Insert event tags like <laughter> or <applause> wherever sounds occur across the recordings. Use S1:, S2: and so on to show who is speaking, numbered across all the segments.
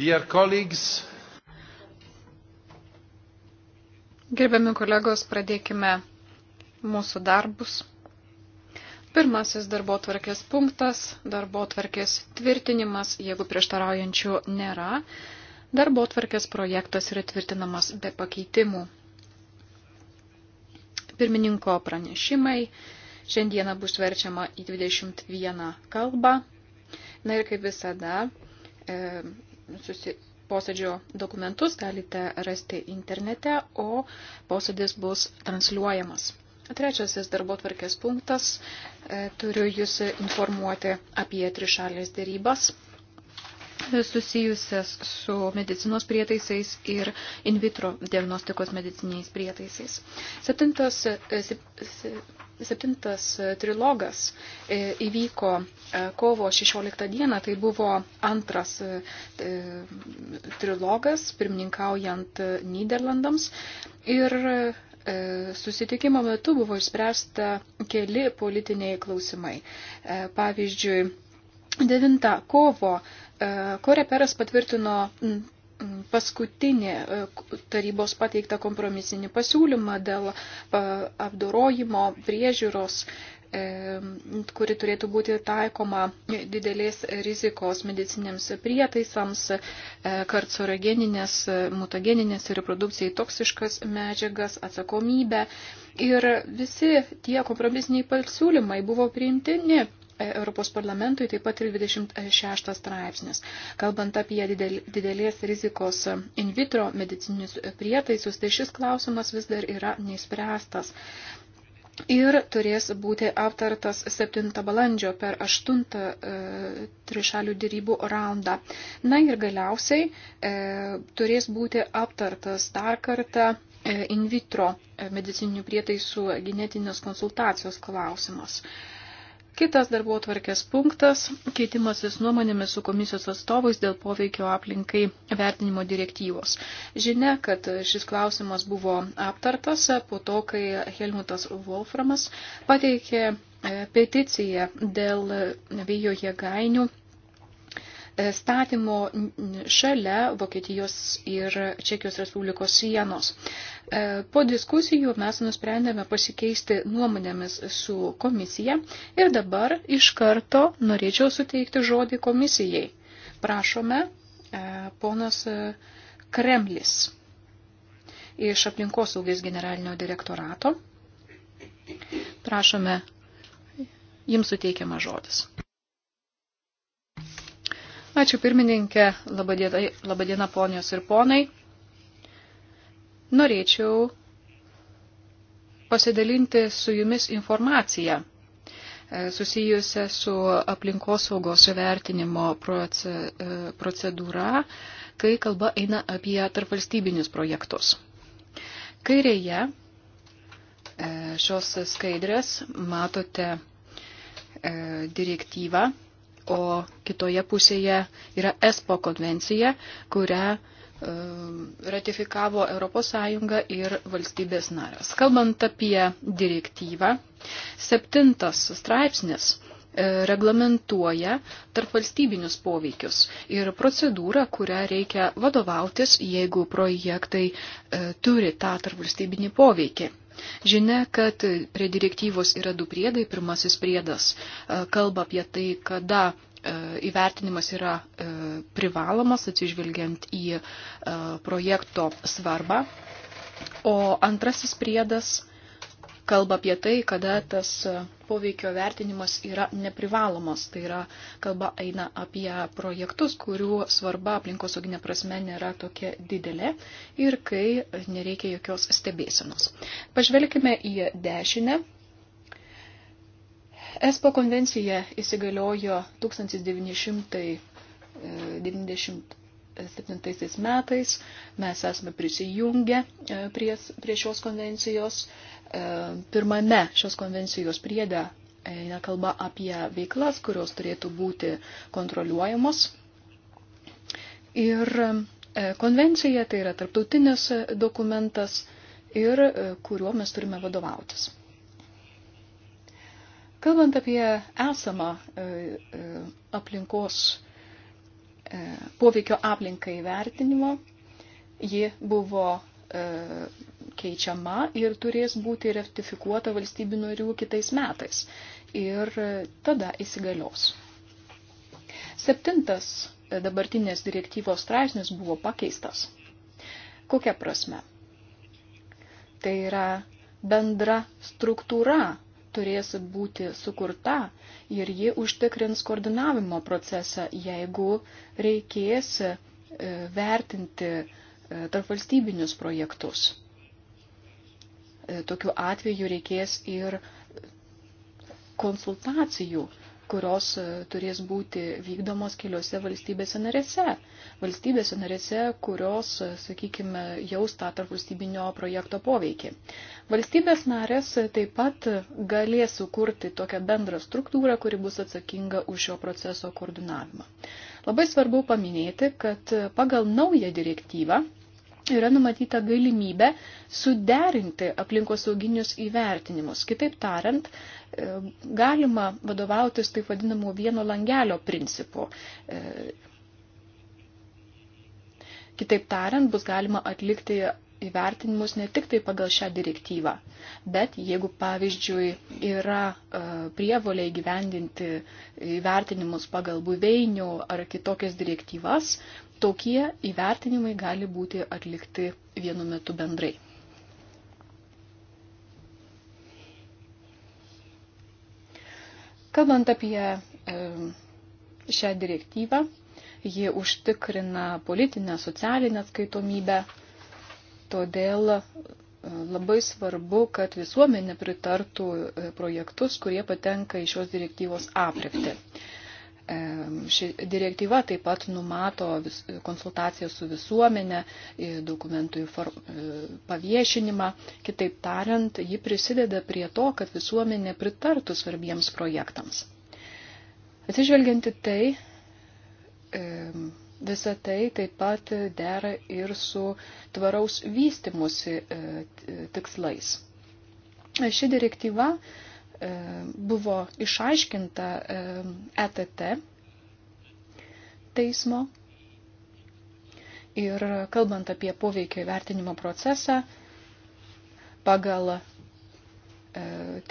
S1: Dear colleagues. Gerbiami kolegos, pradėkime mūsų darbus. Pirmasis darbo tvarkės punktas - darbo tvarkės tvirtinimas, jeigu prieštaraujančių nėra. Darbo tvarkės projektas yra tvirtinamas be pakeitimų. Pirmininko pranešimai. Šiandieną bus verčiama į 21 kalbą. Na ir kaip visada, e, susi, posėdžio dokumentus galite rasti internete, o posėdis bus transliuojamas. Trečiasis darbo tvarkės punktas. E, turiu Jūs informuoti apie trišalės dėrybas e, susijusias su medicinos prietaisais ir in vitro diagnostikos mediciniais prietaisais. Septintas, e, Septintas trilogas e, įvyko e, kovo 16 dieną, tai buvo antras e, trilogas, pirmininkaujant Niderlandams. Ir susitikimo metu buvo išspręsta keli politiniai klausimai. Pavyzdžiui, 9 kovo Koreperas patvirtino paskutinį e, tarybos pateiktą kompromisinį pasiūlymą dėl e, apdorojimo priežiūros e, kuri turėtų būti taikoma didelės rizikos medicinėms prietaisams, karcorageninės, mutageninės ir reprodukcijai toksiškas medžiagas, atsakomybę. Ir visi tie kompromisiniai pasiūlymai buvo priimtini E, Europos parlamentui, taip pat ir 26 straipsnis. Kalbant apie didelės rizikos in vitro medicinius prietaisus, tai šis klausimas vis dar yra neįspręstas. Ir turės būti aptartas 7 balandžio per 8 e, trišalių dėrybų raundą. Na ir galiausiai e, turės būti aptartas dar kartą e, in vitro e, medicininių prietaisų genetinės konsultacijos klausimas. E, Kitas darbo tvarkės punktas - keitimasis nuomonėmis su komisijos atstovais dėl poveikio aplinkai vertinimo direktyvos. Žinia, kad šis klausimas buvo aptartas po to, kai Helmutas Wolframas pateikė e, peticiją dėl vėjo jėgainių statymo šalia Vokietijos ir Čekijos Respublikos sienos. E, po diskusijų mes nusprendėme pasikeisti nuomonėmis su komisija ir dabar iš karto norėčiau suteikti žodį komisijai. Prašome, e, ponas Kremlis iš aplinkosaugės generalinio direktorato. Prašome, jums suteikiama žodis. Ačiū pirmininkė, labadiena, labadiena ponios ir ponai. Norėčiau pasidalinti su jumis informaciją e, susijusią su aplinkosaugos vertinimo e, procedūra, kai kalba eina apie tarpvalstybinius projektus. Kairėje e, šios skaidrės matote direktyvą o kitoje pusėje yra ESPO konvencija, kurią um, ratifikavo ES ir valstybės narės. Kalbant apie direktyvą, septintas straipsnis e, reglamentuoja tarpvalstybinius poveikius ir procedūrą, kurią reikia vadovautis, jeigu projektai e, turi tą tarpvalstybinį poveikį. Žinia, kad prie direktyvos yra du priedai. Pirmasis priedas e, kalba apie tai, kada e, įvertinimas yra e, privalomas atsižvelgiant į projekto svarbą. O antrasis priedas kalba apie tai, kada tas poveikio vertinimas yra neprivalomas. Tai yra, kalba eina apie projektus, kurių svarba aplinkosauginė prasme nėra tokia didelė ir kai nereikia jokios stebėsenos. Pažvelkime į dešinę. ESPO konvencija įsigaliojo 1990 2007 metais mes esame prisijungę e, prie, prie šios konvencijos. E, pirmame šios konvencijos priede eina kalba apie veiklas, kurios turėtų būti kontroliuojamos. Ir e, konvencija tai yra tarptautinis dokumentas ir kuriuo mes turime vadovautis. Kalbant apie esamą aplinkos E, poveikio aplinkai vertinimo. Ji buvo e, keičiama ir turės būti ratifikuota valstybių narių kitais metais. Ir e, tada įsigalios. Septintas dabartinės direktyvos straipsnis buvo pakeistas. Kokia prasme? Tai yra bendra struktūra turės būti sukurta ir ji užtikrins koordinavimo procesą, jeigu reikės e, vertinti e, tarpvalstybinius projektus. E, tokiu atveju reikės ir konsultacijų kurios e, turės būti vykdomos keliose valstybėse narėse. Valstybėse narėse, kurios, e, sakykime, jaus tą tarp valstybinio projekto poveikį. Valstybės narės taip pat galės sukurti tokią bendrą struktūrą, kuri bus atsakinga už šio proceso koordinavimą. Labai svarbu paminėti, kad pagal naują direktyvą yra numatyta galimybė suderinti aplinkosauginius įvertinimus. Kitaip tariant, e, galima vadovautis taip vadinamų vieno langelio principu. E, Kitaip tariant, bus galima atlikti įvertinimus ne tik tai pagal šią direktyvą, bet jeigu, pavyzdžiui, yra e, prievolė įgyvendinti įvertinimus pagal buveinių ar kitokias direktyvas, tokie įvertinimai gali būti atlikti vienu metu bendrai. Kalbant apie e, šią direktyvą, ji užtikrina politinę, socialinę atskaitomybę, todėl e, labai svarbu, kad visuomenė pritartų e, projektus, kurie patenka į šios direktyvos aprepti. Ši direktyva taip pat numato vis, konsultaciją su visuomenė, dokumentų e, paviešinimą. Kitaip tariant, ji prisideda prie to, kad visuomenė pritartų svarbiems projektams. Atsižvelgianti tai, visa tai taip pat dera ir su tvaraus vystimusi e, tikslais. Ši direktyva E, buvo išaiškinta ETT e teismo. Ir kalbant apie poveikio įvertinimo procesą, pagal e,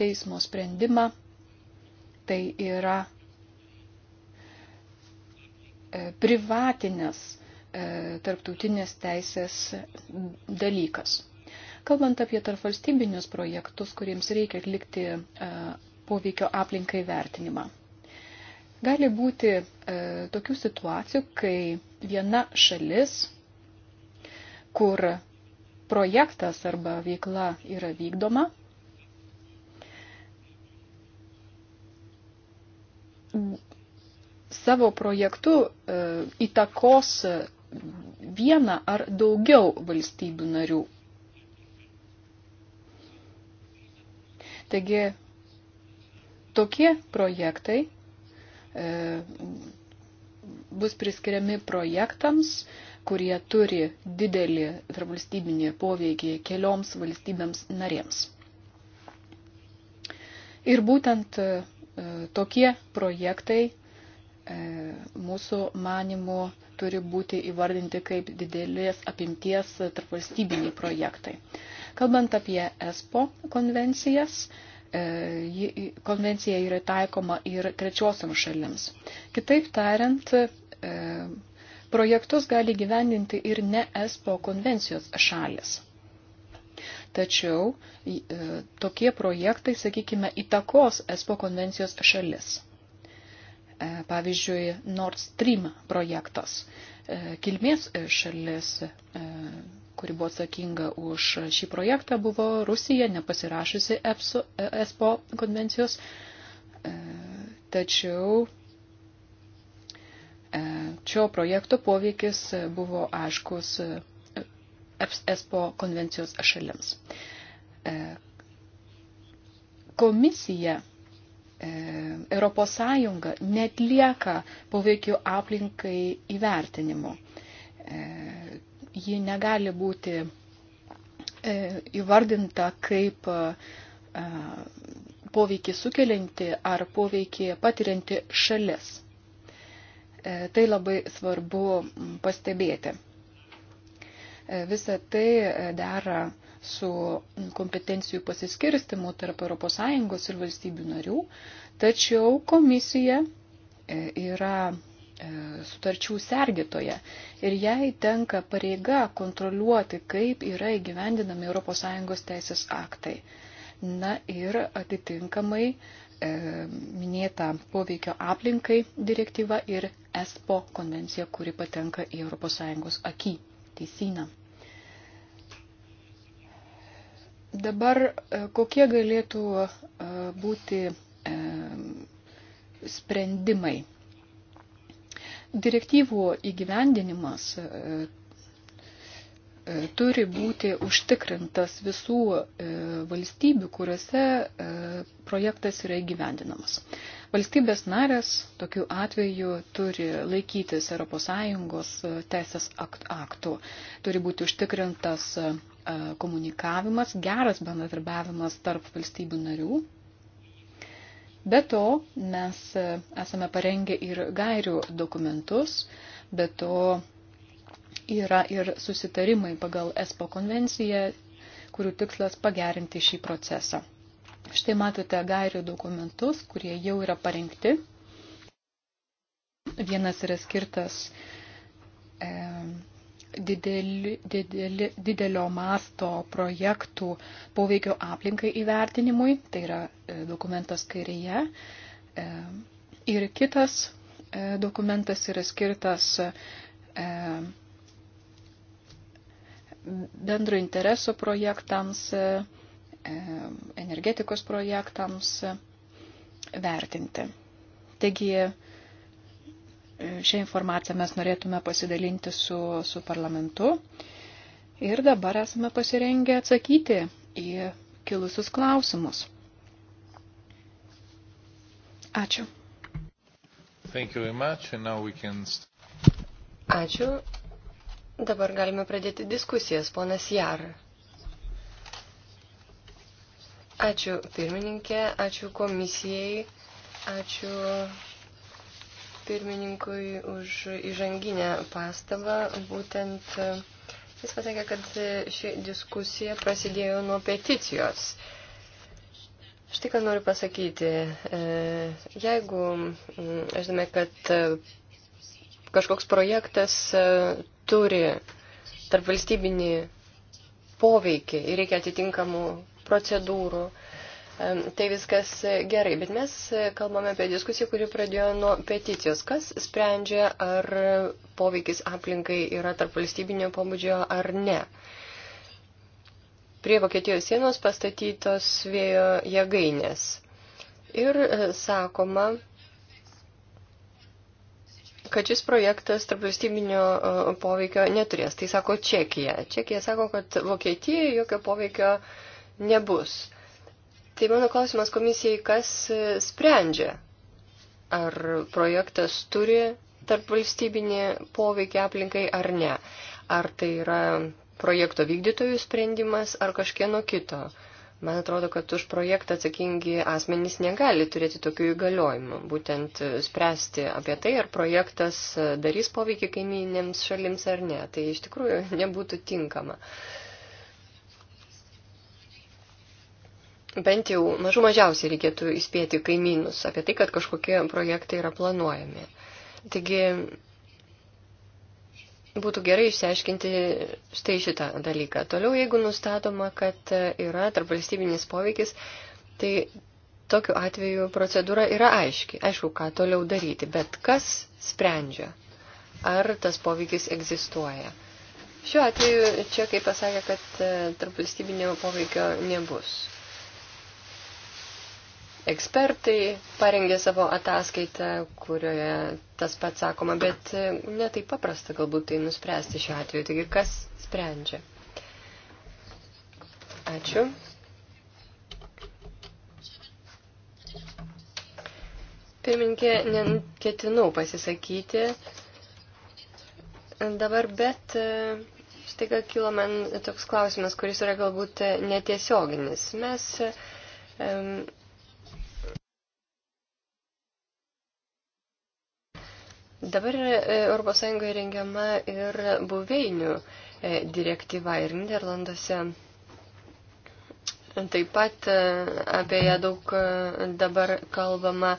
S1: teismo sprendimą, tai yra privatinės tarptautinės teisės dalykas. Kalbant apie tarpvalstybinius projektus, kuriems reikia atlikti e, poveikio aplinkai vertinimą. Gali būti e, tokių situacijų, kai viena šalis, kur projektas arba veikla yra vykdoma, savo projektu e, įtakos vieną ar daugiau valstybių narių Taigi tokie projektai e, bus priskiriami projektams, kurie turi didelį tarpvalstybinį poveikį kelioms valstybėms narėms. Ir būtent e, tokie projektai e, mūsų manimų turi būti įvardinti kaip didelės apimties tarpvalstybiniai projektai. E, Kalbant apie ESPO konvencijas, e, konvencija yra taikoma ir trečiosiam šalims. Kitaip tariant, e, projektus gali gyvendinti ir ne ESPO konvencijos šalis. Tačiau e, tokie projektai, sakykime, įtakos ESPO konvencijos šalis. Pavyzdžiui, Nord Stream projektas. Kilmės šalis kuri buvo atsakinga už šį projektą, buvo Rusija, nepasirašusi EPSO, ESPO konvencijos. E, tačiau e, šio projekto poveikis buvo aiškus e, ESPO konvencijos šalims. Komisija Europos Sąjunga netlieka poveikio aplinkai įvertinimo ji negali būti e, įvardinta kaip e, e, poveikį sukelianti ar poveikį patirianti šalis. Tai labai svarbu pastebėti. Visa tai dera su kompetencijų pasiskirstimu tarp ES ir valstybių narių, tačiau komisija yra E, sutarčių sergitoje ir jai tenka pareiga kontroliuoti, kaip yra įgyvendinami ES teisės aktai. Na ir atitinkamai e, minėta poveikio aplinkai direktyva ir ESPO konvencija, kuri patenka į ES akį teisyną. Dabar e, kokie galėtų e, būti e, sprendimai Direktyvų įgyvendinimas e, e, turi būti užtikrintas visų e, valstybių, kuriuose projektas yra įgyvendinamas. Valstybės narės tokiu atveju turi laikytis ES teisės aktų, turi būti užtikrintas komunikavimas, geras bendradarbiavimas tarp valstybių narių Be to, mes e, esame parengę ir gairių dokumentus, be to yra ir susitarimai pagal ESPO konvenciją, kurių tikslas pagerinti šį procesą. Štai matote gairių dokumentus, kurie jau yra parengti. Vienas yra skirtas e, dideli, dideli, didelio masto projektų poveikio aplinkai įvertinimui, tai yra e, dokumentas kairėje. E, ir kitas e, dokumentas yra skirtas bendro intereso projektams, energetikos projektams vertinti. Taigi Šią informaciją mes norėtume pasidalinti su, su parlamentu ir dabar esame pasirengę atsakyti į kilusius klausimus. Ačiū.
S2: Thank you very much, and now we can... Ačiū. Dabar galime pradėti diskusijas, ponas Jar. Ačiū pirmininkė, ačiū komisijai, ačiū pirmininkui už įžanginę pastabą. Būtent e, jis pasakė, kad e, ši diskusija prasidėjo nuo peticijos. Štai ką noriu pasakyti. E, jeigu mm, žinome, kad kažkoks projektas turi tarp valstybinį poveikį ir reikia atitinkamų procedūrų, tai viskas gerai, bet mes kalbame apie diskusiją, kuri pradėjo nuo peticijos. Kas sprendžia, ar poveikis aplinkai yra tarp valstybinio pobūdžio ar ne? Prie Vokietijos sienos pastatytos vėjo jėgainės. Ir e, sakoma, kad šis projektas tarpvalstybinio e, poveikio neturės. Tai sako Čekija. Čekija sako, kad Vokietijai jokio poveikio nebus. Tai mano klausimas komisijai, kas e, sprendžia? Ar projektas turi tarp valstybinį poveikį aplinkai ar ne? Ar tai yra projekto vykdytojų sprendimas ar kažkieno kito? Man atrodo, kad už projektą atsakingi asmenys negali turėti tokių įgaliojimų, būtent e, spręsti apie tai, ar projektas e, darys poveikį kaiminėms šalims ar ne. Tai iš tikrųjų <laughs> nebūtų tinkama. Uh, bent jau mažų mažiausiai reikėtų įspėti kaimynus apie tai, kad kažkokie projektai yra planuojami. Taigi būtų gerai išsiaiškinti štai šitą dalyką. Toliau, jeigu nustatoma, kad yra tarpvalstybinis poveikis, tai tokiu atveju procedūra yra aiški. Aišku, ką toliau daryti, bet kas sprendžia, ar tas poveikis egzistuoja. Šiuo atveju čia, kaip pasakė, kad tarpvalstybinio poveikio nebus ekspertai parengė savo ataskaitą, kurioje tas pats sakoma, bet netai paprasta galbūt tai nuspręsti šiuo atveju. Taigi kas sprendžia? Ačiū. Pirminkė, neketinau pasisakyti dabar, bet štai ką kilo man toks klausimas, kuris yra galbūt netiesioginis. Mes Dabar ES rengiama ir buveinių e, direktyva ir Niderlanduose. Taip pat e, apie ją daug e, dabar kalbama.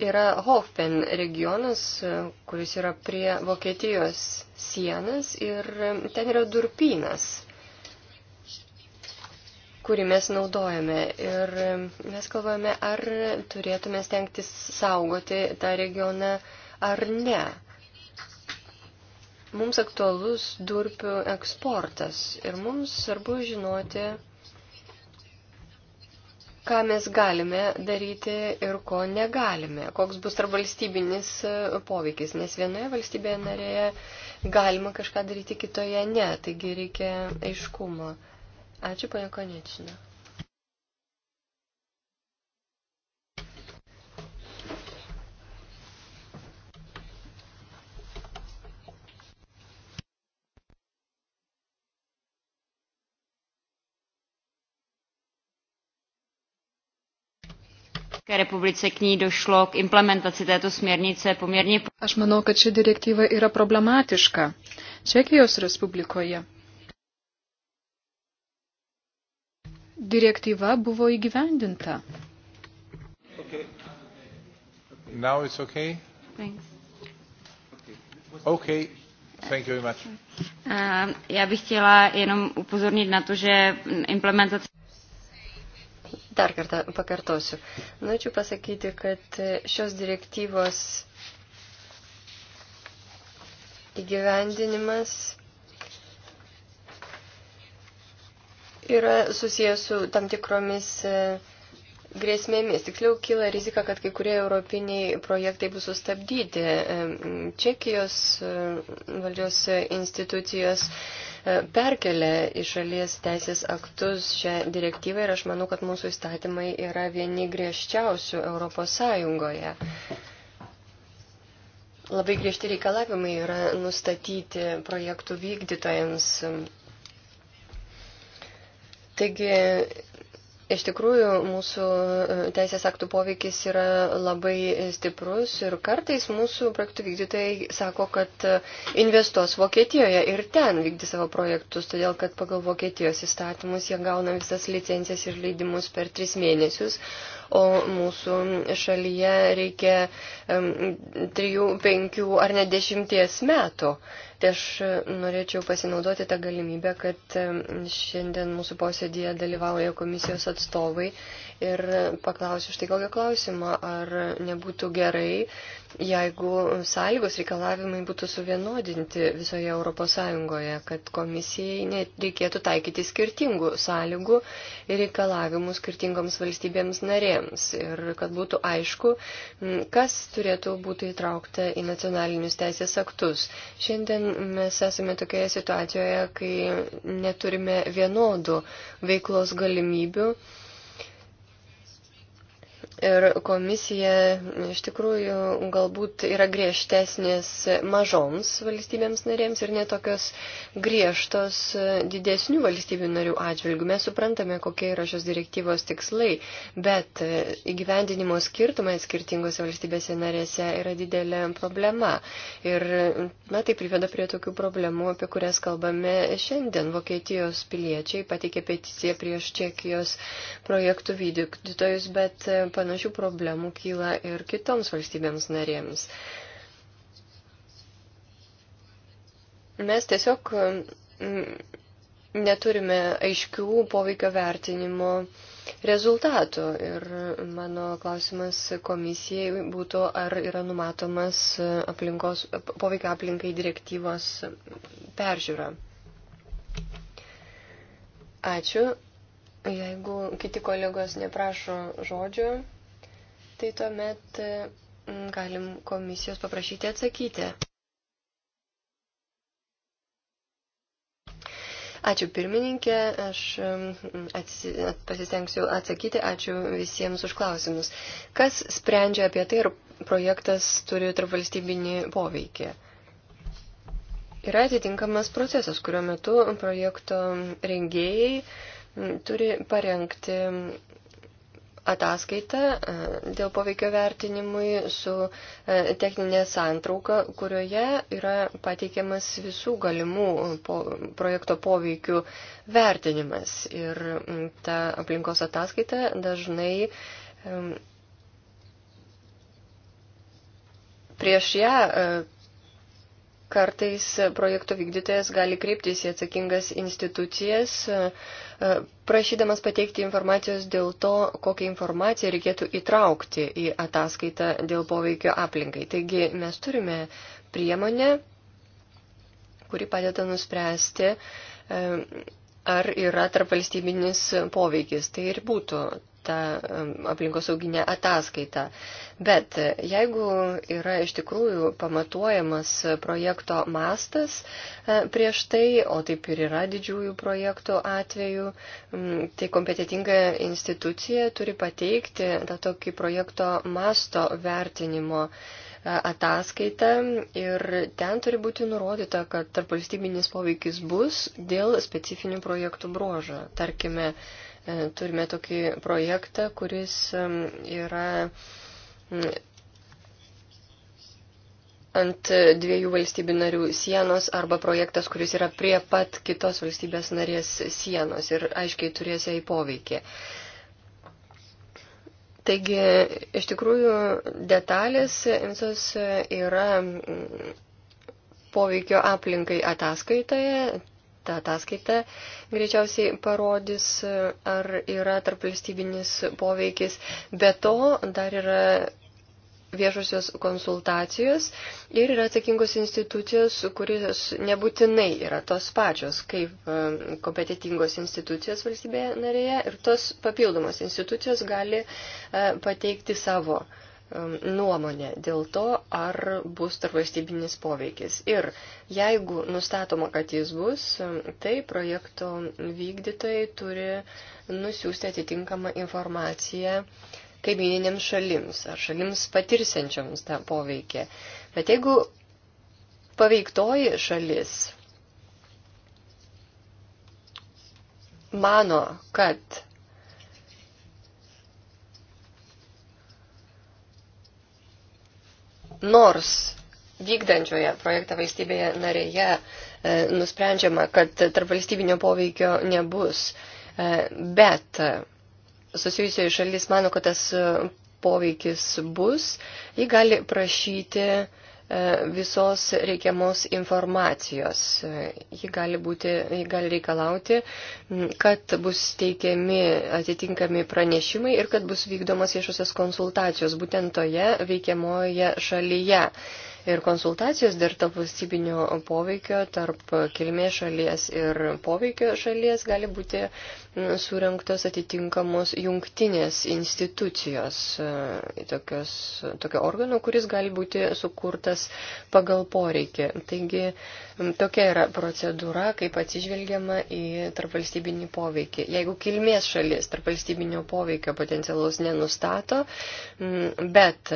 S2: Yra Hofen regionas, kuris yra prie Vokietijos sienas ir ten yra durpynas kurį mes naudojame. Ir mes kalbame, ar turėtume stengtis saugoti tą regioną ar ne. Mums aktualus durpių eksportas ir mums svarbu žinoti, ką mes galime daryti ir ko negalime, koks bus tarp valstybinis poveikis, nes vienoje valstybėje narėje galima kažką daryti, kitoje ne, taigi reikia aiškumo. Ačiū, ponia Konečina.
S1: České republice k ní došlo k implementaci této směrnice poměrně... Aš manau, kad ši direktyva yra problematiška Čekijos Respublikoje. direktyva buvo įgyvendinta.
S3: Okay.
S2: Now it's okay? Thanks. Okay. Thank you very much. Uh, já bych chtěla jenom upozornit na to, že implementace Dar kartą pakartosiu. Norėčiau pasakyti, kad šios direktyvos įgyvendinimas yra susijęs su tam tikromis e, grėsmėmis. Tiksliau kyla rizika, kad kai kurie europiniai projektai bus sustabdyti. E, Čekijos e, valdžios institucijos perkelia iš šalies teisės aktus šią direktyvą ir aš manau, kad mūsų įstatymai yra vieni griežčiausių Europos Sąjungoje. Labai griežti reikalavimai yra nustatyti projektų vykdytojams Taigi, iš tikrųjų, mūsų e, teisės aktų poveikis yra labai stiprus ir kartais mūsų projektų vykdytojai sako, kad e, investuos Vokietijoje ir ten vykdys savo projektus, todėl kad pagal Vokietijos įstatymus jie gauna visas licencijas ir leidimus per tris mėnesius, o mūsų šalyje reikia 3, 5 ar net 10 metų. Tai aš norėčiau pasinaudoti tą galimybę, kad šiandien mūsų posėdėje dalyvauja komisijos atstovai ir paklausiu štai kokią klausimą, ar nebūtų gerai, jeigu sąlygos reikalavimai būtų suvienodinti visoje ES, kad komisijai nereikėtų taikyti skirtingų sąlygų ir reikalavimų skirtingoms valstybėms narėms ir kad būtų aišku, kas turėtų būti įtraukta į nacionalinius teisės aktus. Šiandien mes esame tokioje situacijoje, kai neturime vienodų veiklos galimybių Ir komisija iš tikrųjų galbūt yra griežtesnės mažoms valstybėms narėms ir netokios griežtos didesnių valstybių narių atžvilgių. Mes suprantame, kokie yra šios direktyvos tikslai, bet įgyvendinimo skirtumai skirtingose valstybėse narėse yra didelė problema. Ir na, tai priveda prie tokių problemų, apie kurias kalbame šiandien. Vokietijos piliečiai pateikė peticiją prieš Čekijos projektų vykdytojus, bet panašiai panašių problemų kyla ir kitoms valstybėms narėms. Mes tiesiog mm, neturime aiškių poveikio vertinimo rezultatų. Ir mano klausimas komisijai būtų, ar yra numatomas aplinkos, poveikio aplinkai direktyvos peržiūra. Ačiū. Jeigu kiti kolegos neprašo žodžio, tai tuomet e, galim komisijos paprašyti atsakyti. Ačiū pirmininkė, aš atsi, pasistengsiu atsakyti, ačiū visiems už klausimus. Kas sprendžia apie tai, ar projektas turi tarpvalstybinį poveikį? Yra atitinkamas procesas, kurio metu projekto rengėjai turi parengti ataskaitą e, dėl poveikio vertinimui su e, techninė santrauka, kurioje yra pateikiamas visų galimų e, po, projekto poveikių vertinimas. Ir ta aplinkos ataskaita dažnai prieš ją Kartais projekto vykdytojas gali kreiptis į atsakingas institucijas, e, prašydamas pateikti informacijos dėl to, kokią informaciją reikėtų įtraukti į ataskaitą dėl poveikio aplinkai. Taigi mes turime priemonę, kuri padeda nuspręsti, e, ar yra tarp valstybinis poveikis. Tai ir būtų tą aplinkosauginę ataskaitą. Bet e, jeigu yra iš tikrųjų pamatuojamas projekto mastas e, prieš tai, o taip ir yra didžiųjų projektų atveju, tai kompetitinga institucija turi pateikti tą tokį projekto masto vertinimo e, ataskaitą ir ten turi būti nurodyta, kad tarp valstybinis poveikis bus dėl specifinių projektų bruožo. Tarkime, E, turime tokį projektą, kuris yra ant dviejų valstybių narių sienos arba projektas, kuris yra prie pat kitos valstybės narės sienos ir aiškiai turės ją į poveikį. Taigi, iš tikrųjų, detalės visos yra poveikio aplinkai ataskaitoje, Ta ataskaita greičiausiai parodys, ar yra tarpvalstybinis poveikis. Be to, dar yra viešosios konsultacijos ir yra atsakingos institucijos, kurios nebūtinai yra tos pačios, kaip e, kompetitingos institucijos valstybėje narėje ir tos papildomos institucijos gali e, pateikti savo uh, Um, nuomonę dėl to, ar bus tarvalstybinis poveikis. Ir jeigu nustatoma, kad jis bus, um, tai projekto vykdytojai turi nusiųsti atitinkamą informaciją kaimininėms šalims ar šalims patirsiančiams tą poveikį. Bet jeigu paveiktoji šalis mano, kad nors vykdančioje projektą valstybėje narėje e, nusprendžiama, kad tarp valstybinio poveikio nebus, e, bet e, susijusioji šalis mano, kad tas poveikis bus, ji gali prašyti visos reikiamos informacijos. Ji gali, būti, ji gali reikalauti, kad bus teikiami atitinkami pranešimai ir kad bus vykdomas viešosios konsultacijos būtent toje veikiamoje šalyje ir konsultacijos dėl tarp valstybinio poveikio, tarp kilmės šalies ir poveikio šalies gali būti surinktos atitinkamos jungtinės institucijos, e, tokios, tokio organo, kuris gali būti sukurtas pagal poreikį. Taigi tokia yra procedūra, kaip atsižvelgiama į tarp valstybinį poveikį. Jeigu kilmės šalis tarp valstybinio poveikio potencialus nenustato, bet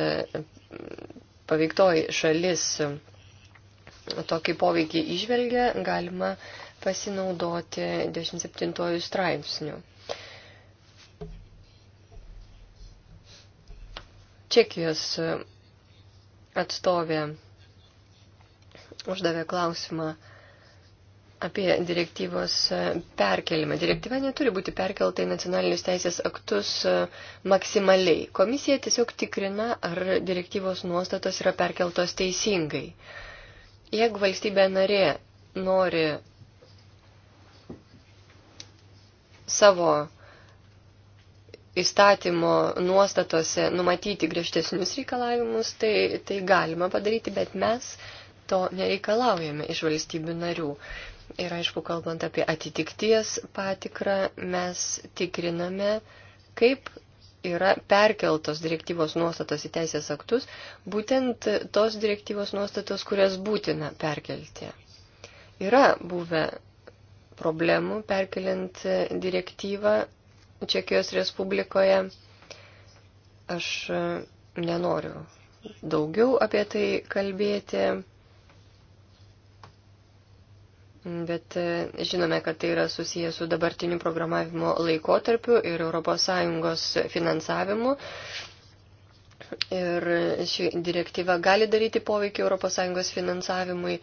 S2: paveiktoji šalis tokį poveikį išvelgia, galima pasinaudoti 27 straipsniu. Čekijos atstovė uždavė klausimą, apie direktyvos e, perkelimą. Direktyva neturi būti perkelta į nacionalinius teisės aktus e, maksimaliai. Komisija tiesiog tikrina, ar direktyvos nuostatos yra perkeltos teisingai. Jeigu valstybė narė nori savo įstatymo nuostatose numatyti griežtesnius reikalavimus, tai, tai galima padaryti, bet mes to nereikalaujame iš valstybių narių. Ir aišku, kalbant apie atitikties patikrą, mes tikriname, kaip yra perkeltos direktyvos nuostatos į teisės aktus, būtent tos direktyvos nuostatos, kurias būtina perkelti. Yra buvę problemų perkeliant direktyvą Čekijos Respublikoje. Aš nenoriu daugiau apie tai kalbėti. Bet e, žinome, kad tai yra susijęs su dabartiniu programavimo laikotarpiu ir ES finansavimu. Ir ši direktyva gali daryti poveikį ES finansavimui.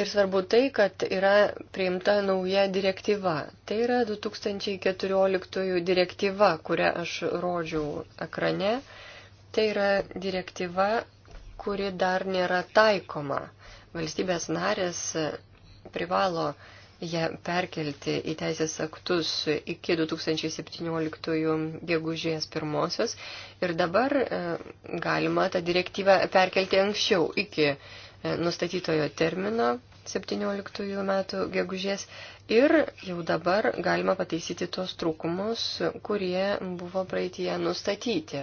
S2: Ir svarbu tai, kad yra priimta nauja direktyva. Tai yra 2014 direktyva, kurią aš rodžiau ekrane. Tai yra direktyva, kuri dar nėra taikoma. Valstybės narės privalo ją perkelti į teisės aktus iki 2017 gegužės pirmosios ir dabar e, galima tą direktyvą perkelti anksčiau iki e, nustatytojo termino 17 metų gegužės ir jau dabar galima pataisyti tos trūkumus, kurie buvo praeitie nustatyti.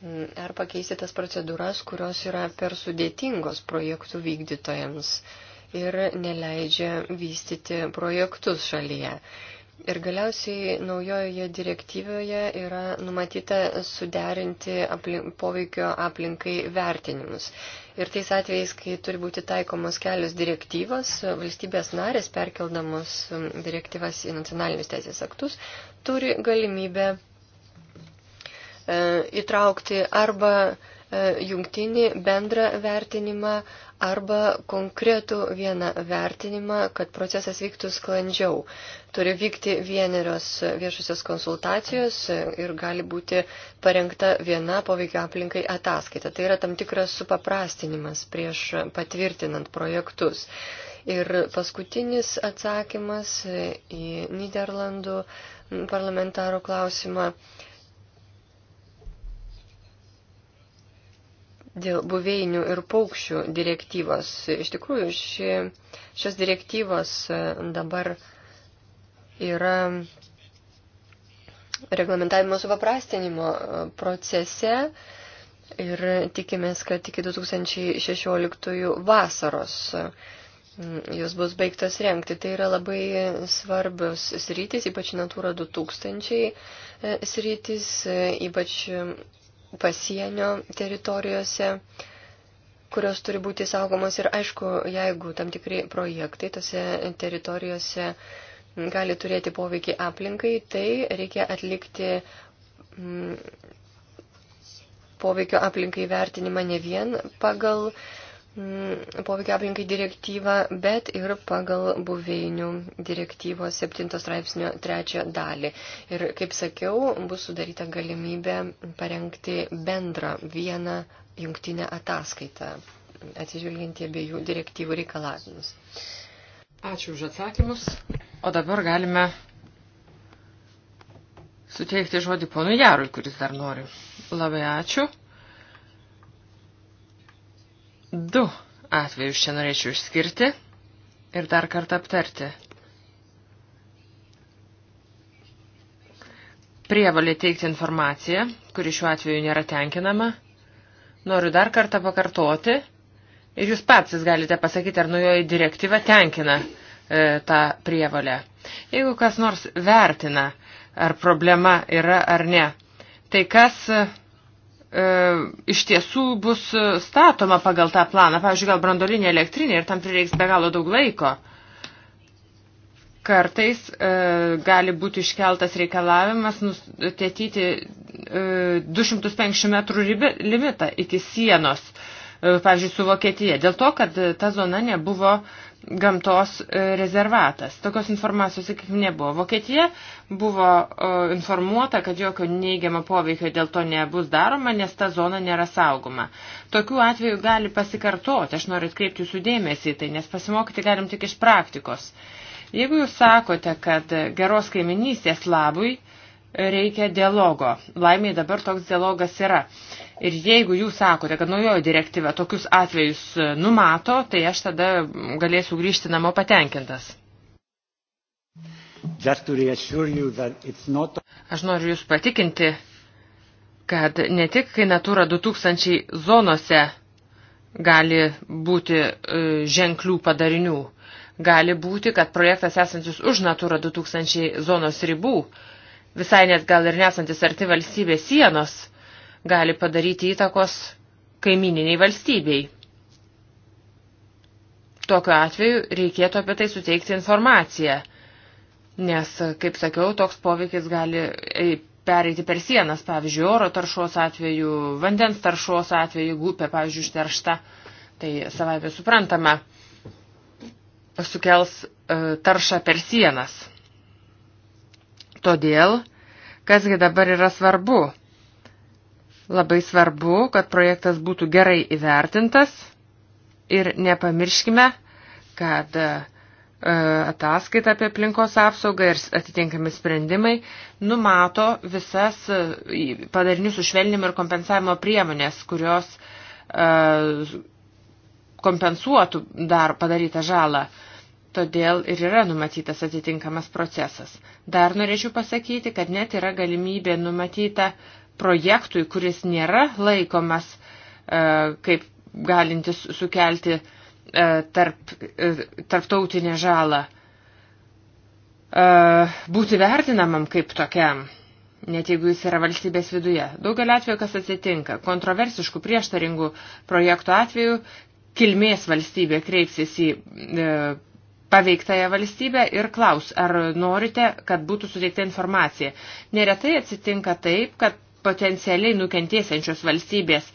S2: Mm, ar pakeisti tas procedūras, kurios yra per sudėtingos projektų vykdytojams ir neleidžia vystyti projektus šalyje. Ir galiausiai naujojoje direktyvoje yra numatyta suderinti aplink, poveikio aplinkai vertinimus. Ir tais atvejais, kai turi būti taikomos kelios direktyvos, valstybės narės perkeldamos um, direktyvas į nacionalinius teisės aktus turi galimybę e, įtraukti arba e, jungtinį bendrą vertinimą arba konkretų vieną vertinimą, kad procesas vyktų sklandžiau. Turi vykti vienerios viešusios konsultacijos ir gali būti parengta viena poveikia aplinkai ataskaita. Tai yra tam tikras supaprastinimas prieš patvirtinant projektus. Ir paskutinis atsakymas į Niderlandų parlamentarų klausimą. dėl buveinių ir paukščių direktyvos. Iš tikrųjų, ši, šios direktyvos e, dabar yra reglamentavimo supaprastinimo e, procese ir tikimės, kad iki 2016 vasaros e, jos bus baigtas renkti. Tai yra labai svarbios sritys, ypač Natūra 2000 sritys, ypač pasienio teritorijose kurios turi būti saugomos ir aišku, jeigu tam tikri projektai tose teritorijose gali turėti poveikį aplinkai, tai reikia atlikti mm, poveikio aplinkai vertinimą ne vien pagal uh, Mm, poveikia aplinkai direktyvą, bet ir pagal buveinių direktyvos 7 straipsnio 3 dalį. Ir, kaip sakiau, bus sudaryta galimybė parengti bendrą vieną jungtinę ataskaitą, atsižvelgiant į abiejų direktyvų reikalavimus.
S3: Ačiū už atsakymus. O dabar galime suteikti žodį ponui Jarui, kuris dar nori. Labai ačiū. Du atvejus čia norėčiau išskirti ir dar kartą aptarti. Prievalė teikti informaciją, kuri šiuo atveju nėra tenkinama. Noriu dar kartą pakartoti ir jūs patys galite pasakyti, ar nujoji direktyva tenkina e, tą prievalę. Jeigu kas nors vertina, ar problema yra ar ne, tai kas. E, E, iš tiesų bus statoma pagal tą planą. Pavyzdžiui, gal brandolinė elektrinė ir tam prireiks be galo daug laiko. Kartais e, gali būti iškeltas reikalavimas nustatyti e, 250 metrų ribi, limitą iki sienos, e, pavyzdžiui, su Vokietija, dėl to, kad ta zona nebuvo e, gamtos e, rezervatas. Tokios informacijos, sakykime, nebuvo. Vokietija buvo e, informuota, kad jokio neigiamo poveikio dėl to nebus daroma, nes ta zona nėra saugoma. Tokių atvejų gali pasikartoti, aš noriu atkreipti jūsų dėmesį į tai, nes pasimokyti galim tik iš praktikos. Jeigu jūs sakote, kad geros kaiminystės labui reikia dialogo. Laimiai dabar toks dialogas yra. Ir jeigu jūs sakote, kad naujojo direktyva tokius atvejus e, numato, tai aš tada galėsiu grįžti namo patenkintas. Not... Aš noriu Jūs patikinti, kad ne tik, kai Natura 2000 zonose gali būti e, ženklių padarinių, gali būti, kad projektas esantis už Natura 2000 zonos ribų visai net gal ir nesantis arti valstybės sienos, gali padaryti įtakos kaimininiai valstybei. Tokiu atveju reikėtų apie tai suteikti informaciją, nes, kaip sakiau, toks poveikis gali e, pereiti per sienas, pavyzdžiui, oro taršos atveju, vandens taršos atveju, gupė, pavyzdžiui, užteršta, tai savai suprantama, sukels e, taršą per sienas. Todėl, kasgi dabar yra svarbu? Labai svarbu, kad projektas būtų gerai įvertintas ir nepamirškime, kad e, ataskaita apie aplinkos apsaugą ir atitinkami sprendimai numato visas e, padarinių sušvelnimo ir kompensavimo priemonės, kurios e, kompensuotų dar padarytą žalą. Todėl ir yra numatytas atitinkamas procesas. Dar norėčiau pasakyti, kad net yra galimybė numatyta projektui, kuris nėra laikomas e, kaip galintis sukelti e, tarp, e, tarptautinę žalą, e, būti vertinamam kaip tokiam net jeigu jis yra valstybės viduje. Daugelį atveju kas atsitinka? Kontroversiškų prieštaringų projektų atveju kilmės valstybė kreipsis į e, paveiktąją valstybę ir klaus, ar norite, kad būtų suteikta informacija. Neretai atsitinka taip, kad potencialiai nukentėsiančios valstybės e,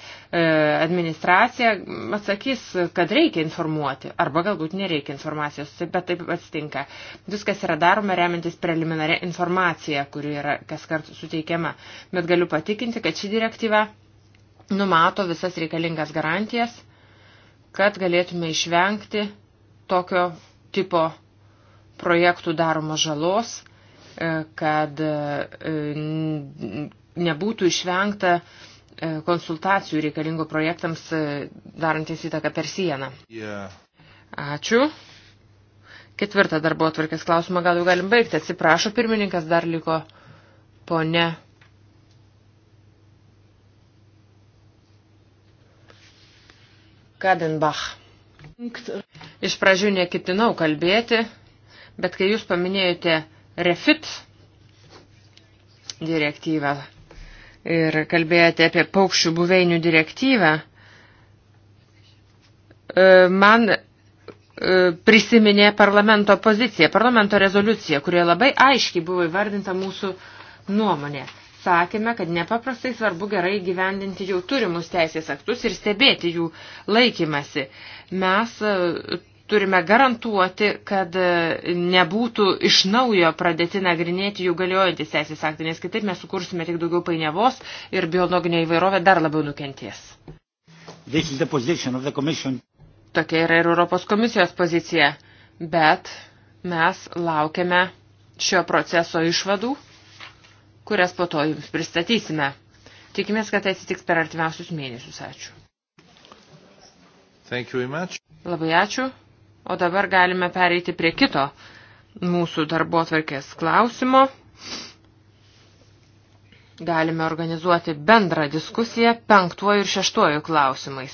S3: administracija atsakys, kad reikia informuoti, arba galbūt nereikia informacijos, bet taip atsitinka. Viskas yra daroma remiantis preliminarė informacija, kuri yra kas kart suteikiama, bet galiu patikinti, kad ši direktyva numato visas reikalingas garantijas, kad galėtume išvengti tokio tipo projektų daromos žalos, e, kad e, nebūtų išvengta e, konsultacijų reikalingo projektams darantis įtaką per sieną. Yeah. Ačiū. Ketvirtą darbo atvarkės klausimą gal jau galim baigti. Atsiprašo, pirmininkas dar liko pone. Kadenbach. Iš pradžių nekitinau kalbėti, bet kai jūs paminėjote refit direktyvą ir kalbėjote apie paukščių buveinių direktyvą, e, man e, prisiminė parlamento poziciją, parlamento rezoliuciją, kurioje labai aiškiai buvo įvardinta mūsų nuomonė sakėme, kad nepaprastai svarbu gerai gyvendinti jau turimus teisės aktus ir stebėti jų laikymasi. Mes e, turime garantuoti, kad e, nebūtų iš naujo pradėti nagrinėti jų galiojantis teisės aktai, nes kitaip mes sukursime tik daugiau painiavos ir biologinė įvairovė dar labiau nukenties. Tokia yra ir Europos komisijos pozicija, bet mes laukiame šio proceso išvadų kurias po to jums pristatysime. Tikimės, kad tai atsitiks per artimiausius mėnesius. Ačiū.
S2: Thank you very much.
S3: Labai ačiū. O dabar galime pereiti prie kito mūsų darbo atvarkės klausimo. Galime organizuoti bendrą diskusiją penktuoju ir šeštuoju klausimais.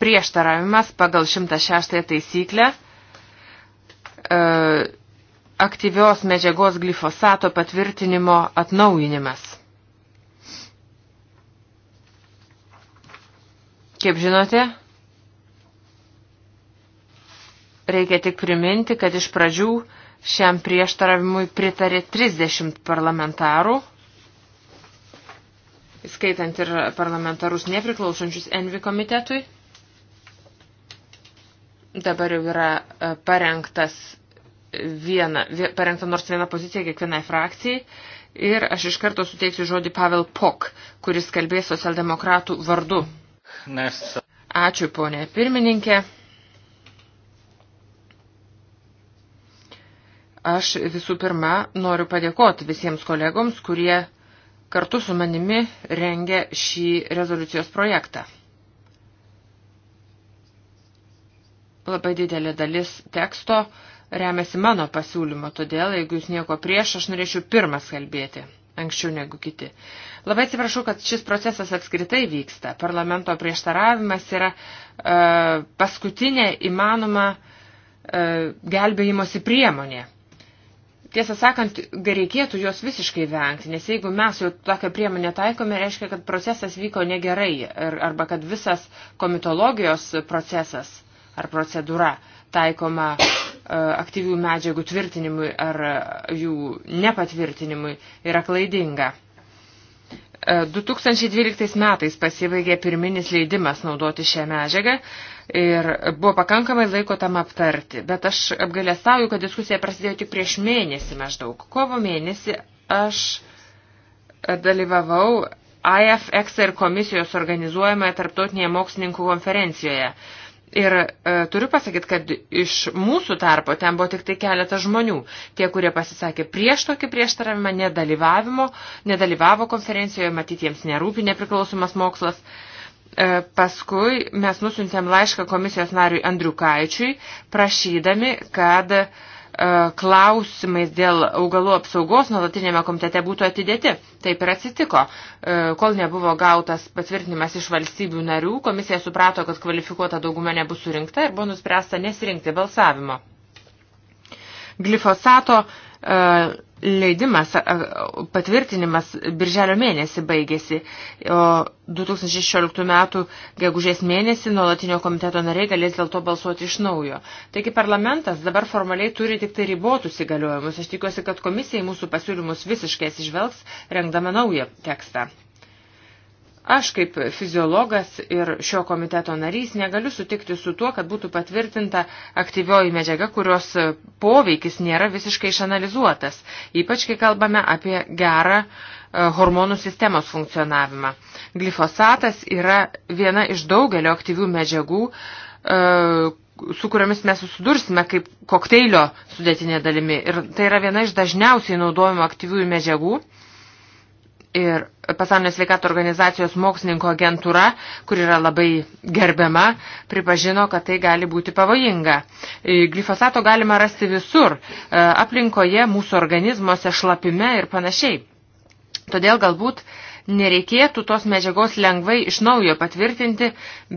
S3: Prieštaravimas pagal 106 taisyklę. E, aktyvios medžiagos glifosato patvirtinimo atnaujinimas. Kaip žinote, reikia tik priminti, kad iš pradžių šiam prieštaravimui pritarė 30 parlamentarų, skaitant ir parlamentarus nepriklausančius Envi komitetui. Dabar jau yra e, parengtas vieną, parengta nors vieną poziciją kiekvienai frakcijai. Ir aš iš karto suteiksiu žodį Pavel Pok, kuris kalbės socialdemokratų vardu. Nes. Ačiū, ponė pirmininkė. Aš visų pirma noriu padėkoti visiems kolegoms, kurie kartu su manimi rengia šį rezoliucijos projektą. Labai didelė dalis teksto remiasi mano pasiūlymu, todėl, jeigu jūs nieko prieš, aš norėčiau pirmas kalbėti anksčiau negu kiti. Labai atsiprašau, kad šis procesas apskritai vyksta. Parlamento prieštaravimas yra e, paskutinė įmanoma e, gelbėjimosi priemonė. Tiesą sakant, reikėtų jos visiškai vengti, nes jeigu mes jau tokią priemonę taikome, reiškia, kad procesas vyko negerai arba kad visas komitologijos procesas ar procedūra taikoma E, aktyvių medžiagų tvirtinimui ar jų nepatvirtinimui yra klaidinga. 2012 e, metais pasibaigė pirminis leidimas naudoti šią medžiagą ir buvo pakankamai laiko tam aptarti, bet aš apgalėstauju, kad diskusija prasidėjo tik prieš mėnesį maždaug. Kovo mėnesį aš dalyvavau IFX ir komisijos organizuojamoje tarptautinėje mokslininkų konferencijoje. Ir e, turiu pasakyti, kad iš mūsų tarpo ten buvo tik tai keletas žmonių. Tie, kurie pasisakė prieš tokį prieštaravimą, nedalyvavimo, nedalyvavo konferencijoje, matyt, jiems nerūpi nepriklausomas mokslas. E, paskui mes nusintėm laišką komisijos nariui Andriukaičiui, prašydami, kad e, E, klausimais dėl augalų apsaugos nuolatinėme komitete būtų atidėti. Taip ir atsitiko. E, kol nebuvo gautas patvirtinimas iš valstybių narių, komisija suprato, kad kvalifikuota dauguma nebus surinkta ir buvo nuspręsta nesirinkti balsavimo. Glifosato E, leidimas, e, patvirtinimas birželio mėnesį baigėsi, o 2016 metų gegužės mėnesį nuolatinio komiteto nariai galės dėl to balsuoti iš naujo. Taigi parlamentas dabar formaliai turi tik tai ribotus įgaliojimus. Aš tikiuosi, kad komisija į mūsų pasiūlymus visiškai atsižvelgs, rengdama naują tekstą. Aš kaip fiziologas ir šio komiteto narys negaliu sutikti su tuo, kad būtų patvirtinta aktyvioji medžiaga, kurios poveikis nėra visiškai išanalizuotas, ypač kai kalbame apie gerą e, hormonų sistemos funkcionavimą. Glifosatas yra viena iš daugelio aktyvių medžiagų, e, su kuriomis mes susidursime kaip kokteilio sudėtinė dalimi. Ir tai yra viena iš dažniausiai naudojimo aktyviųjų medžiagų ir Pasaulinės sveikato organizacijos mokslininko agentūra, kur yra labai gerbiama, pripažino, kad tai gali būti pavojinga. E, glifosato galima rasti visur e, - aplinkoje, mūsų organizmuose, šlapime ir panašiai. Todėl galbūt uh, nereikėtų tos medžiagos lengvai iš naujo patvirtinti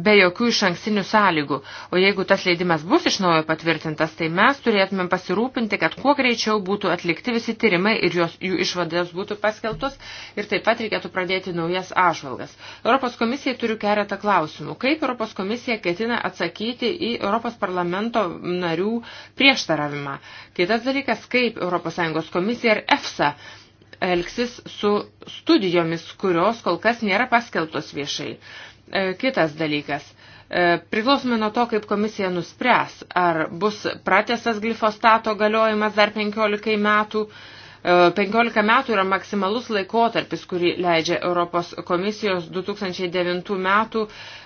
S3: be jokių iš ankstinių sąlygų. O jeigu tas leidimas bus iš naujo patvirtintas, tai mes turėtumėm pasirūpinti, kad kuo greičiau būtų atlikti visi tyrimai ir jos, jų išvados būtų paskeltos ir taip pat reikėtų pradėti naujas ašvalgas. Europos komisijai turiu keletą klausimų. Kaip Europos komisija ketina atsakyti į Europos parlamento narių prieštaravimą? Kitas dalykas, kaip ES komisija ir EFSA elgsis su studijomis, kurios kol kas nėra paskeltos viešai. E, kitas dalykas. E, priklausomai nuo to, kaip komisija nuspręs, ar bus pratestas glifostato galiojimas dar 15 metų, 15 metų yra maksimalus laikotarpis, kurį leidžia Europos komisijos 2009 metų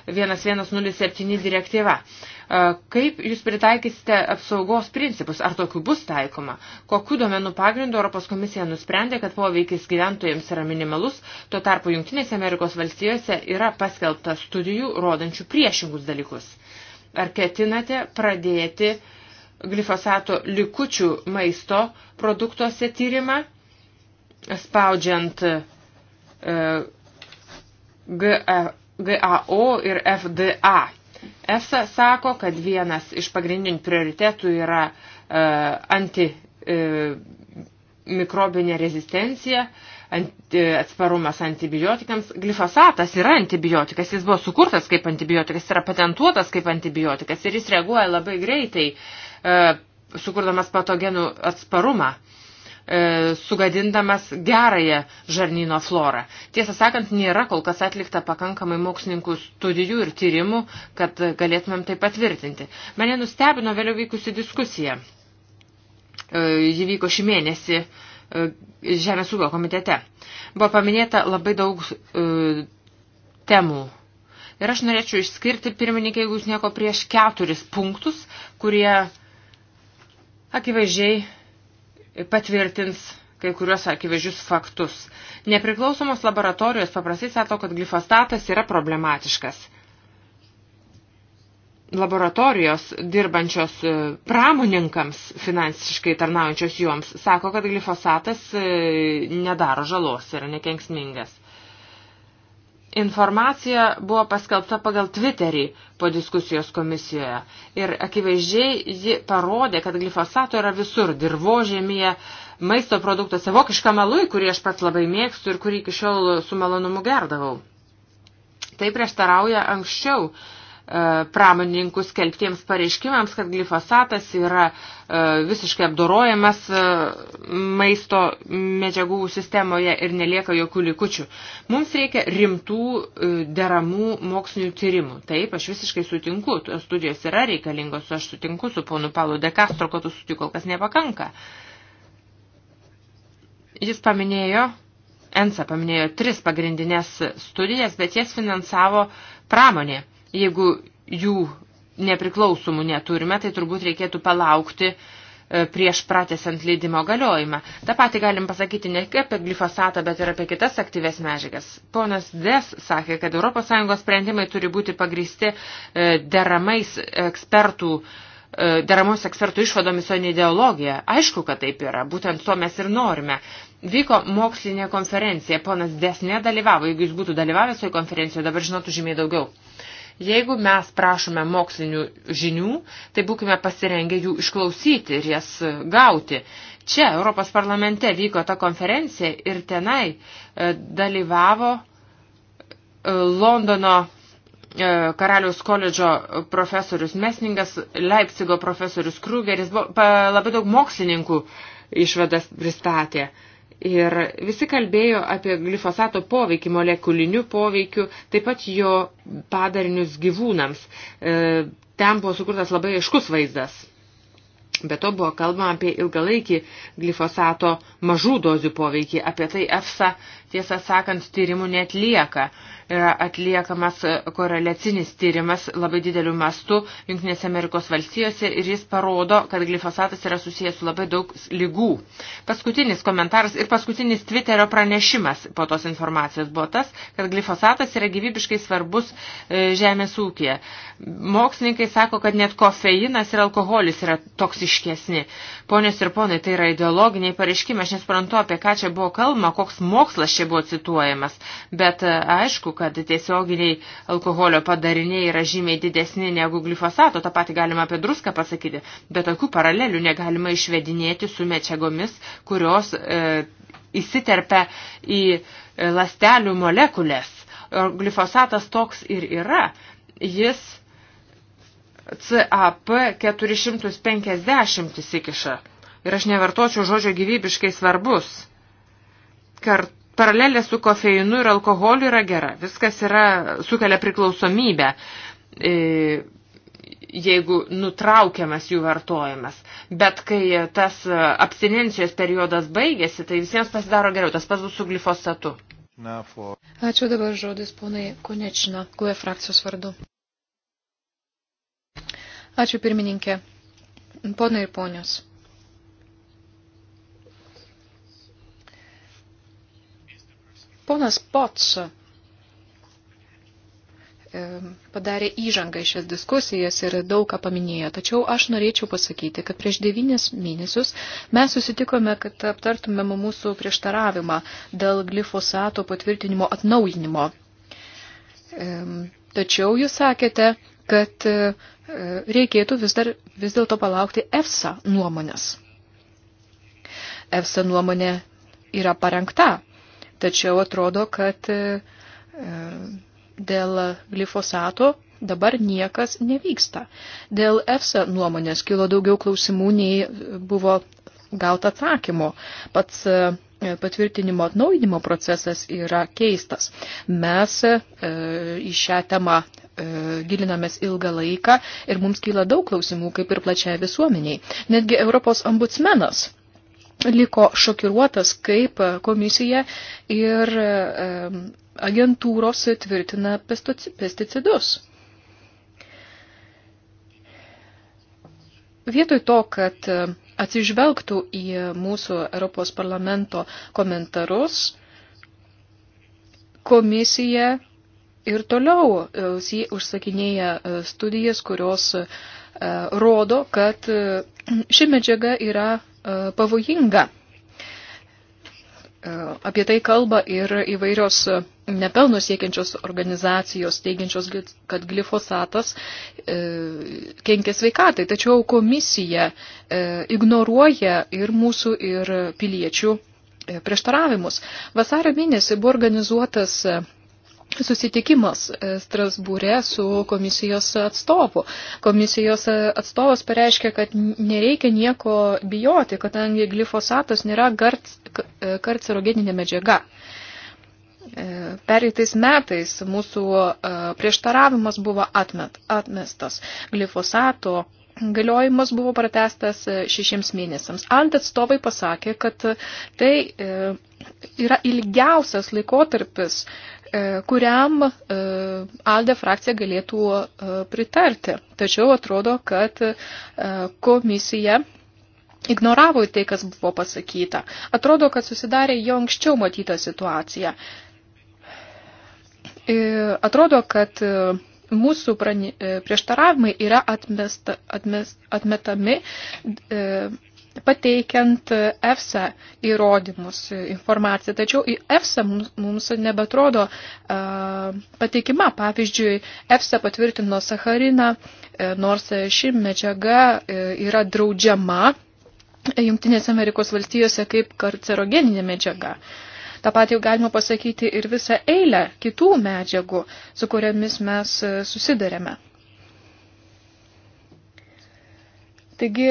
S3: 1107 direktyva. Kaip jūs pritaikysite apsaugos principus? Ar tokių bus taikoma? Kokiu duomenų pagrindu Europos komisija nusprendė, kad poveikis gyventojams yra minimalus, tuo tarpu Junktinėse Amerikos valstijose yra paskelbta studijų rodančių priešingus dalykus? Ar ketinate pradėti uh, glifosato likučių maisto produktuose tyrimą, spaudžiant e, GAO e, ir FDA. EFSA sako, kad vienas iš pagrindinių prioritetų yra e, antimikrobinė rezistencija, atsparumas antibiotikams. Glifosatas yra antibiotikas, jis buvo sukurtas kaip antibiotikas, yra patentuotas kaip antibiotikas ir jis reaguoja labai greitai. Uh, E, sukurdamas patogenų atsparumą e, sugadindamas gerąją žarnyno florą. Tiesą sakant, nėra kol kas atlikta pakankamai mokslininkų studijų ir tyrimų, kad galėtumėm tai patvirtinti. Mane nustebino vėliau vykusi diskusija. E, ji vyko šį mėnesį Žemės ūkio komitete. Buvo paminėta labai daug temų. Ir aš norėčiau išskirti, pirmininkai, jeigu jūs nieko prieš keturis punktus, kurie uh, akivaizdžiai patvirtins kai kuriuos akivaizdžius faktus. Nepriklausomos laboratorijos paprastai sako, kad glifostatas yra problematiškas. Laboratorijos dirbančios e, pramoninkams, finansiškai tarnaujančios joms, sako, kad glifosatas e, nedaro žalos, yra nekenksmingas informacija buvo paskelbta pagal Twitterį po diskusijos komisijoje. Ir akivaizdžiai ji parodė, kad glifosato yra visur - dirbožėmėje, maisto produktuose, vokiškam alui, kurį aš pats labai mėgstu ir kurį iki šiol su malonumu gerdavau. Tai prieštarauja anksčiau uh, E, pramoninkų skelbtiems pareiškimams, kad glifosatas yra e, visiškai apdorojamas e, maisto medžiagų sistemoje ir nelieka jokių likučių. Mums reikia rimtų deramų mokslinių tyrimų. Taip, aš visiškai sutinku, tos studijos yra reikalingos, aš sutinku su ponu Palu De Castro, kad tų studijų kol kas nepakanka. Jis paminėjo ENSA paminėjo tris pagrindinės studijas, bet jas finansavo pramonė. Jeigu jų nepriklausomų neturime, tai turbūt reikėtų palaukti e, prieš pratesant leidimo galiojimą. Ta pati galim pasakyti ne tik apie glifosatą, bet ir apie kitas aktyves medžiagas. Ponas Des sakė, kad ES sprendimai turi būti pagristi e, deramais ekspertų e, deramos ekspertų išvadomis, o ne ideologija. Aišku, kad taip yra, būtent to mes ir norime. Vyko mokslinė konferencija, ponas Des nedalyvavo, jeigu jis būtų dalyvavęs toje konferencijoje, dabar žinotų žymiai daugiau. Jeigu mes prašome mokslinių žinių, tai būkime pasirengę jų išklausyti ir jas gauti. Čia Europos parlamente vyko ta konferencija ir tenai e, dalyvavo e, Londono e, Karaliaus koledžo profesorius Mesningas, Leipzigo profesorius Krugeris, labai daug mokslininkų išvadas pristatė. Uh, Ir visi kalbėjo apie glifosato poveikį, molekulinių poveikių, taip pat jo padarinius gyvūnams. E, ten buvo sukurtas labai aiškus vaizdas. Be to buvo kalbama apie ilgalaikį glifosato mažų dozių poveikį, apie tai EFSA, tiesą sakant, tyrimų netlieka. E, yra atliekamas koreliacinis tyrimas labai dideliu mastu Junktinėse Amerikos valstijose ir jis parodo, kad glifosatas yra susijęs su labai daug lygų. Paskutinis komentaras ir paskutinis Twitterio pranešimas po tos informacijos buvo tas, kad glifosatas yra gyvybiškai svarbus e, žemės ūkėje. Mokslininkai sako, kad net kofeinas ir alkoholis yra toksiškesni. Ponios ir ponai, tai yra ideologiniai pareiškimai, aš nesuprantu, apie ką čia buvo kalbama, koks mokslas čia buvo cituojamas. Bet e, aišku, kad tiesioginiai alkoholio padariniai yra žymiai didesni negu glifosato, tą patį galima apie druską pasakyti, bet tokių paralelių negalima išvedinėti su mečiagomis, kurios e, įsiterpia į e, lastelių molekulės. O glifosatas toks ir yra. Jis CAP 450 įsikiša. Ir aš nevartočiau žodžio gyvybiškai svarbus. Kart, paralelė su kofeinu ir alkoholiu yra gera. Viskas yra, sukelia priklausomybę, e, jeigu nutraukiamas jų vartojimas. Bet kai tas abstinencijos periodas baigėsi, tai visiems pasidaro geriau. Tas pats bus su glifosatu. Na, for...
S1: Ačiū dabar žodis ponai Konečina, GUE frakcijos vardu. Ačiū pirmininkė. Ponai ir ponios. Ponas Pots e, padarė įžangą į šias diskusijas ir daug ką paminėjo. Tačiau aš norėčiau pasakyti, kad prieš devynis mėnesius mes susitikome, kad aptartumėm mūsų prieštaravimą dėl glifosato patvirtinimo atnaujinimo. E, tačiau jūs sakėte, kad e, reikėtų vis, dar, vis dėlto palaukti EFSA nuomonės. EFSA nuomonė yra parengta Tačiau atrodo, kad e, dėl glifosato dabar niekas nevyksta. Dėl EFSA nuomonės kilo daugiau klausimų, nei buvo gauta atsakymo. Pats e, patvirtinimo atnaujinimo procesas yra keistas. Mes e, į šią temą gilinamės ilgą laiką ir mums kyla daug klausimų, kaip ir plačiai visuomeniai. Netgi Europos ombudsmenas liko šokiruotas, kaip komisija ir agentūros tvirtina pesticidus. Vietoj to, kad atsižvelgtų į mūsų Europos parlamento komentarus, komisija ir toliau e, užsakinėja e, studijas, kurios e, rodo, kad ši medžiaga yra E, pavojinga. E, apie tai kalba ir įvairios nepelno siekiančios organizacijos, teigiančios, kad glifosatas e, kenkia sveikatai. Tačiau komisija ignoruoja ir mūsų, ir piliečių prieštaravimus. Vasario mėnesį buvo organizuotas susitikimas e, Strasbūre su komisijos atstovu. Komisijos e, atstovas pareiškia, kad nereikia nieko bijoti, kadangi glifosatas nėra e, karcerogeninė medžiaga. Pereitais metais mūsų prieštaravimas buvo atmet, atmestas. Glifosato galiojimas buvo pratestas šešiems mėnesiams. Ant atstovai pasakė, kad tai yra ilgiausias laikotarpis, E, kuriam e, ALDE frakcija galėtų e, pritarti. Tačiau atrodo, kad komisija ignoravo tai, kas buvo pasakyta. Atrodo, kad susidarė jau anksčiau matyta situacija. Atrodo, kad mūsų prani, prieštaravimai yra atmesta, atmes, atmetami pateikiant EFSA įrodymus, informaciją. Tačiau EFSA mums nebetrodo pateikima. Pavyzdžiui, EFSA patvirtino Sahariną, e, nors ši medžiaga e, yra draudžiama Junktinėse Amerikos valstijose kaip karcerogeninė medžiaga. Ta pat jau galima pasakyti ir visą eilę kitų medžiagų, su kuriamis mes e, susidarėme. Taigi,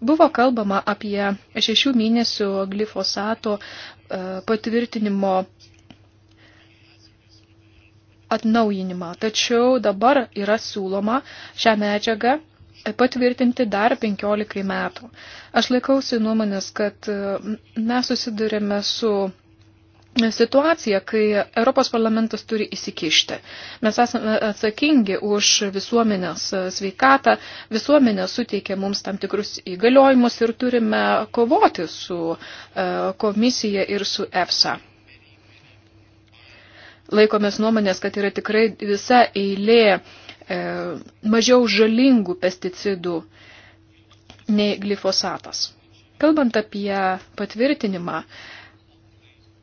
S1: Buvo kalbama apie šešių mėnesių glifosato e, patvirtinimo atnaujinimą, tačiau dabar yra siūloma šią medžiagą patvirtinti dar 15 metų. Aš laikausi nuomonės, kad mes susidurėme su situacija, kai Europos parlamentas turi įsikišti. Mes esame atsakingi už visuomenės sveikatą, visuomenė suteikia mums tam tikrus įgaliojimus ir turime kovoti su e, komisija ir su EFSA. Laikomės nuomonės, kad yra tikrai visa eilė e, mažiau žalingų pesticidų nei glifosatas. Kalbant apie patvirtinimą,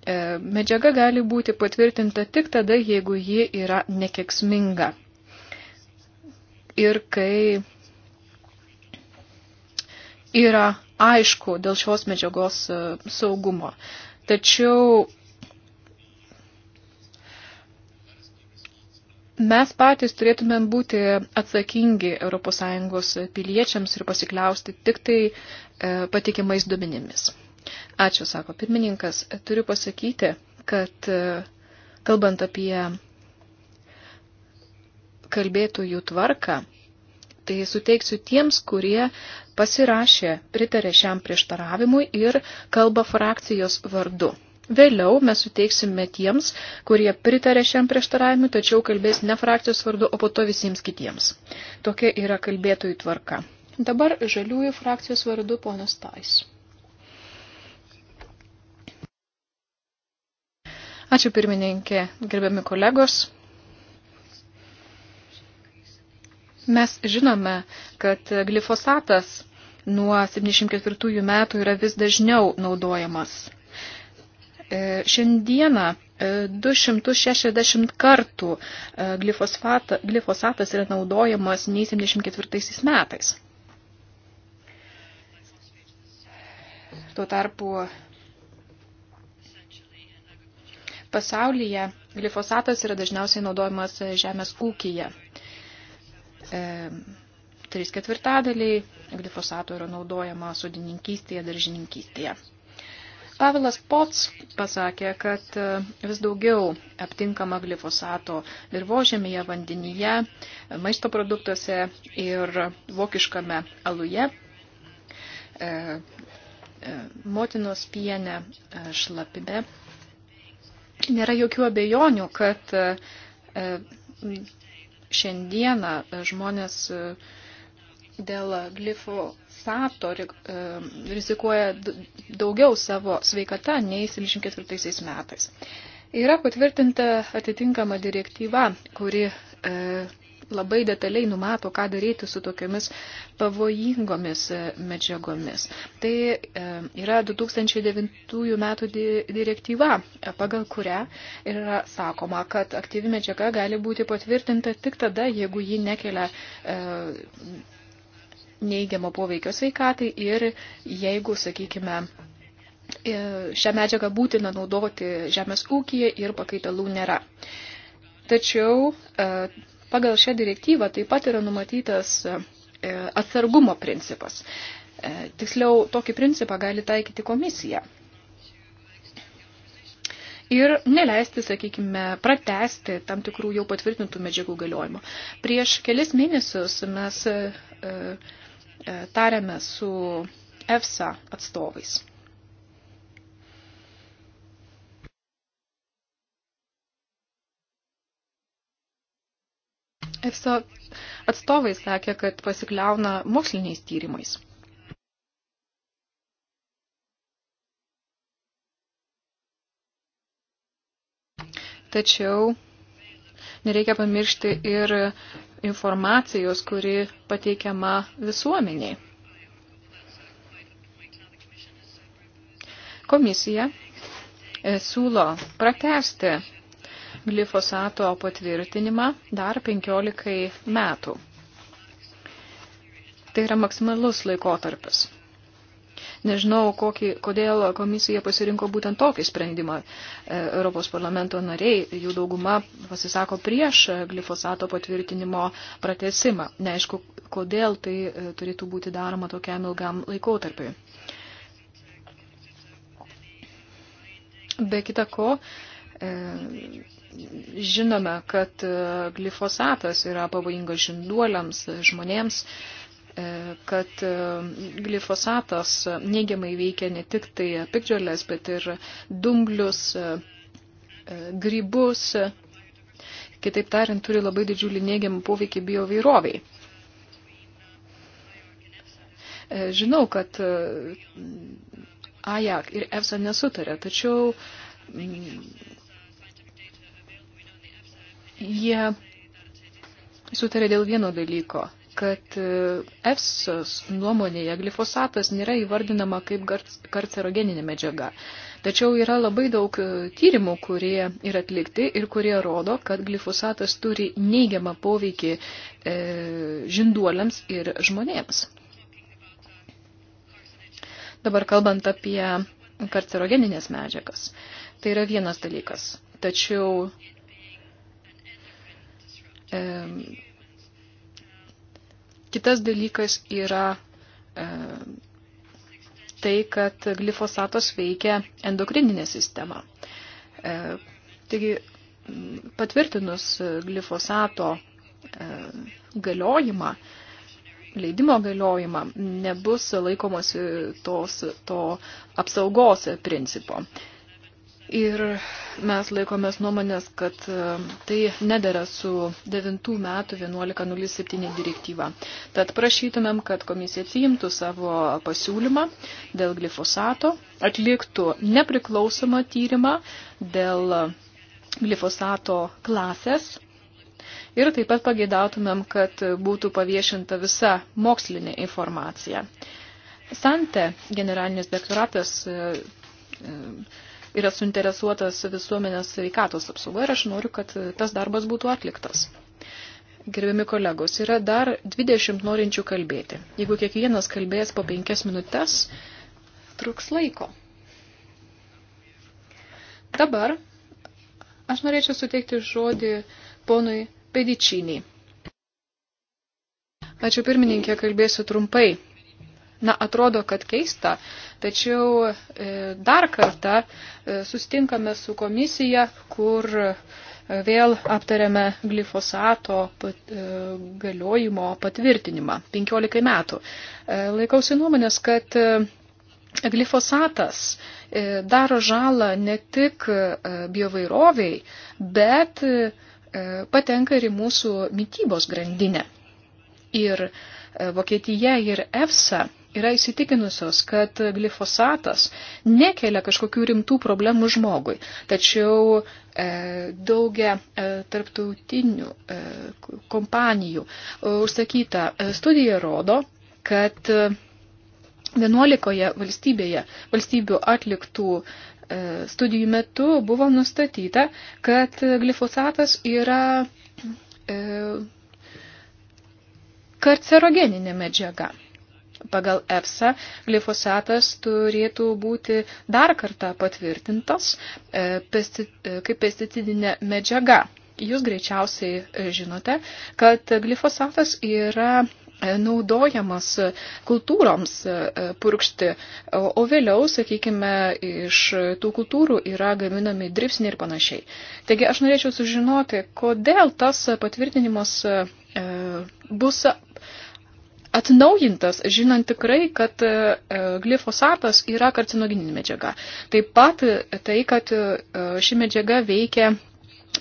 S1: E, medžiaga gali būti patvirtinta tik tada, jeigu ji yra nekeksminga. Ir kai yra aišku dėl šios medžiagos e, saugumo. Tačiau mes patys turėtumėm būti atsakingi ES piliečiams ir pasikliausti tik tai e, patikimais duomenimis. Ačiū, sako pirmininkas. Turiu pasakyti, kad e, kalbant apie kalbėtojų tvarką, tai suteiksiu tiems, kurie pasirašė, pritarė šiam prieštaravimui ir kalba frakcijos vardu. Vėliau mes suteiksime tiems, kurie pritarė šiam prieštaravimui, tačiau kalbės ne frakcijos vardu, o po to visiems kitiems. Tokia yra kalbėtojų tvarka. Dabar žaliųjų frakcijos vardu ponas Tais. Ačiū pirmininkė, gerbiami kolegos. Mes žinome, kad glifosatas nuo 74 metų yra vis dažniau naudojamas. E, šiandieną 260 e, kartų e, glifosatas yra naudojamas nei 74 metais. Tuo tarpu Pasaulyje glifosatas yra dažniausiai naudojamas žemės ūkyje. E, Trys ketvirtadaliai glifosato yra naudojama sodininkystėje, daržininkystėje. Pavelas Pots pasakė, kad e, vis daugiau aptinkama glifosato dirbožėmėje, vandenyje, maisto produktuose ir vokiškame aluje, e, e, motinos piene, šlapime nėra jokių abejonių, kad e, e, šiandieną e, žmonės dėl glifosato rizikuoja daugiau savo sveikata nei 74 metais. Yra patvirtinta atitinkama direktyva, kuri labai detaliai numato, ką daryti su tokiamis pavojingomis e, medžiagomis. Tai e, yra 2009 metų direktyva, e, pagal kurią yra sakoma, kad aktyvi medžiaga gali būti patvirtinta tik tada, jeigu ji nekelia neįgiamo poveikio sveikatai ir jeigu, sakykime, šią medžiagą būtina naudoti žemės ūkyje ir pakaitalų nėra. Tačiau Pagal šią direktyvą taip pat yra numatytas e, atsargumo principas. E, tiksliau, tokį principą gali taikyti komisija. Ir neleisti, sakykime, pratesti tam tikrų jau patvirtintų medžiagų galiojimo. Prieš kelis mėnesius mes e, e, tarėme su EFSA atstovais. EFSA atstovai sakė, kad pasikliauna moksliniais tyrimais. Tačiau nereikia pamiršti ir informacijos, kuri pateikiama visuomeniai. Komisija e, siūlo pratesti glifosato patvirtinimą dar 15 metų. Tai yra maksimalus laikotarpis. Nežinau, kokį, kodėl komisija pasirinko būtent tokį sprendimą. E, Europos parlamento nariai, jų dauguma pasisako prieš glifosato patvirtinimo pratesimą. Neaišku, kodėl tai e, turėtų būti daroma tokiam ilgam laikotarpiui. Be kita ko, e, žinome, kad e, glifosatas yra pavojingas žinduoliams, žmonėms, e, kad e, glifosatas neigiamai veikia ne tik tai pikdžiolės, bet ir dumblius, grybus. Kitaip tariant, turi labai didžiulį neigiamą poveikį biovairoviai. Žinau, kad AJAK ir EFSA nesutarė, tačiau Jie sutarė dėl vieno dalyko, kad e, EFSOS nuomonėje glifosatas nėra įvardinama kaip karcerogeninė medžiaga. Tačiau yra labai daug e, tyrimų, kurie yra atlikti ir kurie rodo, kad glifosatas turi neigiamą poveikį e, žinduoliams ir žmonėms. Dabar kalbant apie karcerogeninės medžiagas, tai yra vienas dalykas. Tačiau E, kitas dalykas yra e, tai, kad glifosatos veikia endokrininę sistemą. E, taigi, patvirtinus glifosato e, galiojimą, leidimo galiojimą, nebus laikomasi tos, to apsaugos principo. E, Ir mes laikomės nuomonės, kad e, tai nedėra su 9 metų 11.07 direktyva. Tad prašytumėm, kad komisija atsiimtų savo pasiūlymą dėl glifosato, atliktų nepriklausomą tyrimą dėl glifosato klasės. Ir taip pat pageidautumėm, kad būtų paviešinta visa mokslinė informacija. Sante generalinis dektoratas e, e, yra suinteresuotas visuomenės sveikatos apsauga ir aš noriu, kad tas darbas būtų atliktas. Gerbiami kolegos, yra dar 20 norinčių kalbėti. Jeigu kiekvienas kalbės po 5 minutes, truks laiko. Dabar aš norėčiau suteikti žodį ponui Pedičiniai. Ačiū pirmininkė, kalbėsiu trumpai. Na, atrodo, kad keista, tačiau e, dar kartą e, sustinkame su komisija, kur e, vėl aptarėme glifosato pat, galiojimo patvirtinimą 15 metų. Laikausi nuomonės, kad glifosatas daro žalą ne tik biovairoviai, bet patenka ir į mūsų mytybos grandinę. Ir Vokietija ir EFSA yra įsitikinusios, kad glifosatas nekelia kažkokių rimtų problemų žmogui. Tačiau e, daugia e, tarptautinių e, kompanijų e, užsakyta e, studija rodo, kad e, 11 valstybėje, valstybių atliktų e, studijų metu buvo nustatyta, kad glifosatas yra e, karcerogeninė medžiaga pagal EFSA glifosatas turėtų būti dar kartą patvirtintas e, e, kaip pesticidinė medžiaga. Jūs greičiausiai e, žinote, kad glifosatas yra naudojamas kultūroms purkšti, o vėliau, sakykime, iš tų kultūrų yra gaminami dripsniai ir panašiai. Taigi aš norėčiau sužinoti, kodėl tas patvirtinimas bus atnaujintas, žinant tikrai, kad e, e, glifosatas yra karcinogininė medžiaga. Taip pat e, tai, kad ši medžiaga veikia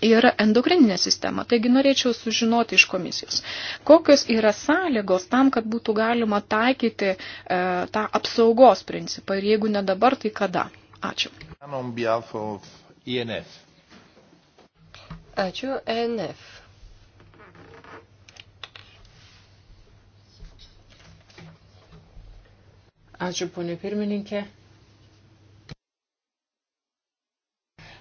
S1: ir endokrininę sistemą. Taigi norėčiau sužinoti iš komisijos, kokios yra sąlygos tam, kad būtų galima taikyti e, tą apsaugos principą ir jeigu ne dabar, tai kada. Ačiū. Ačiū,
S3: ENF. Ačiū, ponė pirmininkė.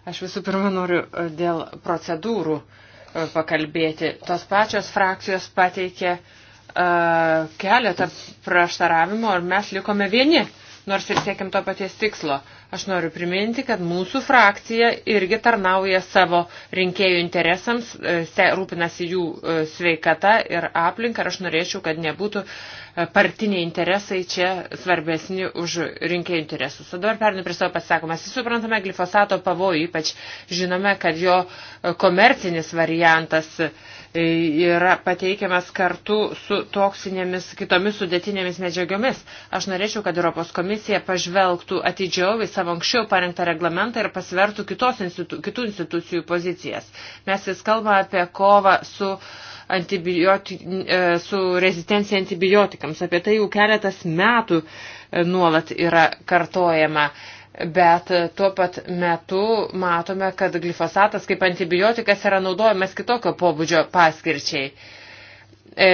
S3: Aš visų pirma noriu e, dėl procedūrų e, pakalbėti. Tos pačios frakcijos pateikė uh, keletą prieštaravimų ir mes likome vieni, nors ir siekim to paties tikslo. Uh, Aš noriu priminti, kad mūsų frakcija irgi tarnauja savo rinkėjų interesams, e, rūpinasi jų e, sveikata ir aplinka ir aš norėčiau, kad nebūtų e, partiniai interesai čia svarbesni už rinkėjų interesus. O dabar perinu prie savo pasisakymą. Visi suprantame glifosato pavojų, ypač žinome, kad jo komercinis variantas Tai yra pateikiamas kartu su toksinėmis kitomis sudėtinėmis medžiagomis. Aš norėčiau, kad Europos komisija pažvelgtų atidžiau į savo anksčiau parengtą reglamentą ir pasvertų kitos institu, kitų institucijų pozicijas. Mes vis kalbame apie kovą su, antibioti, e, su rezistencija antibiotikams. Apie tai jau keletas metų e, nuolat yra kartojama bet tuo pat metu matome, kad glifosatas kaip antibiotikas yra naudojamas kitokio pobūdžio paskirčiai. E,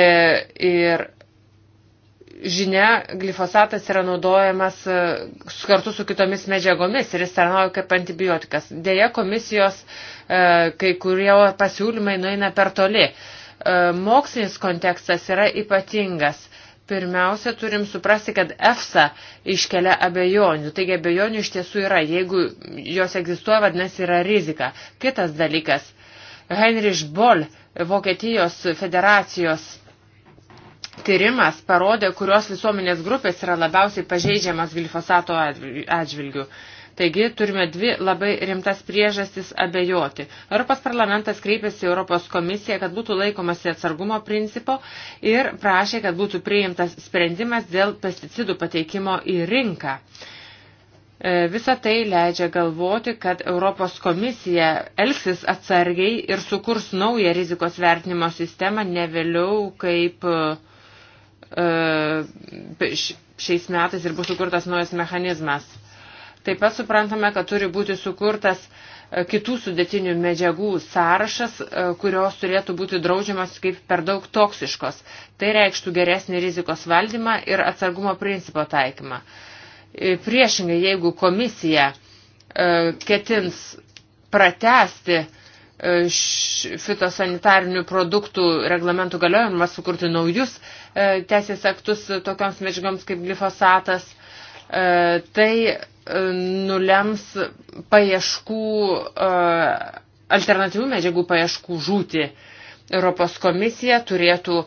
S3: ir žinia, glifosatas yra naudojamas e, kartu su kitomis medžiagomis ir jis tarnauja kaip antibiotikas. Deja, komisijos e, kai kurie pasiūlymai nueina per toli. E, mokslinis kontekstas yra ypatingas. E, Pirmiausia, turim suprasti, kad EFSA iškelia abejonių. Taigi abejonių iš tiesų yra. Jeigu jos egzistuoja, vadinasi, yra rizika. Kitas dalykas. Heinrich Boll, Vokietijos federacijos tyrimas parodė, kurios visuomenės grupės yra labiausiai pažeidžiamas glifosato atžvilgių. Adv Taigi turime dvi labai rimtas priežastis abejoti. Europos parlamentas kreipėsi Europos komisiją, kad būtų laikomasi atsargumo principo ir prašė, kad būtų priimtas sprendimas dėl pesticidų pateikimo į rinką. E, Visą tai leidžia galvoti, kad Europos komisija elgsis atsargiai ir sukurs naują rizikos vertinimo sistemą ne vėliau kaip e, e, šiais metais ir bus sukurtas naujas mechanizmas. Taip pat suprantame, kad turi būti sukurtas e, kitų sudėtinių medžiagų sąrašas, e, kurios turėtų būti draudžiamas kaip per daug toksiškos. Tai reikštų geresnį rizikos valdymą ir atsargumo principo taikymą. E, priešingai, jeigu komisija ketins pratesti fitosanitarinių produktų reglamentų galiojimą, sukurti naujus teisės aktus tokioms medžiagoms kaip glifosatas, tai nulems paieškų, e, alternatyvių medžiagų paieškų žūti. Europos komisija turėtų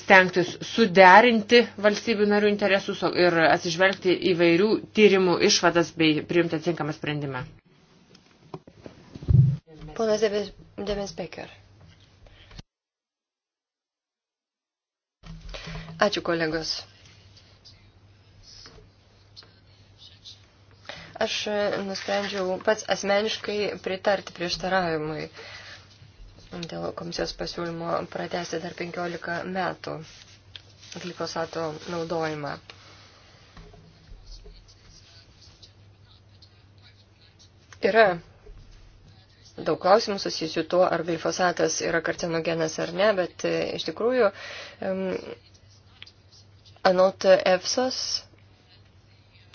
S3: stengtis suderinti valstybių narių interesus ir atsižvelgti įvairių tyrimų išvadas bei priimti atsinkamą sprendimą.
S2: Ponas Demensbeker. Ačiū kolegos. aš nusprendžiau pats asmeniškai pritarti prieštaravimui dėl komisijos pasiūlymo pratesti dar 15 metų glifosato naudojimą. Yra daug klausimų susijusių tuo, ar glifosatas yra karcinogenas ar ne, bet e, iš tikrųjų, anot EFSOS,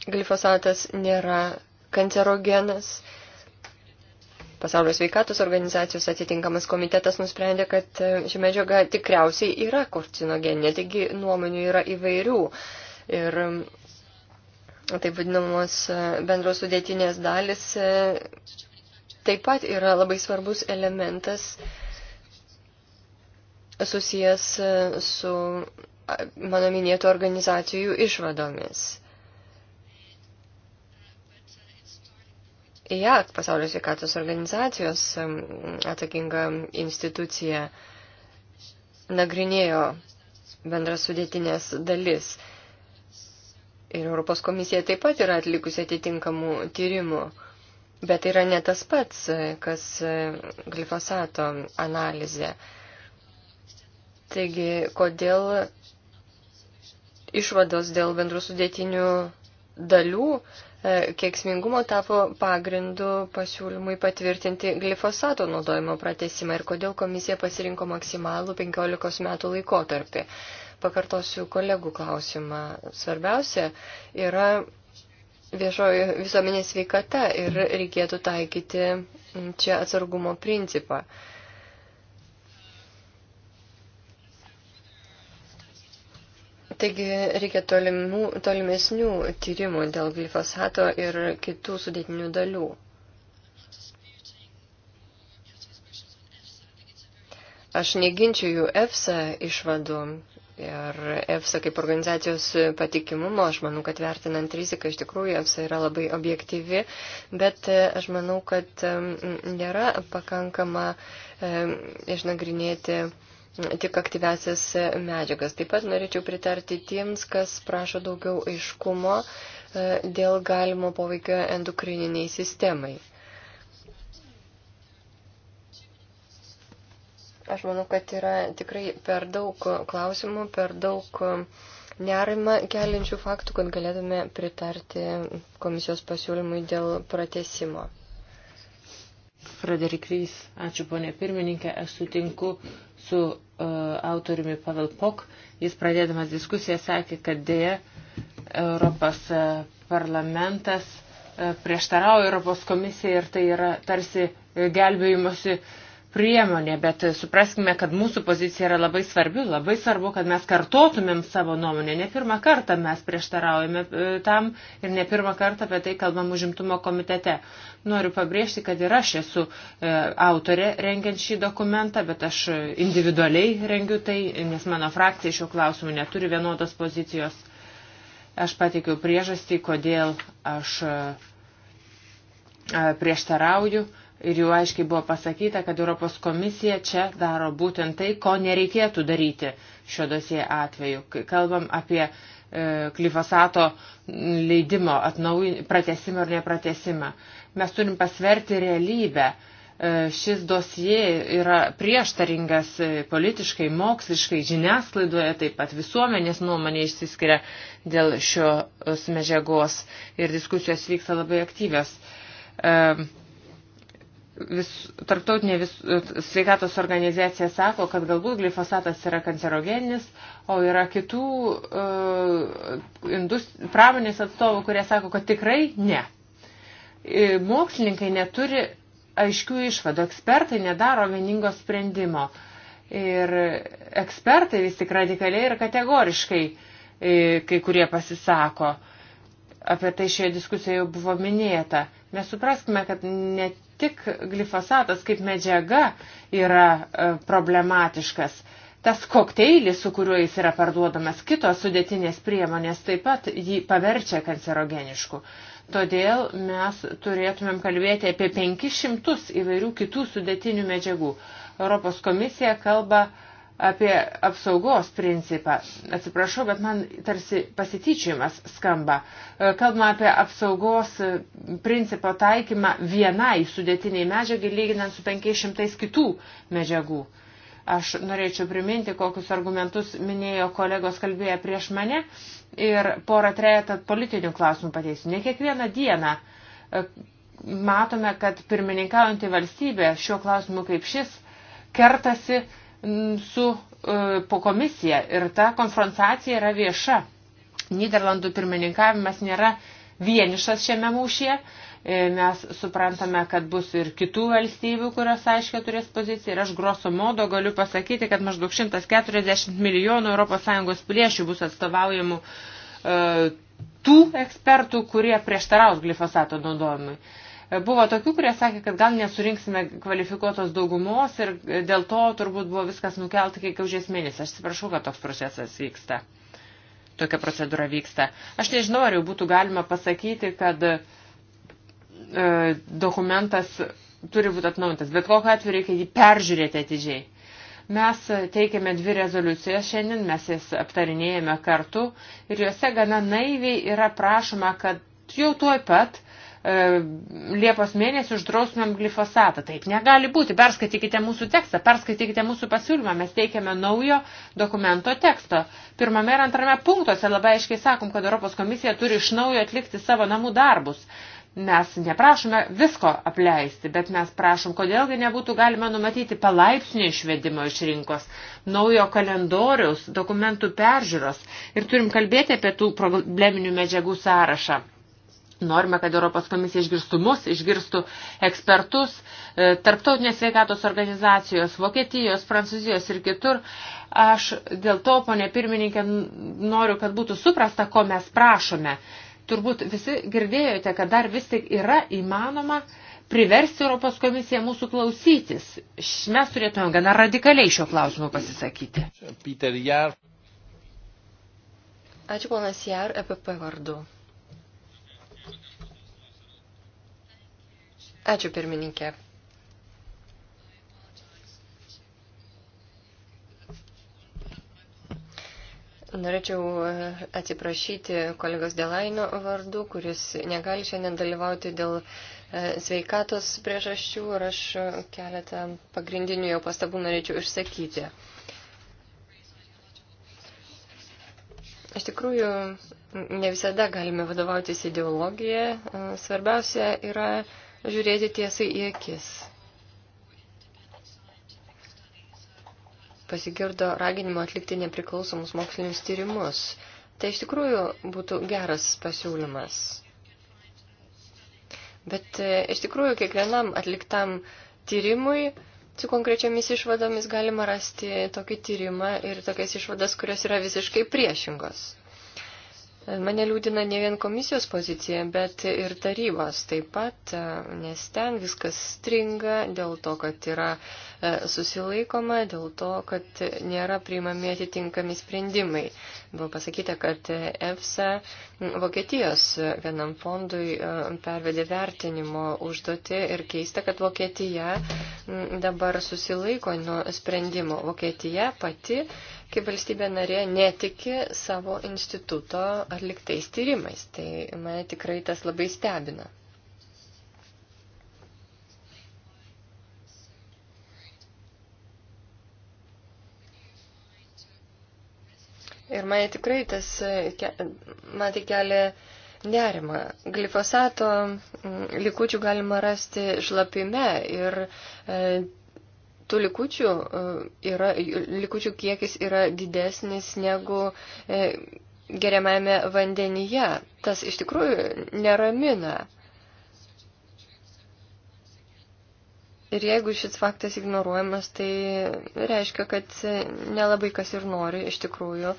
S2: glifosatas nėra kancerogenas. Pasaulio sveikatos organizacijos atitinkamas komitetas nusprendė, kad e, ši medžiaga tikriausiai yra korcinogenė, taigi nuomonių yra įvairių. Ir e, taip vadinamos e, bendros sudėtinės dalis taip pat yra labai svarbus elementas susijęs su mano minėtų organizacijų išvadomis. EAT, pasaulio sveikatos organizacijos atsakinga institucija, nagrinėjo bendras sudėtinės dalis. Ir Europos komisija taip pat yra atlikusi atitinkamų tyrimų. Bet tai yra ne tas pats, e, kas e, glifosato analizė. Taigi, kodėl išvados dėl bendrų sudėtinių dalių E, kieksmingumo tapo pagrindu pasiūlymui patvirtinti glifosato naudojimo pratesimą ir kodėl komisija pasirinko maksimalų 15 metų laikotarpį. Pakartosiu kolegų klausimą. Svarbiausia yra viešoji visuomenės sveikata ir reikėtų taikyti čia atsargumo principą. Taigi reikia tolimų, tolimesnių tyrimų dėl glifosato ir kitų sudėtinių dalių. Aš neginčiu jų EFSA išvadų ir EFSA kaip organizacijos patikimumo, aš manau, kad vertinant riziką, iš tikrųjų EFSA yra labai objektyvi, bet e, aš manau, kad nėra pakankama e, išnagrinėti. E, tik aktyvesias medžiagas. Taip pat norėčiau pritarti tiems, kas prašo daugiau aiškumo e, dėl galimo poveikio endokrininiai sistemai. Aš manau, kad yra tikrai per daug klausimų, per daug nerima keliančių faktų, kad galėtume pritarti komisijos pasiūlymui dėl
S3: pratesimo. Frederik Rys, ačiū ponė pirmininkė, aš sutinku su uh, autoriumi Pavel Pok. Jis pradėdamas diskusiją sakė, kad dėja Europos e, parlamentas e, prieštarauja Europos komisijai ir tai yra tarsi gelbėjimosi uh, priemonė, bet supraskime, kad mūsų pozicija yra labai svarbi, labai svarbu, kad mes kartotumėm savo nuomonę. Ne pirmą kartą mes prieštaraujame e, tam ir ne pirmą kartą apie tai kalbam užimtumo komitete. Noriu pabrėžti, kad ir aš esu e, autorė rengiant šį dokumentą, bet aš individualiai rengiu tai, nes mano frakcija šiuo klausimu neturi vienodos pozicijos. Aš pateikiau priežastį, kodėl aš e, prieštarauju ir jau aiškiai buvo pasakyta, kad Europos komisija čia daro būtent tai, ko nereikėtų daryti šio dosie atveju. Kalbam apie e, glifosato leidimo atnaujin, pratesimą ar nepratesimą. Mes turim pasverti realybę. E, šis dosie yra prieštaringas e, politiškai, moksliškai, žiniasklaidoje, taip pat visuomenės nuomonė išsiskiria dėl šios medžiagos ir diskusijos vyksta labai aktyvios. E, vis, tarptautinė vis, sveikatos organizacija sako, kad galbūt glifosatas yra kancerogeninis, o yra kitų uh, indust, pramonės atstovų, kurie sako, kad tikrai ne. Mokslininkai neturi aiškių išvadų, ekspertai nedaro vieningo sprendimo. Ir ekspertai vis tik radikaliai ir kategoriškai kai kurie pasisako. Apie tai šioje diskusijoje jau buvo minėta. Mes supraskime, kad net tik glifosatas kaip medžiaga yra e, problematiškas. Tas kokteilis, su kuriuo jis yra parduodamas, kitos sudėtinės priemonės taip pat jį paverčia kancerogenišku. Todėl mes turėtumėm kalbėti apie 500 įvairių kitų sudėtinių medžiagų. Europos komisija kalba apie apsaugos principą. Atsiprašau, bet man tarsi pasityčiamas skamba. E, kalbama apie apsaugos e, principo taikymą vienai sudėtiniai medžiagai lyginant su 500 kitų medžiagų. Aš norėčiau priminti, kokius argumentus minėjo kolegos kalbėję prieš mane ir porą trejetą politinių klausimų pateisiu. Ne kiekvieną dieną e, matome, kad pirmininkaujantį valstybę šiuo klausimu kaip šis kertasi su e, po komisija ir ta konfrontacija yra vieša. Niderlandų pirmininkavimas nėra vienišas šiame mūšyje. E, mes suprantame, kad bus ir kitų valstybių, kurios aiškiai turės poziciją. Ir aš grosso modo galiu pasakyti, kad maždaug 140 milijonų ES piliečių bus atstovaujamų e, tų ekspertų, kurie prieštaraus glifosato naudojimui. Buvo tokių, kurie sakė, kad gal nesurinksime kvalifikuotos daugumos ir dėl to turbūt buvo viskas nukelta iki kiaužės mėnesį. Aš atsiprašau, kad toks procesas vyksta. Tokia procedūra vyksta. Aš nežinau, ar jau būtų galima pasakyti, kad e, dokumentas turi būti atnaujintas, bet kokiu atveju reikia jį peržiūrėti atidžiai. Mes teikiame dvi rezoliucijas šiandien, mes jas aptarinėjame kartu ir juose gana naiviai yra prašoma, kad jau tuoj pat E, Liepos mėnesį uždraustumėm glifosatą. Taip negali būti. Perskaitykite mūsų tekstą, perskaitykite mūsų pasiūlymą. Mes teikiame naujo dokumento teksto. Pirmame ir antrame punktuose labai aiškiai sakom, kad Europos komisija turi iš naujo atlikti savo namų darbus. Mes neprašome visko apleisti, bet mes prašom, kodėlgi nebūtų galima numatyti palaipsnio išvedimo iš rinkos, naujo kalendoriaus, dokumentų peržiūros ir turim kalbėti apie tų probleminių medžiagų sąrašą. Norime, kad Europos komisija išgirstų mus, išgirstų ekspertus, e, tarptautinės sveikatos organizacijos, Vokietijos, Prancūzijos ir kitur. Aš dėl to, ponė pirmininkė, noriu, kad būtų suprasta, ko mes prašome. Turbūt visi girdėjote, kad dar vis tik yra įmanoma priversti Europos komisiją mūsų klausytis. Mes turėtume gana radikaliai šio klausimu pasisakyti. Peter Jar. Ačiū
S2: ponas Jar, EPP vardu. Ačiū pirmininkė. Norėčiau e, atsiprašyti kolegos Delaino vardu, kuris negali šiandien dalyvauti dėl e, sveikatos priežasčių ir aš keletą pagrindinių jo pastabų norėčiau išsakyti. Iš tikrųjų, ne visada galime vadovautis ideologiją. E, svarbiausia yra žiūrėti tiesai į akis. Pasigirdo raginimo atlikti nepriklausomus mokslinius tyrimus. Tai iš tikrųjų būtų geras pasiūlymas. Bet e, iš tikrųjų kiekvienam atliktam tyrimui su konkrečiamis išvadomis galima rasti tokį tyrimą ir tokias išvadas, kurios yra visiškai priešingos. Mane liūdina ne vien komisijos pozicija, bet ir tarybos taip pat, nes ten viskas stringa dėl to, kad yra e, susilaikoma, dėl to, kad nėra priimami atitinkami sprendimai. Buvo pasakyta, kad EFSA Vokietijos vienam fondui e, pervedė vertinimo užduotį ir keista, kad Vokietija dabar susilaiko nuo sprendimo. Vokietija pati kai valstybė narė netiki savo instituto atliktais tyrimais. Tai mane tikrai tas labai stebina. Ir mane tikrai tas, man tai kelia nerimą. Glifosato mm, likučių galima rasti šlapime ir e, tų likučių, e, yra, likučių kiekis yra didesnis negu e, geriamame vandenyje. Tas iš tikrųjų neramina. Ir jeigu šis faktas ignoruojamas, tai reiškia, kad nelabai kas ir nori iš tikrųjų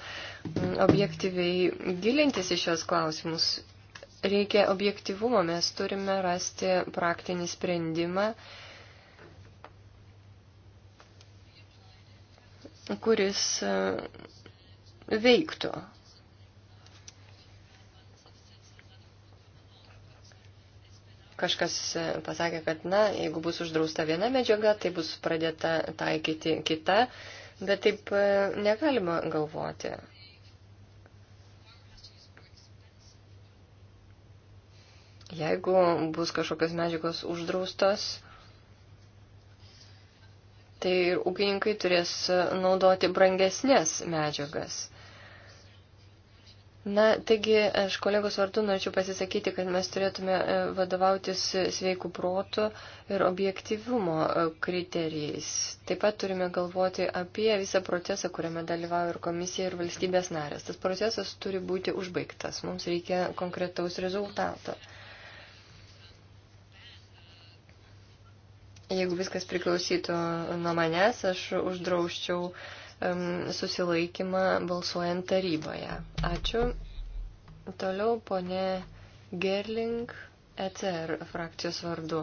S2: objektyviai gilintis į šios klausimus. Reikia objektivumo, mes turime rasti praktinį sprendimą, uh, kuris e, veiktų. Kažkas e, pasakė, kad, na, jeigu bus uždrausta viena medžiaga, tai bus pradėta taikyti kita, bet taip e, negalima galvoti. Jeigu bus kažkokios medžiagos uždraustos, tai ir ūkininkai turės e, naudoti brangesnės medžiagas. Na, taigi, aš kolegos vardu norėčiau pasisakyti, kad mes turėtume e, vadovautis sveikų protų ir objektivumo e, kriterijais. Taip pat turime galvoti apie visą procesą, kuriame dalyvauja ir komisija, ir valstybės narės. Tas procesas turi būti užbaigtas. Mums reikia konkretaus rezultato. Jeigu viskas priklausytų nuo manęs, aš uždrauščiau um, susilaikymą balsuojant taryboje. Ačiū. Toliau ponė Gerling ECR frakcijos vardu.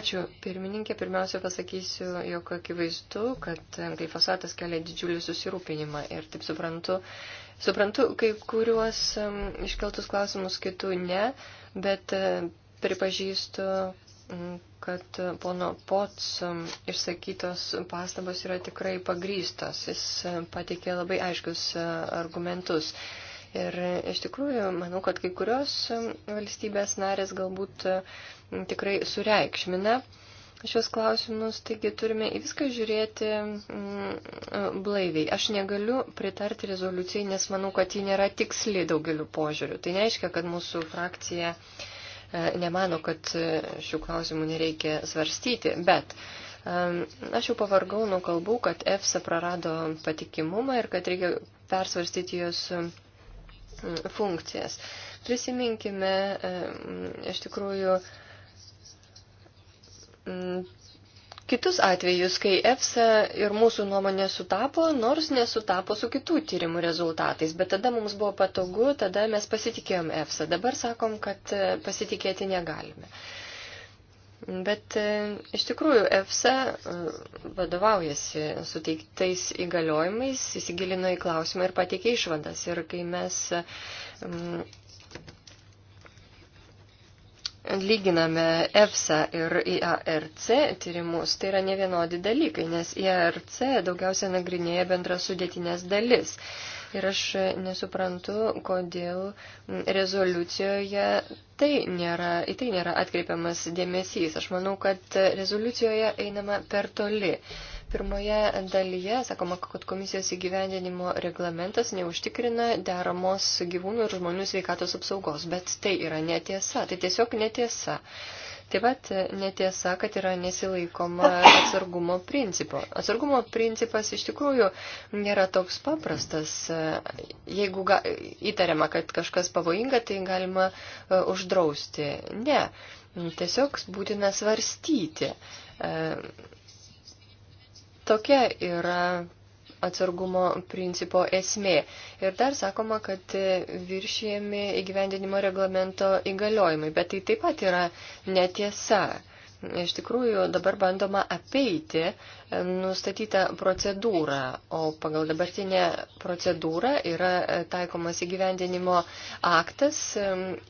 S2: Ačiū, pirmininkė. Pirmiausia pasakysiu, jog akivaizdu, kad glifosatas kelia didžiulį susirūpinimą ir taip suprantu, suprantu kai kuriuos iškeltus klausimus, kitų ne, bet e, pripažįstu, Mm, kad e, pono Pots e, išsakytos pastabos yra tikrai pagrystos. Jis e, pateikė labai aiškius argumentus. Ir iš tikrųjų, manau, kad kai kurios valstybės narės galbūt tikrai sureikšmina šios klausimus, taigi turime į viską žiūrėti blaiviai. Aš negaliu pritarti rezoliucijai, nes manau, kad ji nėra tiksli daugeliu požiūrių. Tai neaiškia, kad mūsų frakcija uh, E, nemano, kad e, šių klausimų nereikia svarstyti, bet e, aš jau pavargau nuo kalbų, kad EFSA prarado patikimumą ir kad reikia persvarstyti jos funkcijas. Prisiminkime iš tikrųjų kitus atvejus, kai EFSA ir mūsų nuomonė sutapo, nors nesutapo su kitų tyrimų rezultatais, bet tada mums buvo patogu, tada mes pasitikėjom EFSA, dabar sakom, kad e, pasitikėti negalime. Bet e, iš tikrųjų EFSA e, vadovaujasi suteiktais įgaliojimais, įsigilino į klausimą ir pateikė išvadas. Ir kai mes lyginame EFSA ir IARC tyrimus, tai yra ne vienodi dalykai, nes IARC daugiausia nagrinėja bendras sudėtinės dalis. Ir aš nesuprantu, kodėl rezoliucijoje tai nėra, į tai nėra atkreipiamas dėmesys. Aš manau, kad rezoliucijoje einama per toli. Pirmoje dalyje sakoma, kad komisijos įgyvendinimo reglamentas neužtikrina deramos gyvūnų ir žmonių sveikatos apsaugos, bet tai yra netiesa, tai tiesiog netiesa. Taip pat netiesa, kad yra nesilaikoma atsargumo principo. Atsargumo principas iš tikrųjų nėra toks paprastas. Jeigu ga, įtariama, kad kažkas pavojinga, tai galima uh, uždrausti. Ne, tiesiog būtina svarstyti. Uh, Tokia yra atsargumo principo esmė. Ir dar sakoma, kad viršėjami įgyvendinimo reglamento įgaliojimai, bet tai taip pat yra netiesa. Iš tikrųjų, dabar bandoma apeiti e, nustatytą procedūrą, o pagal dabartinę procedūrą yra e, taikomas įgyvendinimo aktas e,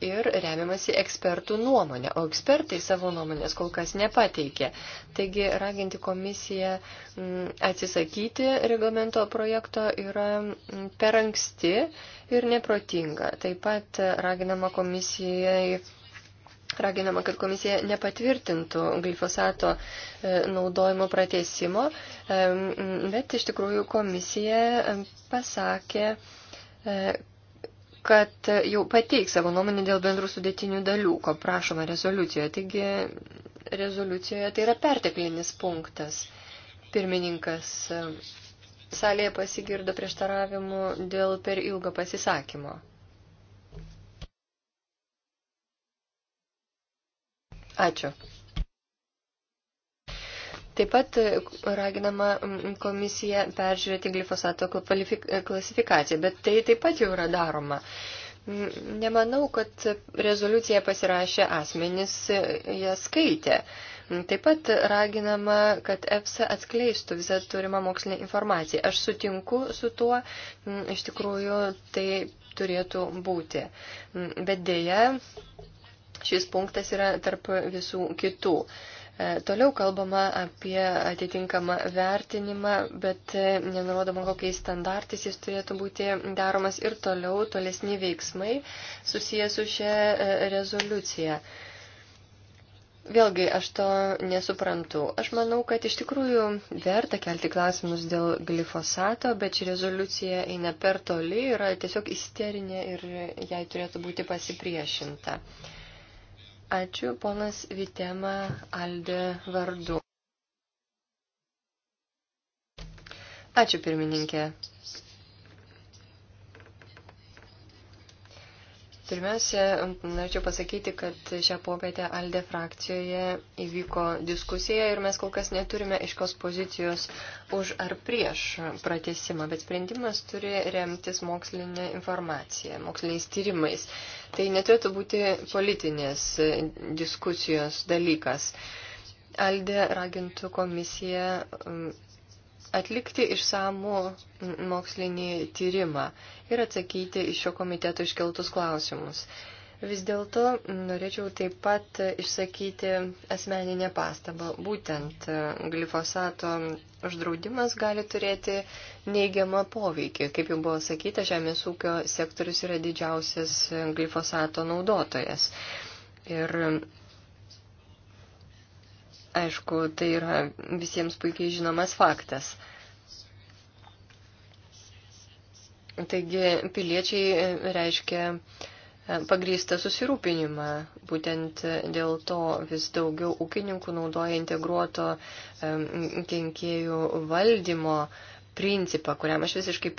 S2: ir remiamasi ekspertų nuomonė, o ekspertai savo nuomonės kol kas nepateikė. Taigi raginti komisiją atsisakyti reglamento projekto yra per anksti ir neprotinga. Taip pat raginama komisijai Raginama, kad komisija nepatvirtintų glifosato e, naudojimo pratesimo, e, bet iš tikrųjų komisija e, pasakė, kad jau pateik savo nuomonę dėl bendrų sudėtinių dalių, ko prašoma rezoliucijoje. Taigi rezoliucijoje tai yra perteklinis punktas. Pirmininkas salėje pasigirdo prieštaravimų dėl per ilgo pasisakymo. Ačiū. Taip pat e, raginama komisija peržiūrėti glifosato klasifikaciją, bet tai taip pat jau yra daroma. Nemanau, kad rezoliuciją pasirašė asmenys, e, ją skaitė. Taip pat raginama, kad EFSA atskleistų visą turimą mokslinę informaciją. Aš sutinku su tuo, iš tikrųjų tai turėtų būti. Bet dėja, Šis punktas yra tarp visų kitų. E, toliau kalbama apie atitinkamą vertinimą, bet e, nenurodoma, kokiais standartais jis turėtų būti daromas ir toliau tolesni veiksmai susijęs su šia e, rezoliucija. Vėlgi, aš to nesuprantu. Aš manau, kad iš tikrųjų verta kelti klausimus dėl glifosato, bet ši rezoliucija eina per toli, yra tiesiog isterinė ir jai turėtų būti pasipriešinta. Uh, Ačiū, ponas Vitema Alde vardu. Ačiū, pirmininkė. Pirmiausia, norėčiau pasakyti, kad šią popietę Alde frakcijoje įvyko diskusija ir mes kol kas neturime aiškios pozicijos už ar prieš pratesimą, bet sprendimas turi remtis mokslinė informacija, moksliniais tyrimais. Tai neturėtų būti politinės diskusijos dalykas. Alde ragintų komisiją atlikti išsamų mokslinį tyrimą ir atsakyti iš šio komiteto iškeltus klausimus. Vis dėlto norėčiau taip pat išsakyti asmeninę pastabą. Būtent e, glifosato uždraudimas gali turėti neigiamą poveikį. Kaip jau buvo sakyta, žemės ūkio sektorius yra didžiausias glifosato naudotojas. Ir Aišku, tai yra visiems puikiai žinomas faktas. Taigi piliečiai reiškia e, pagrįstą susirūpinimą. Būtent dėl to vis daugiau ūkininkų naudoja integruoto e, kenkėjų valdymo principą, kuriam aš visiškai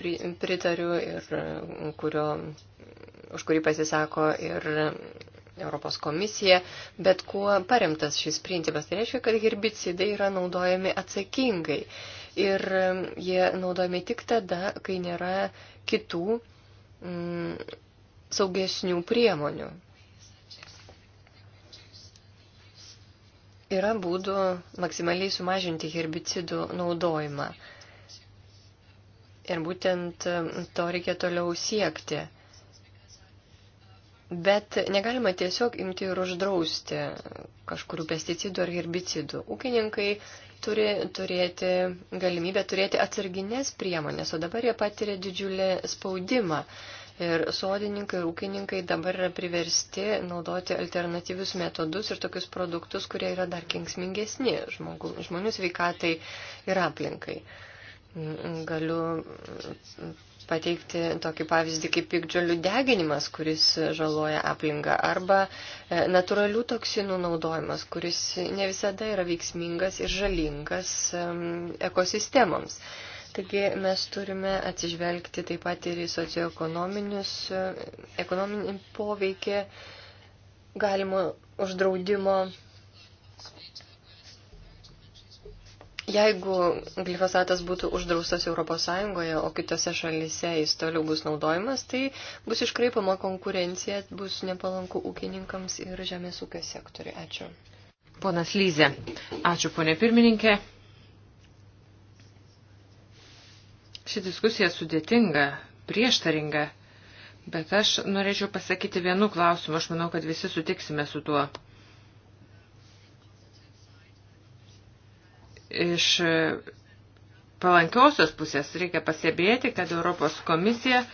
S2: pritariu ir e, kurio, už kurį pasisako ir Europos komisija, bet kuo paremtas šis principas. Tai reiškia, kad herbicidai yra naudojami atsakingai ir um, jie naudojami tik tada, kai nėra kitų mm, saugesnių priemonių. Yra būdų maksimaliai sumažinti herbicidų naudojimą. Ir būtent um, to reikia toliau siekti. Bet negalima tiesiog imti ir uždrausti kažkurių pesticidų ar herbicidų. Ūkininkai turi turėti galimybę turėti atsarginės priemonės, o dabar jie patiria didžiulį spaudimą. Ir sodininkai ir ūkininkai dabar yra priversti naudoti alternatyvius metodus ir tokius produktus, kurie yra dar kengsmingesni žmogų, žmonių sveikatai ir aplinkai. Galiu pateikti tokį pavyzdį kaip pikdžiolių deginimas, kuris žaloja aplinką, arba e, natūralių toksinų naudojimas, kuris ne visada yra veiksmingas ir žalingas ekosistemoms. Taigi mes turime atsižvelgti taip pat ir į socioekonominius, e, ekonominį poveikį galimo uždraudimo Jeigu glifosatas būtų uždraustas ES, o kitose šalise jis toliau bus naudojamas, tai bus iškraipama konkurencija, bus nepalanku ūkininkams ir žemės ūkio sektoriui. Ačiū.
S3: Ponas Lyze, ačiū ponė pirmininkė. Ši diskusija sudėtinga, prieštaringa, bet aš norėčiau pasakyti vienu klausimu, aš manau, kad visi sutiksime su tuo. Iš e, palankiosios pusės reikia pastebėti, kad Europos komisija e,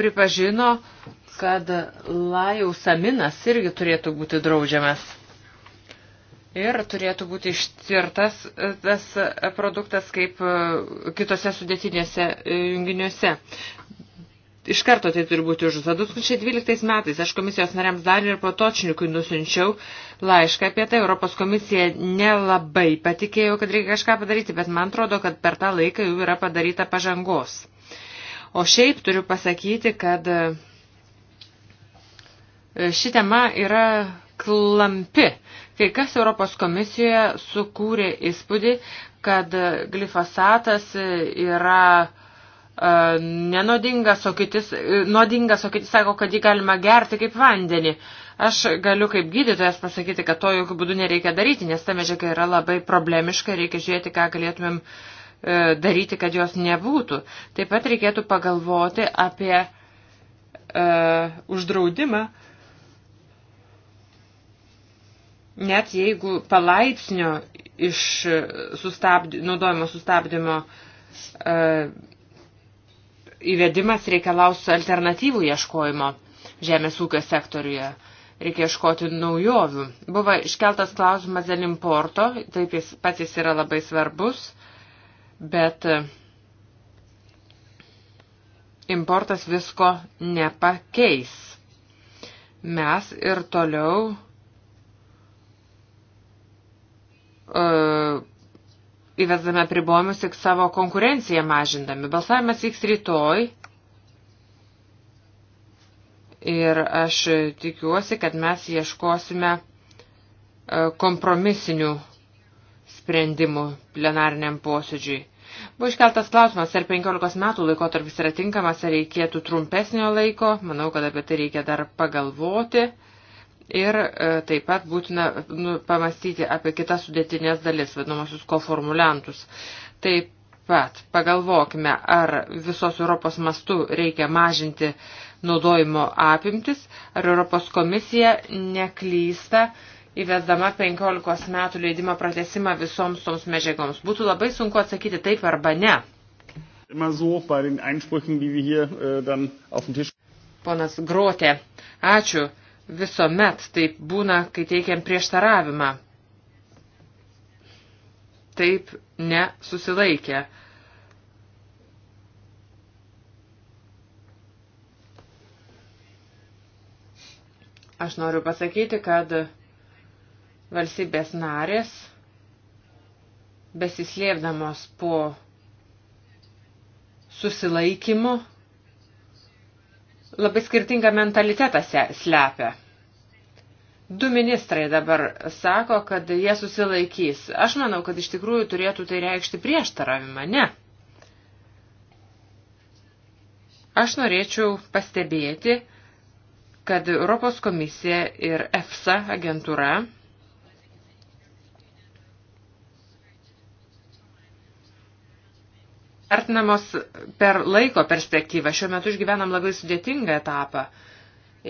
S3: pripažino, kad lajausaminas irgi turėtų būti draudžiamas. Ir turėtų būti ištirtas e, tas produktas kaip kitose sudėtinėse junginiuose iš karto tai turi būti užduota. 2012 metais aš komisijos nariams Daniui ir Patočnikui nusinčiau laišką apie tai. Europos komisija nelabai patikėjo, kad reikia kažką padaryti, bet man atrodo, kad per tą laiką jau yra padaryta pažangos. O šiaip turiu pasakyti, kad e, ši tema yra klampi. Kai kas Europos komisijoje sukūrė įspūdį, kad glifosatas e, yra E, nenodingas, o kitis, e, nuodingas, o kiti sako, kad jį galima gerti kaip vandenį. Aš galiu kaip gydytojas pasakyti, kad to jokių būdų nereikia daryti, nes ta medžiaga yra labai problemiška, reikia žiūrėti, ką galėtumėm e, daryti, kad jos nebūtų. Taip pat reikėtų pagalvoti apie uh, uždraudimą, net jeigu palaipsnio iš sustabdy, naudojimo sustabdymo uh, įvedimas reikalaus alternatyvų ieškojimo žemės ūkio sektoriuje. Reikia ieškoti naujovių. Buvo iškeltas klausimas dėl importo, taip jis pats jis yra labai svarbus, bet e, importas visko nepakeis. Mes ir toliau e, įvesdami apribojimus tik savo konkurenciją mažindami. Balsavimas vyks rytoj. Ir aš tikiuosi, kad mes ieškosime e, kompromisinių sprendimų plenariniam posėdžiui. Buvo iškeltas klausimas, ar 15 metų laikotarpis yra tinkamas, ar reikėtų trumpesnio laiko. Manau, kad apie tai reikia dar pagalvoti. Ir e, taip pat būtina nu, pamastyti apie kitas sudėtinės dalis, vadinamosius koformuliantus. Taip pat pagalvokime, ar visos Europos mastu reikia mažinti naudojimo apimtis, ar Europos komisija neklysta įvesdama 15 metų leidimo pratesimą visoms toms medžiagoms. Būtų labai sunku atsakyti taip arba ne. Äh, Ponas Grotė, ačiū. Visuomet taip būna, kai teikiam prieštaravimą. Taip nesusilaikę. Aš noriu pasakyti, kad valstybės narės, besislėpdamos po susilaikymu, labai skirtingą mentalitetą slepia. Du ministrai dabar sako, kad jie susilaikys. Aš manau, kad iš tikrųjų turėtų tai reikšti prieštaravimą, ne. Aš norėčiau pastebėti, kad Europos komisija ir EFSA agentūra vertinamos per laiko perspektyvą. Šiuo metu išgyvenam labai sudėtingą etapą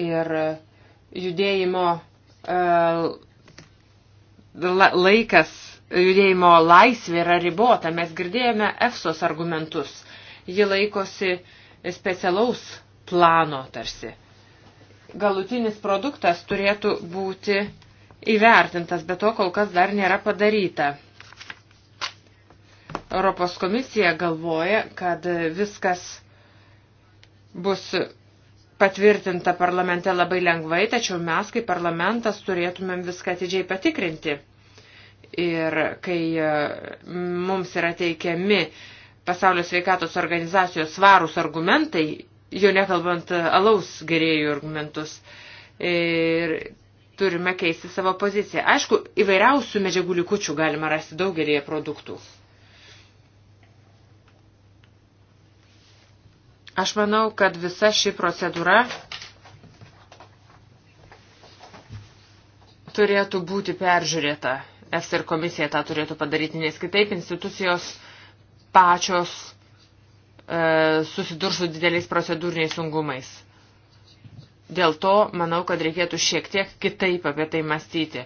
S3: ir e, judėjimo e, laikas, judėjimo laisvė yra ribota. Mes girdėjome EFSOS argumentus. Ji laikosi specialaus plano tarsi. Galutinis produktas turėtų būti įvertintas, bet to kol kas dar nėra padaryta. Europos komisija galvoja, kad viskas bus patvirtinta parlamente labai lengvai, tačiau mes kaip parlamentas turėtumėm viską atidžiai patikrinti. Ir kai e, mums yra teikiami pasaulio sveikatos organizacijos svarūs argumentai, jau nekalbant alaus gerėjų argumentus, ir turime keisti savo poziciją. Aišku, įvairiausių medžiagų likučių galima rasti daugelėje produktų. Aš manau, kad visa ši procedūra turėtų būti peržiūrėta. EFSA ir komisija tą turėtų padaryti, nes kitaip institucijos pačios e, susidurs su dideliais procedūriniais sungumais. Dėl to manau, kad reikėtų šiek tiek kitaip apie tai mąstyti.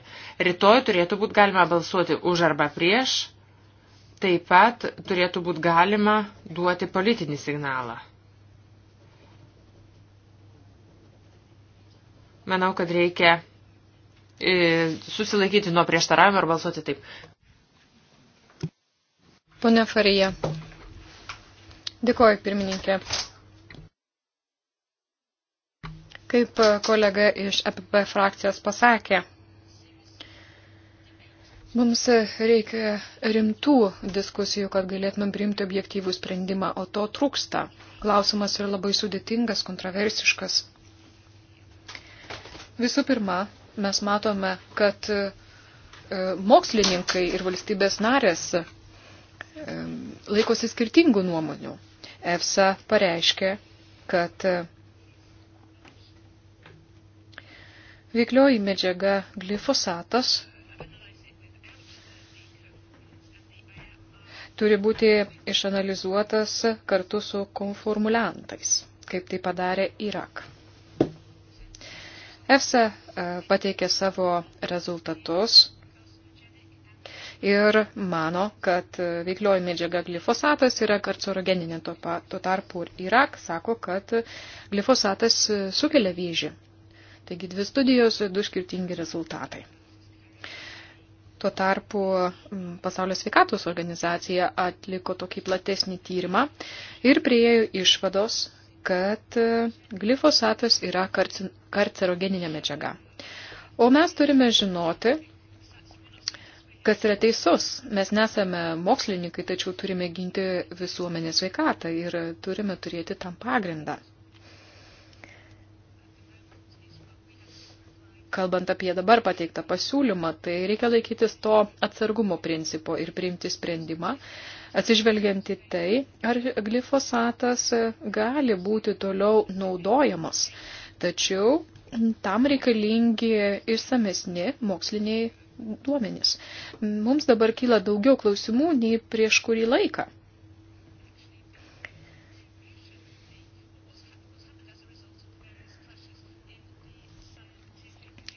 S3: Rytoj turėtų būti galima balsuoti už arba prieš, taip pat turėtų būti galima duoti politinį signalą. Manau, kad reikia e, susilaikyti nuo prieštaravimo ir balsuoti taip.
S1: Pone Farija. Dėkoju, pirmininkė. Kaip kolega iš APP e frakcijos pasakė, mums reikia rimtų diskusijų, kad galėtumėm priimti objektyvų sprendimą, o to trūksta. Klausimas yra labai sudėtingas, kontroversiškas. Visų pirma, mes matome, kad e, mokslininkai ir valstybės narės e, laikosi skirtingų nuomonių. EFSA pareiškė, kad e, veiklioji medžiaga glifosatas turi būti išanalizuotas kartu su konformuliantais, kaip tai padarė Irak. EFSA e, pateikė savo rezultatus ir mano, kad e, veiklioji medžiaga glifosatas yra karcerogeninė. Tuo tarpu Irak sako, kad glifosatas e, sukelia vėžį. Taigi dvi studijos, du skirtingi rezultatai. Tuo tarpu Pasaulio sveikatos organizacija atliko tokį platesnį tyrimą ir priejo išvados, kad e, glifosatas yra karcerogeninė medžiaga. O mes turime žinoti, kas yra teisus. Mes nesame mokslininkai, tačiau turime ginti visuomenės sveikatą ir turime turėti tam pagrindą. Kalbant apie dabar pateiktą pasiūlymą, tai reikia laikytis to atsargumo principo ir priimti sprendimą, uh, atsižvelgiant į tai, ar glifosatas gali būti toliau naudojamas. Tačiau tam reikalingi išsamesni moksliniai duomenys. Mums dabar kyla daugiau klausimų nei prieš kurį laiką.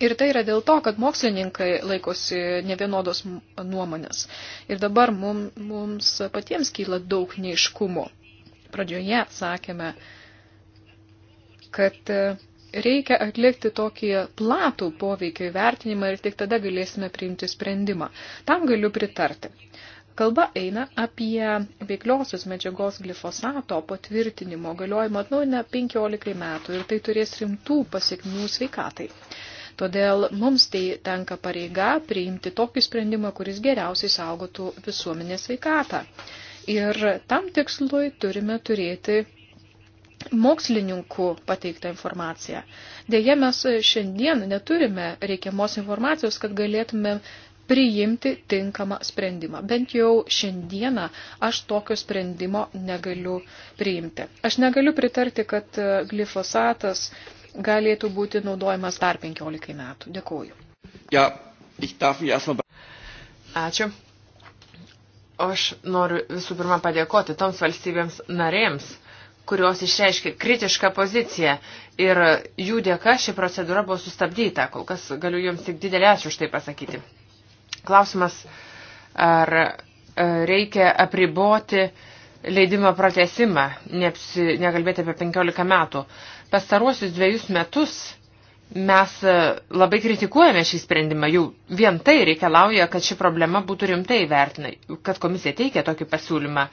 S1: Ir tai yra dėl to, kad mokslininkai laikosi nevienodos nuomonės. Ir dabar mum, mums patiems kyla daug neiškumo. Pradžioje sakėme, kad e, reikia atlikti tokį platų poveikio įvertinimą ir tik tada galėsime priimti sprendimą. Tam galiu pritarti. Kalba eina apie veikliosios medžiagos glifosato patvirtinimo galiojimo atnaujina 15 metų ir tai turės rimtų pasiekmių sveikatai. Todėl mums tai tenka pareiga priimti tokį sprendimą, kuris geriausiai saugotų visuomenės veikatą. Ir tam tikslui turime turėti mokslininkų pateiktą informaciją. Deja, mes šiandien neturime reikiamos informacijos, kad galėtume priimti tinkamą sprendimą. Bent jau šiandieną aš tokio sprendimo negaliu priimti. Aš negaliu pritarti, kad glifosatas galėtų būti naudojamas dar 15 metų. Dėkuoju. Ja, ich darf mich erstmal... Ačiū. Aš noriu visų pirma padėkoti toms
S3: valstybėms narėms, kurios išreiškė kritišką poziciją ir jų dėka ši procedūra buvo sustabdyta. Kol kas galiu jums tik didelį ačiū už tai pasakyti. Klausimas, ar e, reikia apriboti leidimo pratesimą, neapsi, nekalbėti apie 15 metų. Pastaruosius dviejus metus mes e, labai kritikuojame šį sprendimą, jau vien tai reikalauja, kad ši problema būtų rimtai vertinai, kad komisija teikia tokį pasiūlymą.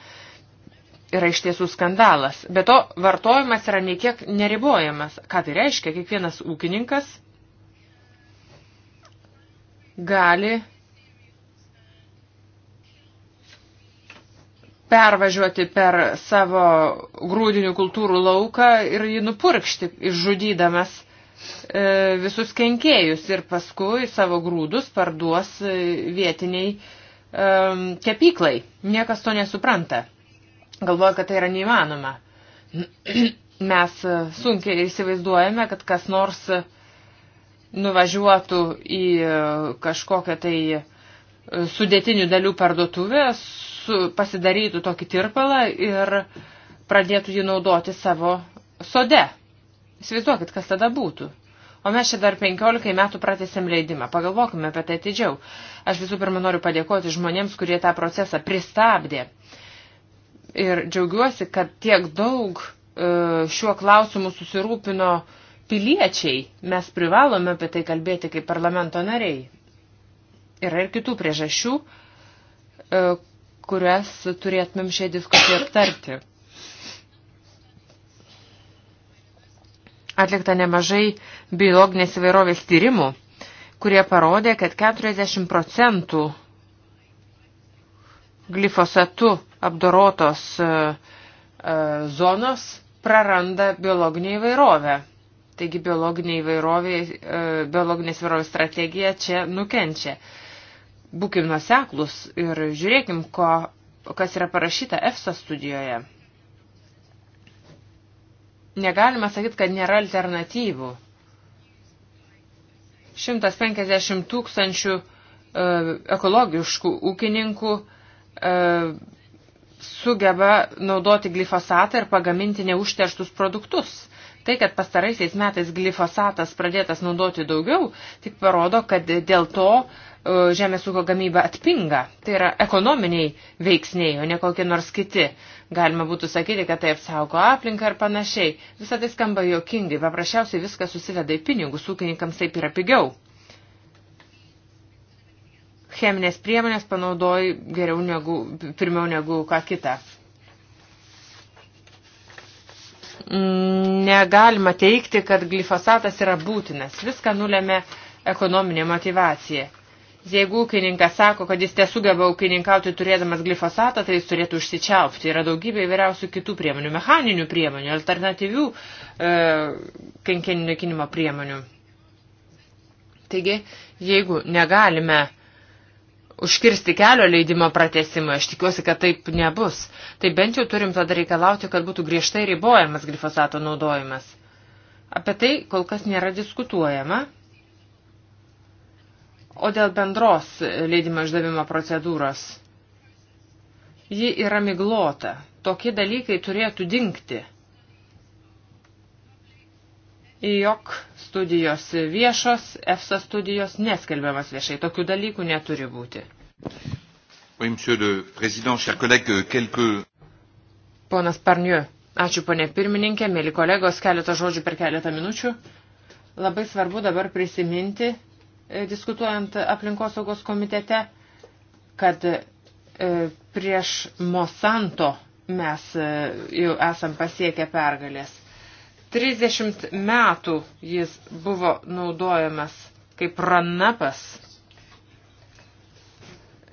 S3: Yra iš tiesų skandalas. Be to, vartojimas yra niekiek neribojamas. Ką tai reiškia? Kiekvienas ūkininkas gali pervažiuoti per savo grūdinių kultūrų lauką ir jį nupurkšti, išžudydamas e, visus kenkėjus ir paskui savo grūdus parduos e, vietiniai e, kepyklai. Niekas to nesupranta. Galvoja, kad tai yra neįmanoma. <clears throat> Mes e, sunkiai įsivaizduojame, kad kas nors e, nuvažiuotų į kažkokią tai sudėtinių dalių parduotuvę, su, pasidarytų tokį tirpalą ir pradėtų jį naudoti savo sode. Įsivaizduokit, kas tada būtų. O mes čia dar 15 metų pratėsim leidimą. Pagalvokime apie tai atidžiau. Aš visų pirma noriu padėkoti žmonėms, kurie tą procesą pristabdė. Ir džiaugiuosi, kad tiek daug e, šiuo klausimu susirūpino piliečiai. Mes privalome apie tai kalbėti kaip parlamento nariai. Yra ir kitų priežasčių, e, kurias turėtumėm šią diskusiją aptarti. Atlikta nemažai biologinės įvairovės tyrimų, kurie parodė, kad 40 procentų glifosatu apdorotos e, e, zonos praranda biologinį įvairovę. Taigi biologinė įvairovė, e, biologinės įvairovės strategija čia nukenčia. Būkim nuoseklus ir žiūrėkim, ko, kas yra parašyta EFSA studijoje. Negalima sakyti, kad nėra alternatyvų. 150 tūkstančių e, ekologiškų ūkininkų e, sugeba naudoti glifosatą ir pagaminti neužterštus produktus. Tai, kad pastaraisiais metais glifosatas pradėtas naudoti daugiau, tik parodo, kad dėl to E, žemės ūkio gamyba atpinga. Tai yra ekonominiai veiksniai, o ne kokie nors kiti. Galima būtų sakyti, kad tai apsaugo aplinką ir panašiai. Visą tai skamba jokingai, paprasčiausiai viskas susiveda į pinigus, ūkininkams taip yra pigiau. Cheminės priemonės panaudoji geriau negu, pirmiau negu ką kitą. Negalima teikti, kad glifosatas yra būtinas. Viską nulėmė ekonominė motivacija Jeigu ūkininkas sako, kad jis nesugeba ūkininkauti turėdamas glifosatą, tai jis turėtų užsičiaupti. Yra daugybė įvairiausių kitų priemonių, mechaninių priemonių, alternatyvių e, kenkeninio kinimo priemonių. Taigi, jeigu negalime užkirsti kelio leidimo pratesimui, aš tikiuosi, kad taip nebus, tai bent jau turim tada reikalauti, kad būtų griežtai ribojamas glifosato naudojimas. Apie tai kol kas nėra diskutuojama, O dėl bendros leidimo išdavimo procedūros, ji yra miglota. Tokie dalykai turėtų dinkti. Jok studijos viešos, EFSA studijos neskelbiamas viešai. Tokių dalykų neturi būti. Oui, monsieur le président, chers collègues, quelques... Ponas Parniu, ačiū ponė pirmininkė, mėly kolegos, keletą žodžių per keletą minučių. Labai svarbu dabar prisiminti E, diskutuojant aplinkosaugos komitete, kad e, prieš Monsanto mes e, jau esam pasiekę pergalės. 30 metų jis buvo naudojamas kaip ranapas.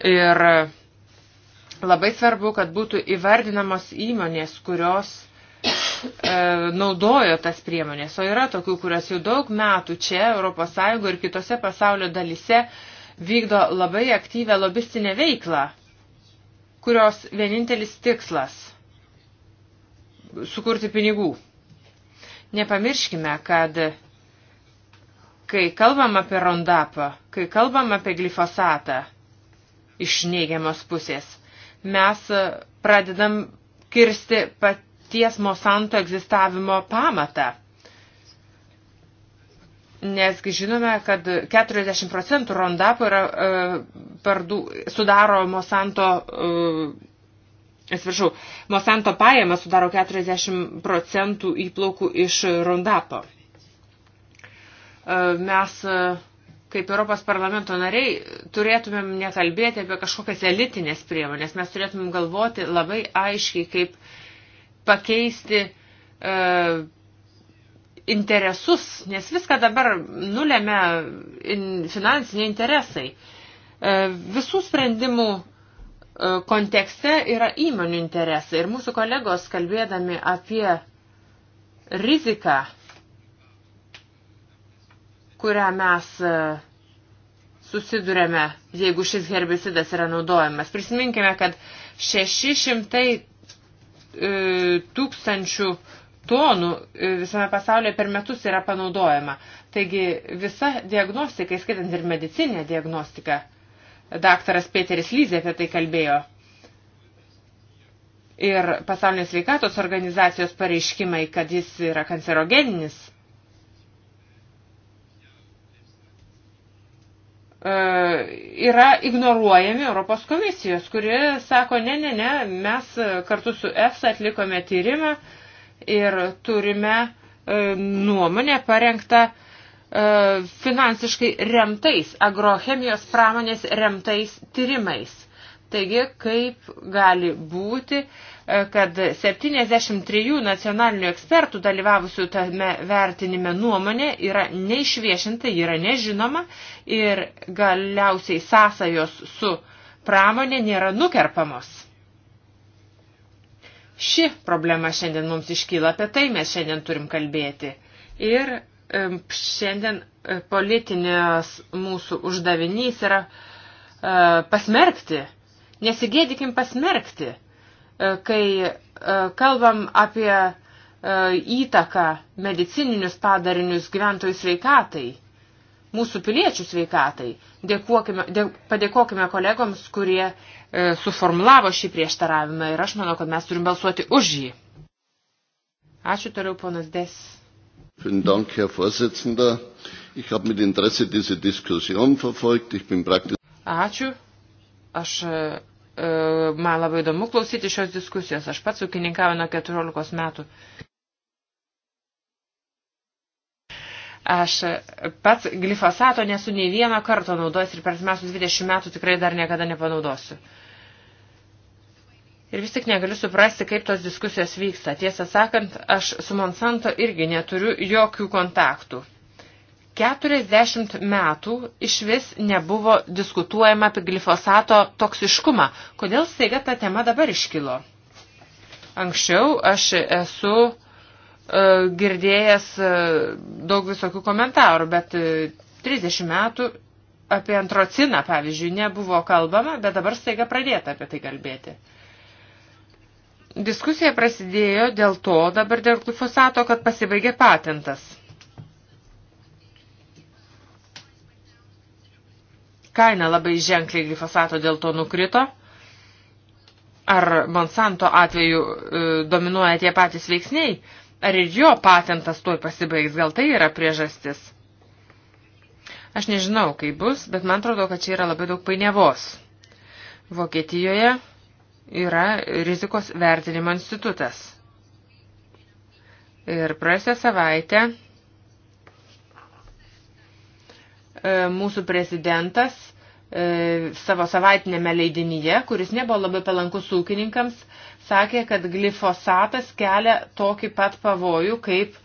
S3: Ir labai svarbu, kad būtų įvardinamos įmonės, kurios E, naudojo tas priemonės, o yra tokių, kurios jau daug metų čia, ES ir kitose pasaulio dalise vykdo labai aktyvę lobistinę veiklą, kurios vienintelis tikslas - sukurti pinigų. Nepamirškime, kad kai kalbam apie rondapą, kai kalbam apie glifosatą iš neigiamos pusės, mes pradedam kirsti pat paties Monsanto egzistavimo pamatą. Nesgi žinome, kad 40 procentų rondapų yra, e, pardu, sudaro Monsanto, e, atsiprašau, Monsanto pajamą sudaro 40 procentų įplaukų iš rondapo. E, mes e, kaip Europos parlamento nariai turėtumėm nekalbėti apie kažkokias elitinės priemonės, mes turėtumėm galvoti labai aiškiai, kaip pakeisti e, interesus, nes viską dabar nulėmė in, finansiniai interesai. E, visų sprendimų e, kontekste yra įmonių interesai ir mūsų kolegos kalbėdami apie riziką, kurią mes e, susidurėme, jeigu šis herbicidas yra naudojamas. Prisiminkime, kad 600 E, tūkstančių tonų e, visame pasaulyje per metus yra panaudojama. Taigi visa diagnostika, įskaitant ir medicinę diagnostiką, daktaras Peteris Lyzė apie tai kalbėjo. Ir pasaulinės sveikatos organizacijos pareiškimai, kad jis yra kancerogeninis. E, yra ignoruojami Europos komisijos, kuri sako, ne, ne, ne, mes kartu su EFSA atlikome tyrimą ir turime e, nuomonę parengtą e, finansiškai remtais, agrochemijos pramonės remtais tyrimais. Taigi, kaip gali būti, e, kad 73 nacionalinių ekspertų dalyvavusių tame vertinime nuomonė yra neišviešinta, yra nežinoma ir galiausiai sąsajos su pramonė nėra nukerpamos. Ši problema šiandien mums iškyla, apie tai mes šiandien turim kalbėti. Ir šiandien e, politinės mūsų uždavinys yra e, pasmerkti Nesigėdikim pasmerkti, e, kai e, kalbam apie e, įtaką medicininius padarinius gyventojų sveikatai, mūsų piliečių sveikatai. Dėkuokime, dė, padėkokime kolegoms, kurie e, suformulavo šį prieštaravimą ir aš manau, kad mes turim balsuoti už jį. Ačiū toliau, ponas Des. Vielen Dank, Herr Vorsitzender.
S1: Ich habe mit Interesse diese Diskussion verfolgt. Ich bin praktisch.
S3: Ačiū. Aš E, man labai įdomu klausyti šios diskusijos. Aš pats ūkininkauju nuo 14 metų. Aš pats glifosato nesu nei vieną kartą naudojęs ir per metus 20 metų tikrai dar niekada nepanaudosiu. Ir vis tik negaliu suprasti, kaip tos diskusijos vyksta. Tiesą sakant, aš su Monsanto irgi neturiu jokių kontaktų. 40 metų iš vis nebuvo diskutuojama apie glifosato toksiškumą. Kodėl staiga ta tema dabar iškilo? Anksčiau aš esu e, girdėjęs e, daug visokių komentarų, bet e, 30 metų apie antrociną, pavyzdžiui, nebuvo kalbama, bet dabar staiga pradėta apie tai kalbėti. Diskusija prasidėjo dėl to dabar dėl glifosato, kad pasibaigė patentas Kaina labai ženkliai glifosato dėl to nukrito. Ar Monsanto atveju e, dominuoja tie patys veiksniai? Ar ir jo patentas tuoj pasibaigs? Gal tai yra priežastis? Aš nežinau, kaip bus, bet man atrodo, kad čia yra labai daug painiavos. Vokietijoje yra rizikos vertinimo institutas. Ir praėjusią savaitę E, mūsų prezidentas e, savo savaitinėme leidinyje, kuris nebuvo labai palankus ūkininkams, sakė, kad glifosatas kelia tokį pat pavojų kaip e,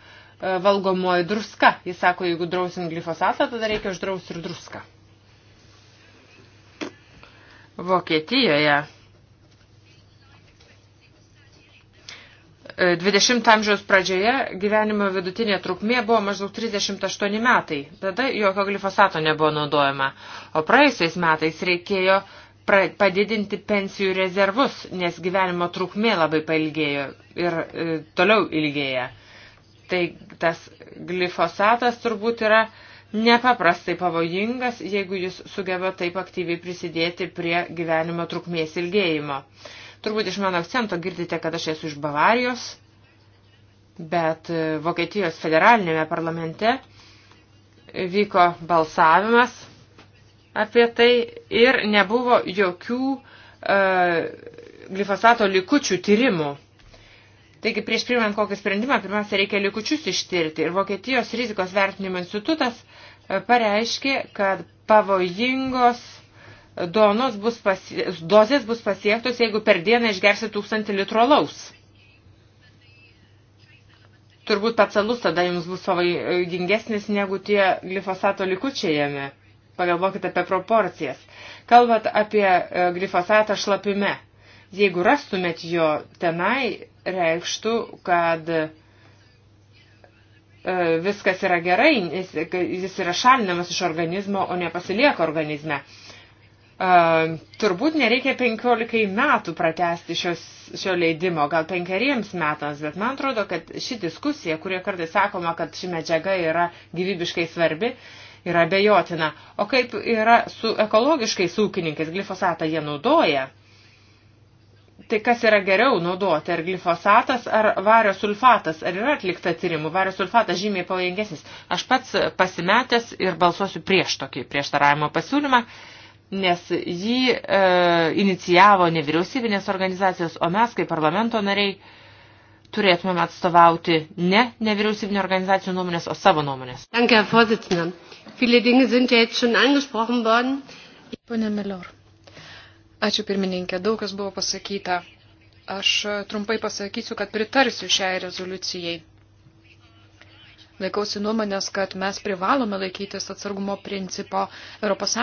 S3: valgomoji druska. Jis sako, jeigu drausim glifosatą, tada reikia uždrausti ir druską. Vokietijoje 20 amžiaus pradžioje gyvenimo vidutinė trukmė buvo maždaug 38 metai. Tada jokio glifosato nebuvo naudojama. O praėjusiais metais reikėjo padidinti pensijų rezervus, nes gyvenimo trukmė labai pailgėjo ir e, toliau ilgėja. Tai tas glifosatas turbūt yra nepaprastai pavojingas, jeigu jis sugeba taip aktyviai prisidėti prie gyvenimo trukmės ilgėjimo. E, Turbūt iš mano akcento girdite, kad aš esu iš Bavarijos, bet e, Vokietijos federalinėme parlamente vyko balsavimas apie tai ir nebuvo jokių uh, glifosato likučių tyrimų. Taigi prieš primant kokį sprendimą, pirmiausia, reikia likučius ištirti. Ir Vokietijos rizikos vertinimo institutas e, pareiškė, kad pavojingos donos bus pasie, dozės bus pasiektos, jeigu per dieną išgersi tūkstantį litro laus. Turbūt atsalus tada jums bus pavojingesnis negu tie glifosato likučiai jame. Pagalvokite apie proporcijas. Kalbat apie e, glifosatą šlapime. Jeigu rastumėt jo tenai, reikštų, kad e, viskas yra gerai, jis yra šalinamas iš organizmo, o nepasilieka organizme turbūt nereikia 15 metų pratesti šios, šio leidimo, gal penkeriems metams, bet man atrodo, kad ši diskusija, kurie kartais sakoma, kad ši medžiaga yra gyvybiškai svarbi, yra bejotina. O kaip yra su ekologiškais ūkininkais, glifosatą jie naudoja? Tai kas yra geriau naudoti, ar glifosatas, ar vario sulfatas, ar yra atlikta tyrimų, vario sulfatas žymiai pavojingesnis. Aš pats pasimetęs ir balsuosiu prieš tokį prieštaravimo pasiūlymą. Uh, nes jį e, inicijavo nevyriausybinės organizacijos, o mes kaip parlamento nariai turėtumėm atstovauti ne nevyriausybinio organizacijų nuomonės, o savo nuomonės. Danke, Herr
S1: Vorsitzender. Viele Dinge sind ja jetzt schon angesprochen worden. Pone Melior. Ačiū pirmininkė, daug kas buvo pasakyta. Aš trumpai pasakysiu, kad pritarsiu šiai rezoliucijai laikausi nuomonės, kad mes privalome laikytis atsargumo principo ES,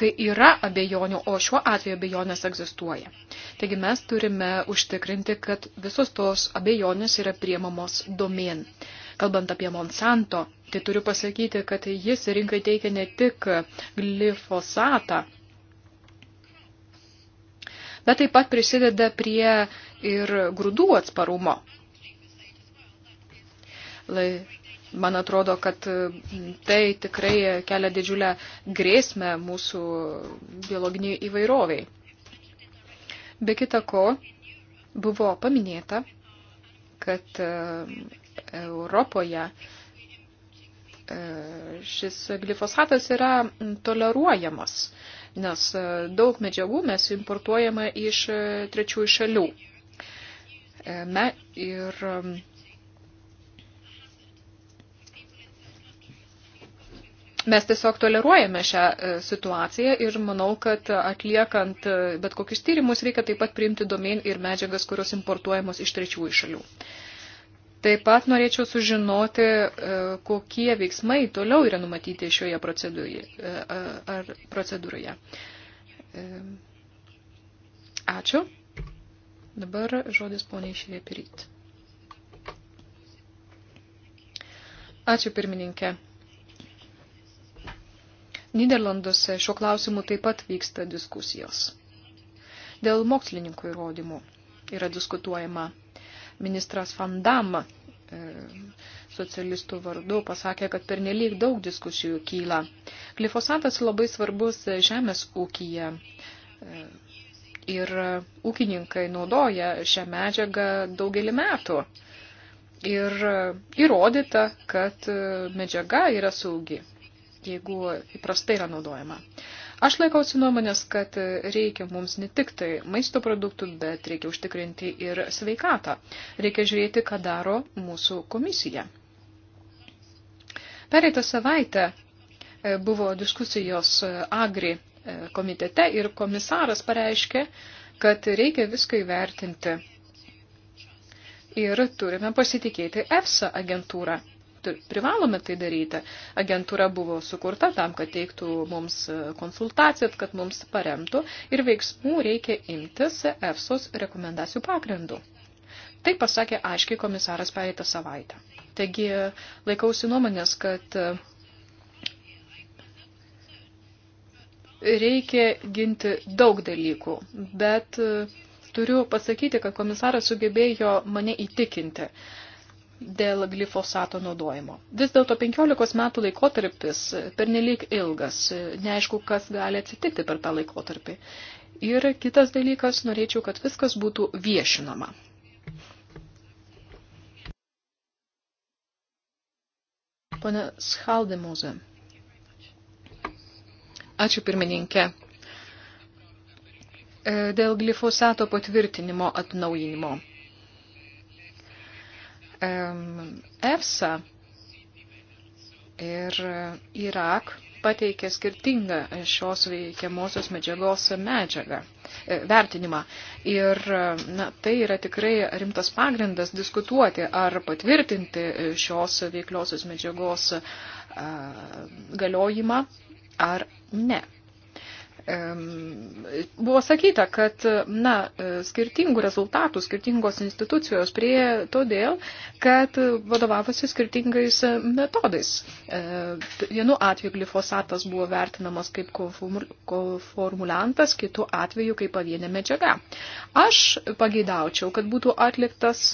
S1: kai yra abejonių, o šiuo atveju abejonės egzistuoja. Taigi mes turime užtikrinti, kad visos tos abejonės yra priemamos domin. Kalbant apie Monsanto, tai turiu pasakyti, kad jis rinkai teikia ne tik glifosatą, bet taip pat prisideda prie ir grūdų atsparumo. Lai Man atrodo, kad e, tai tikrai kelia didžiulę grėsmę mūsų biologiniai įvairoviai. Be kita ko, buvo paminėta, kad e, Europoje e, šis glifosatas yra toleruojamas, nes daug medžiagų mes importuojame iš trečiųjų šalių. Me ir Mes tiesiog toleruojame šią e, situaciją ir manau, kad atliekant e, bet kokius tyrimus reikia taip pat priimti domen ir medžiagas, kurios importuojamos iš trečiųjų šalių. Taip pat norėčiau sužinoti, e, kokie veiksmai toliau yra numatyti šioje procedūroje. Ačiū. Dabar žodis poniai Švėpiryt. Ačiū pirmininkė. Niderlanduose šiuo klausimu taip pat vyksta diskusijos. Dėl mokslininkų įrodymų yra diskutuojama. Ministras Van Damme socialistų vardu pasakė, kad per nelik daug diskusijų kyla. Glifosatas labai svarbus žemės ūkyje. E, ir ūkininkai naudoja šią medžiagą daugelį metų. Ir e, įrodyta, kad e, medžiaga yra saugi jeigu įprastai yra naudojama. Aš laikausi nuomonės, kad reikia mums ne tik tai maisto produktų, bet reikia užtikrinti ir sveikatą. Reikia žiūrėti, ką daro mūsų komisija. Pereitą savaitę e, buvo diskusijos e, Agri e, komitete ir komisaras pareiškė, kad reikia viską įvertinti. Ir turime pasitikėti EFSA agentūrą privalome tai daryti. Agentūra buvo sukurta tam, kad teiktų mums konsultacijas, kad mums paremtų ir veiksmų reikia imtis EFSOS rekomendacijų pagrindų. Tai pasakė aiškiai komisaras praeitą savaitę. Taigi laikausi nuomonės, kad reikia ginti daug dalykų, bet turiu pasakyti, kad komisaras sugebėjo mane įtikinti. Uh, dėl glifosato naudojimo. Vis dėlto 15 metų laikotarpis pernelyg ilgas, neaišku, kas gali atsitikti per tą laikotarpį. Ir kitas dalykas, norėčiau, kad viskas būtų viešinama. Pone Schaldemose. Ačiū pirmininkė. E, dėl glifosato patvirtinimo atnaujinimo EFSA ir Irak pateikė skirtingą šios veikiamosios medžiagos medžiagą, e, vertinimą. Ir na, tai yra tikrai rimtas pagrindas diskutuoti ar patvirtinti šios veikliosios medžiagos galiojimą ar ne. Buvo sakyta, kad na, skirtingų rezultatų skirtingos institucijos prie todėl, kad vadovavosi skirtingais metodais. Vienu atveju glifosatas buvo vertinamas kaip koformulantas, kitu atveju kaip pavienė medžiaga. Aš pageidaučiau, kad būtų atliktas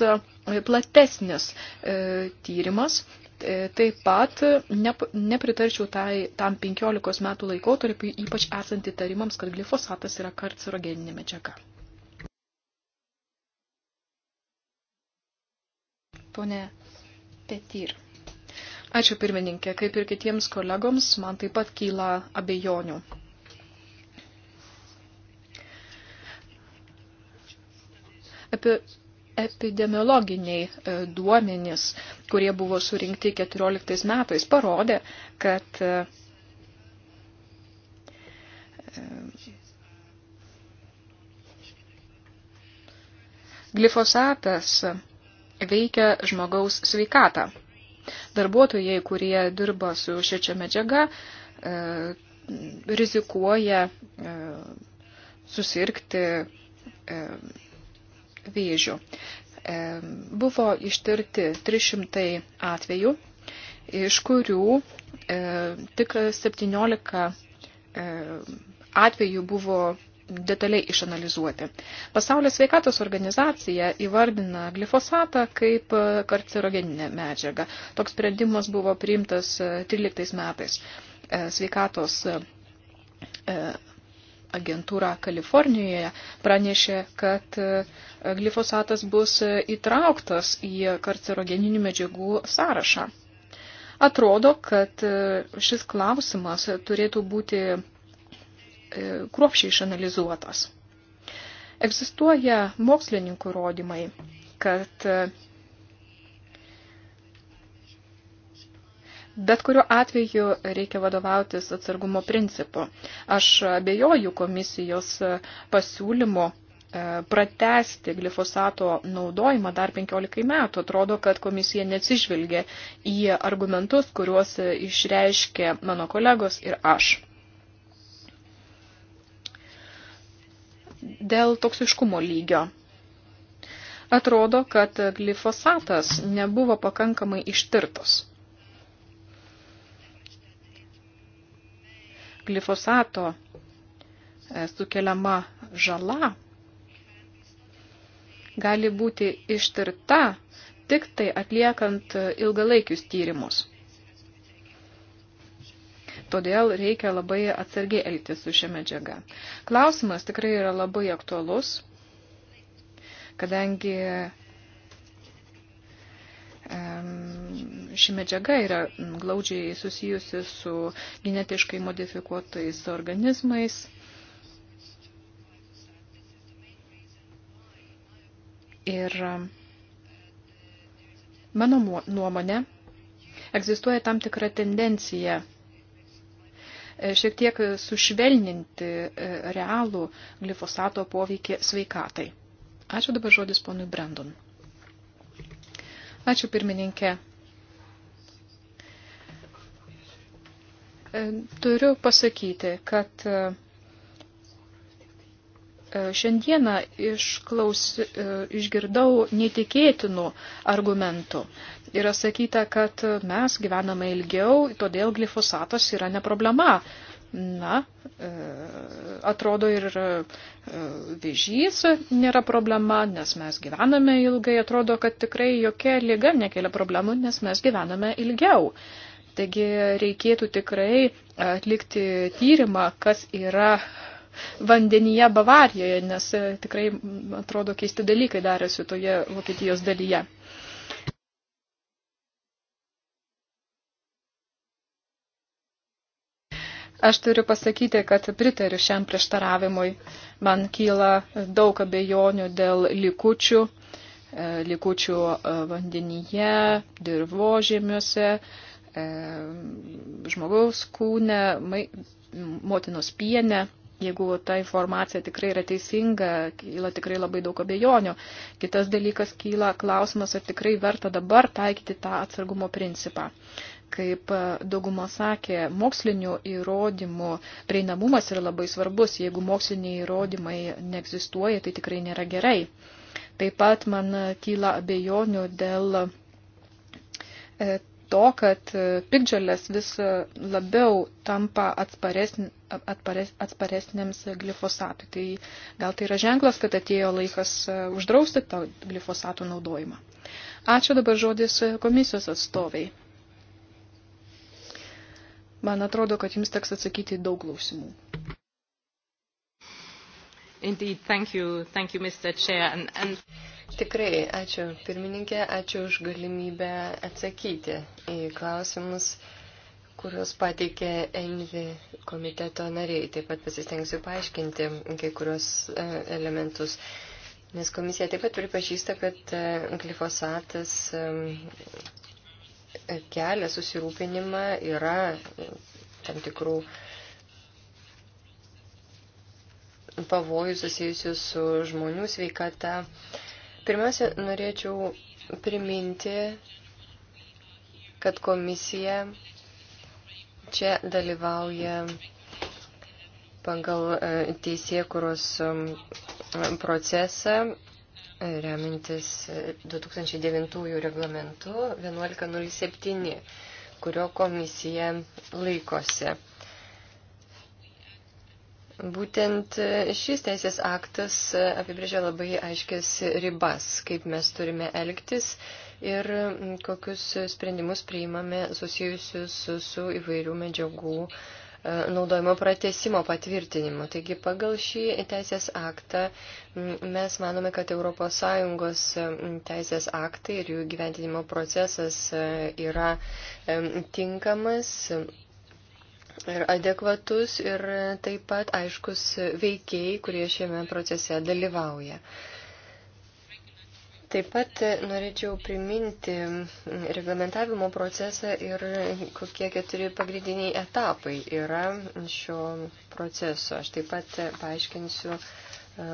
S1: platesnis e, tyrimas E, taip pat nepritarčiau tai, tam 15 metų laikotarpiu, ypač esant įtarimams, kad glifosatas yra karcerogeninė medžiaga. Pone Petyr. Ačiū pirmininkė, kaip ir kitiems kolegoms, man taip pat kyla abejonių. Apie epidemiologiniai e, duomenys, kurie buvo surinkti 14 metais, parodė, kad e, e, glifosatas veikia žmogaus sveikatą. Darbuotojai, kurie dirba su šia medžiaga, rizikuoja susirgti vėžių. E, buvo ištirti 300 atvejų, iš kurių e, tik 17 e, atvejų buvo detaliai išanalizuoti. Pasaulio sveikatos organizacija įvardina glifosatą kaip karcerogeninę medžiagą. Toks sprendimas buvo priimtas 13 metais. Sveikatos agentūra Kalifornijoje pranešė, kad e, glifosatas bus e, įtrauktas į karcerogeninių medžiagų sąrašą. Atrodo, kad e, šis klausimas turėtų būti kruopšiai išanalizuotas. Egzistuoja mokslininkų rodymai, kad Bet kuriuo atveju reikia vadovautis atsargumo principu. Aš abejoju komisijos pasiūlymu e, pratesti glifosato naudojimą dar 15 metų. Atrodo, kad komisija neatsižvelgia į argumentus, kuriuos išreiškė mano kolegos ir aš. Dėl toksiškumo lygio. Atrodo, kad glifosatas nebuvo pakankamai ištirtas. glifosato e, sukeliama žala gali būti ištirta tik tai atliekant ilgalaikius tyrimus. Todėl reikia labai atsargiai elgtis su šia medžiaga. Klausimas tikrai yra labai aktualus, kadangi um, ši medžiaga yra glaudžiai susijusi su genetiškai modifikuotais organizmais. Ir mano nuomonė, egzistuoja tam tikra tendencija e, šiek tiek sušvelninti e, realų glifosato poveikį sveikatai. Ačiū dabar žodis ponui Brandon. Ačiū pirmininkė. E, turiu pasakyti, kad e, e, šiandieną išklaus, išgirdau netikėtinų argumentų. Yra sakyta, kad mes gyvename ilgiau, todėl glifosatas yra ne problema. Na, atrodo ir vėžys nėra problema, nes mes gyvename ilgai, atrodo, kad tikrai jokia lyga nekelia problemų, nes mes gyvename ilgiau. Taigi reikėtų tikrai atlikti tyrimą, kas yra vandenyje Bavarijoje, nes tikrai, atrodo, keisti dalykai darėsi toje Vokietijos dalyje. Aš turiu pasakyti, kad pritariu šiam prieštaravimui. Man kyla daug abejonių dėl likučių, e, likučių e, vandenyje, dirbožėmiuose, E, žmogaus kūne, motinos piene. Jeigu ta informacija tikrai yra teisinga, kyla tikrai labai daug abejonių. Kitas dalykas kyla klausimas, ar tikrai verta dabar taikyti tą atsargumo principą. Kaip dauguma sakė, mokslinių įrodymų prieinamumas yra labai svarbus. Jeigu moksliniai įrodymai neegzistuoja, tai tikrai nėra gerai. Taip pat man kyla abejonių dėl e, to, kad e, pikdžiolės vis labiau tampa atsparesn, atpares, atsparesnėms glifosatui. Tai gal tai yra ženklas, kad atėjo laikas e, uždrausti tą glifosatų naudojimą. Ačiū dabar žodis komisijos atstoviai. Man atrodo, kad jums teks atsakyti daug klausimų.
S2: Indeed, thank you, thank you, Mr. Chair. And, and... Tikrai, ačiū pirmininkė, ačiū už galimybę atsakyti į klausimus, kuriuos pateikė Envi komiteto nariai. Taip pat pasistengsiu paaiškinti kai kurios e, elementus. Nes komisija taip pat pripažįsta, kad e, glifosatas e, kelia susirūpinimą, yra tam tikrų pavojų susijusių su žmonių sveikata, Pirmiausia, norėčiau priminti, kad komisija čia dalyvauja pagal e, teisėkuros procesą, e, remintis 2009 e, reglamentu 1107, kurio komisija laikosi. Būtent šis teisės aktas apibrėžia labai aiškės ribas, kaip mes turime elgtis ir kokius sprendimus priimame susijusius su, su įvairių medžiagų e, naudojimo pratesimo patvirtinimu. Taigi pagal šį teisės aktą mes manome, kad ES e, teisės aktai ir jų gyventinimo procesas e, yra tinkamas ir adekvatus ir taip pat aiškus veikiai, kurie šiame procese dalyvauja. Taip pat norėčiau priminti reglamentavimo procesą ir kokie keturi pagrindiniai etapai yra šio proceso. Aš taip pat paaiškinsiu, e,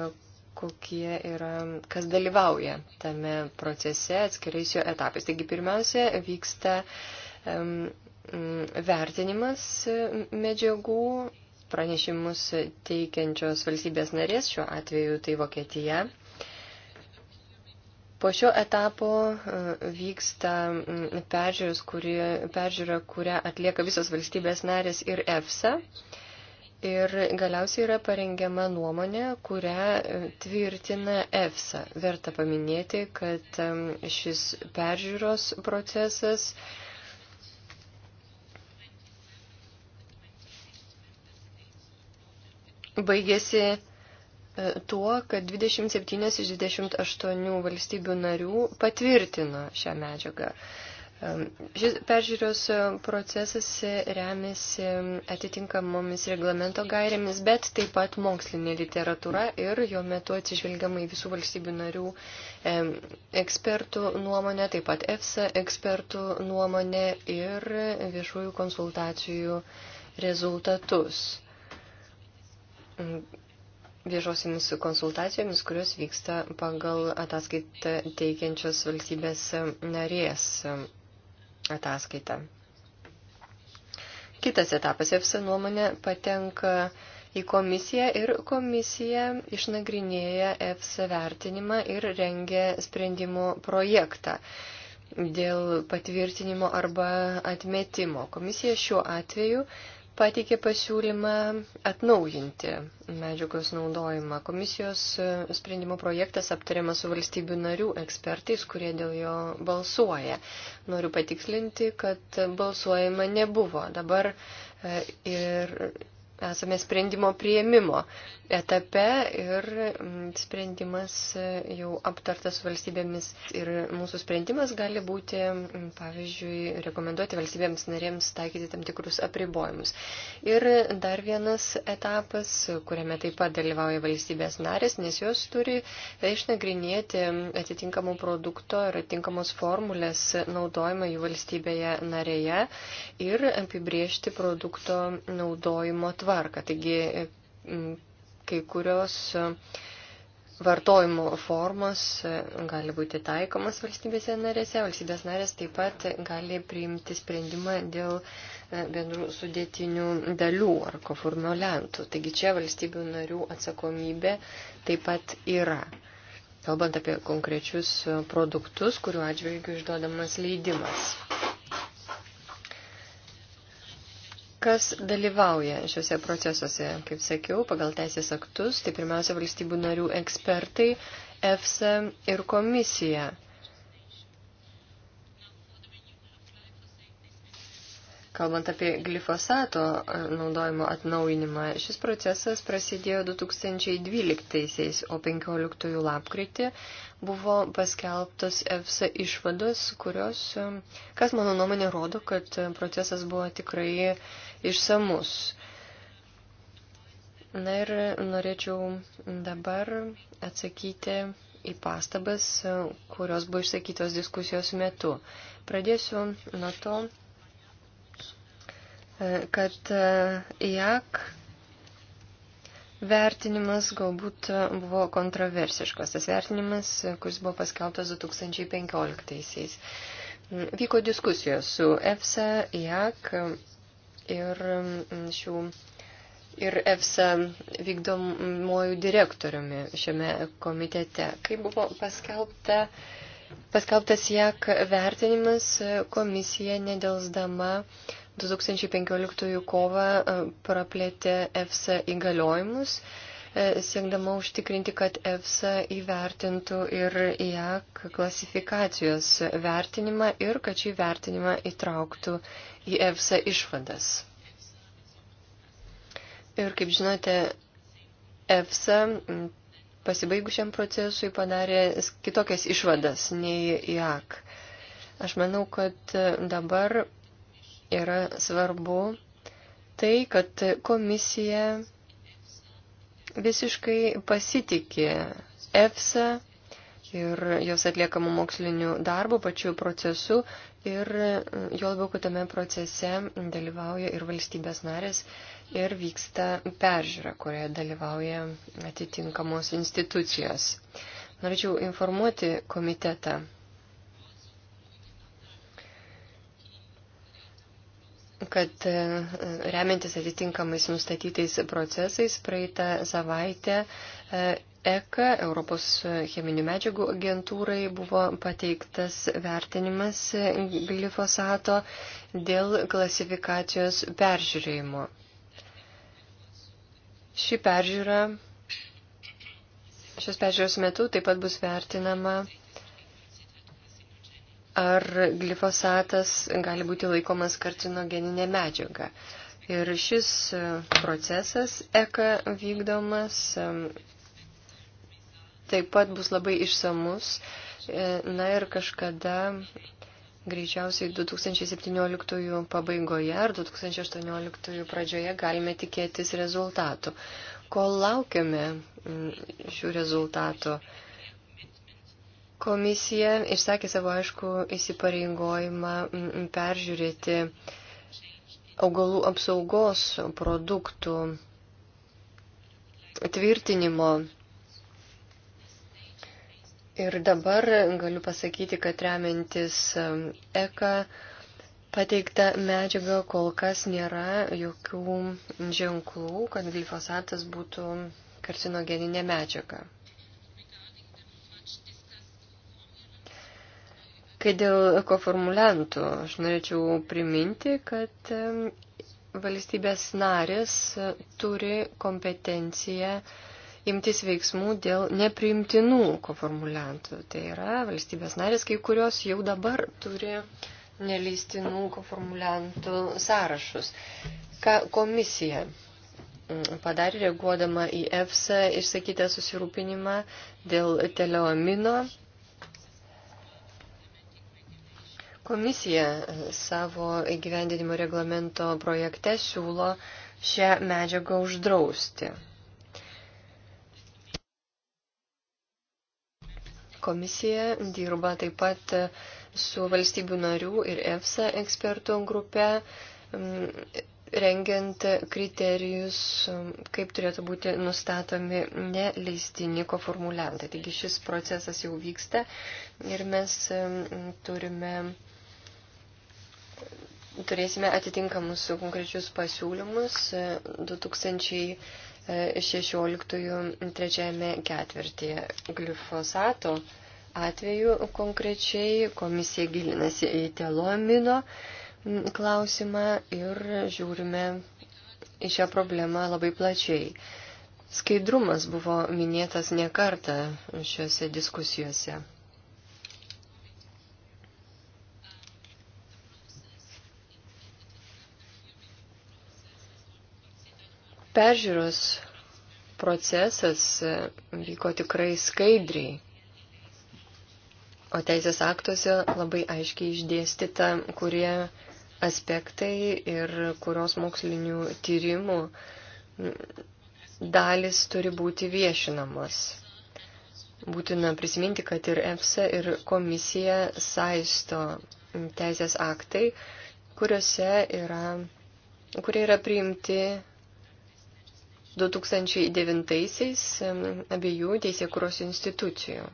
S2: kokie yra, kas dalyvauja tame procese atskirais jo etapais. Taigi pirmiausia vyksta Mm, vertinimas mm, medžiagų pranešimus teikiančios valstybės narės, šiuo atveju tai Vokietija. Po šio etapo mm, vyksta peržiūros, kuri, peržiūra, kurią atlieka visos valstybės narės ir EFSA. Ir galiausiai yra parengiama nuomonė, kurią tvirtina EFSA. Verta paminėti, kad šis peržiūros procesas baigėsi e, tuo, kad 27 iš 28 valstybių narių patvirtino šią medžiagą. E, šis peržiūros e, procesas remiasi atitinkamomis reglamento gairėmis, bet taip pat mokslinė literatūra ir jo metu atsižvelgiama į visų valstybių narių ekspertų nuomonę, taip pat EFSA ekspertų nuomonę ir viešųjų konsultacijų rezultatus viešosiams konsultacijomis, kurios vyksta pagal ataskaitą teikiančios valstybės narės ataskaitą. Kitas etapas, EFSA nuomonė patenka į komisiją ir komisija išnagrinėja EFSA vertinimą ir rengia sprendimo projektą dėl patvirtinimo arba atmetimo. Komisija šiuo atveju pateikė pasiūlymą atnaujinti medžiagos naudojimą. Komisijos e, sprendimo projektas aptariamas su valstybių narių ekspertais, kurie dėl jo balsuoja. Noriu patikslinti, kad balsuojama nebuvo. Dabar e, ir esame sprendimo prieimimo etape ir mm, sprendimas e, jau aptartas valstybėmis. Ir mūsų sprendimas gali būti, mm, pavyzdžiui, rekomenduoti valstybėms narėms taikyti tam tikrus apribojimus. Ir dar vienas etapas, kuriame taip pat dalyvauja valstybės narės, nes jos turi išnagrinėti atitinkamų produkto ir atitinkamos formulės naudojimą jų valstybėje narėje ir apibriežti produkto naudojimo tvarką tvarką. Taigi kai kurios e, vartojimo formos e, gali būti taikomas valstybėse narėse. Valstybės narės taip pat gali priimti sprendimą dėl e, bendrų sudėtinių dalių ar koformuliantų. Taigi čia valstybių narių atsakomybė taip pat yra. Kalbant apie konkrečius produktus, kuriuo atžvilgiu išduodamas leidimas. Kas dalyvauja šiuose procesuose, kaip sakiau, pagal teisės aktus, tai pirmiausia valstybių narių ekspertai, EFSA ir komisija. Kalbant apie glifosato e, naudojimo atnaujinimą, šis procesas prasidėjo 2012-aisiais, o 15 lapkritį buvo paskelbtos EFSA išvados, kurios, e, kas mano nuomonė, rodo, kad e, procesas buvo tikrai išsamus. Na ir norėčiau dabar atsakyti į pastabas, kurios buvo išsakytos diskusijos metu. Pradėsiu nuo to, kad e, IAK vertinimas galbūt buvo kontroversiškas, tas vertinimas, kuris buvo paskeltas 2015-aisiais. Vyko diskusijos su EFSA, IAK ir mm, šių ir EFSA vykdomuoju direktoriumi šiame komitete. Kai buvo paskelbta, paskelbtas JAK vertinimas, komisija nedelsdama 2015 kovą e, praplėtė EFSA įgaliojimus, e, siekdama užtikrinti, kad EFSA įvertintų ir JAK klasifikacijos vertinimą ir kad šį vertinimą įtrauktų į EFSA išvadas. Ir kaip žinote, EFSA pasibaigus šiam procesui padarė kitokias išvadas nei JAK. Aš manau, kad dabar yra svarbu tai, kad komisija visiškai pasitikė EFSA ir jos atliekamų mokslinių darbų, pačių procesų ir jo labiau, kad tame procese dalyvauja ir valstybės narės ir vyksta peržiūra, kurioje dalyvauja atitinkamos institucijos. Norėčiau informuoti komitetą kad e, remiantis atitinkamais nustatytais procesais praeitą savaitę ECA, e Europos cheminių medžiagų agentūrai, buvo pateiktas vertinimas glifosato dėl klasifikacijos peržiūrėjimo. Ši peržiūra, šios peržiūros metu taip pat bus vertinama ar glifosatas gali būti laikomas kartinogeninė medžiaga. Ir šis e, procesas ECA vykdomas e, taip pat bus labai išsamus. E, na ir kažkada, greičiausiai 2017 pabaigoje ar 2018 pradžioje galime tikėtis rezultatų. Kol laukiame šių rezultatų, Komisija išsakė savo aišku įsipareigojimą peržiūrėti augalų apsaugos produktų tvirtinimo. Ir dabar galiu pasakyti, kad remiantis ECA pateikta medžiaga kol kas nėra jokių ženklų, kad glifosatas būtų karcinogeninė medžiaga. Kai dėl koformulantų, aš norėčiau priminti, kad valstybės narės e, turi kompetenciją imtis veiksmų dėl nepriimtinų koformulantų. Tai yra valstybės narės, kai kurios jau dabar turi nelystinų koformulantų sąrašus. Ką komisija padarė reaguodama į EFSA išsakytą susirūpinimą dėl teleomino Komisija e, savo įgyvendinimo reglamento projekte siūlo šią medžiagą uždrausti. Komisija dirba taip pat e, su valstybių narių ir EFSA ekspertų grupe, rengiant kriterijus, kaip turėtų būti nustatomi neleistini koformuliantai. Taigi šis procesas jau vyksta ir mes turime turėsime atitinkamus konkrečius pasiūlymus 2016 e, e, trečiame ketvirtyje glifosato atveju konkrečiai komisija gilinasi į telomino klausimą ir žiūrime į šią problemą labai plačiai. Skaidrumas buvo minėtas ne kartą šiuose diskusijose. Peržiūros procesas e, vyko tikrai skaidriai, o teisės aktuose labai aiškiai išdėstyta, kurie aspektai ir kurios mokslinių tyrimų dalis turi būti viešinamas. Būtina prisiminti, kad ir EFSA, ir komisija saisto teisės aktai, kuriuose yra, kurie yra priimti 2009-aisiais abiejų teisėkuros institucijų.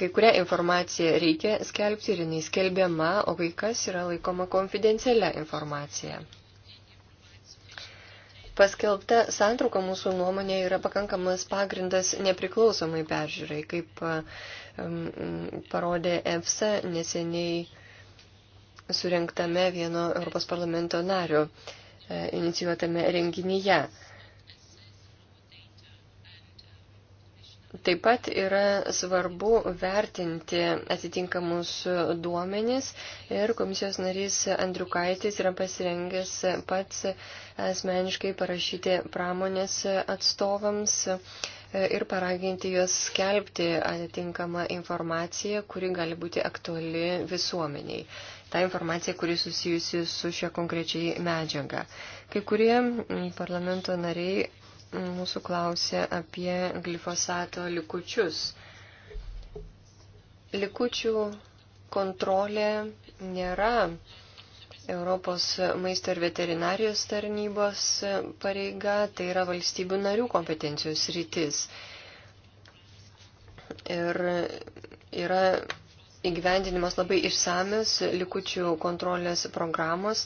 S2: Kai kurią informaciją reikia skelbti ir jinai skelbiama, o kai kas yra laikoma konfidencialia informacija. Paskelbta santrauka mūsų nuomonė yra pakankamas pagrindas nepriklausomai peržiūrai, kaip parodė EFSA neseniai surinktame vieno Europos parlamento nario e, inicijuotame renginyje. Taip pat yra svarbu vertinti atitinkamus duomenis ir komisijos narys Andriukaitis yra pasirengęs pats asmeniškai parašyti pramonės atstovams E, ir paraginti juos skelbti atitinkamą informaciją, kuri gali būti aktuali visuomeniai. Ta informacija, kuri susijusi su šia konkrečiai medžiaga. Kai kurie parlamento nariai mūsų klausė apie glifosato likučius. Likučių kontrolė nėra Europos maisto ir veterinarijos tarnybos pareiga, tai yra valstybių narių kompetencijos rytis. Ir yra įgyvendinimas labai išsamios likučių kontrolės programos,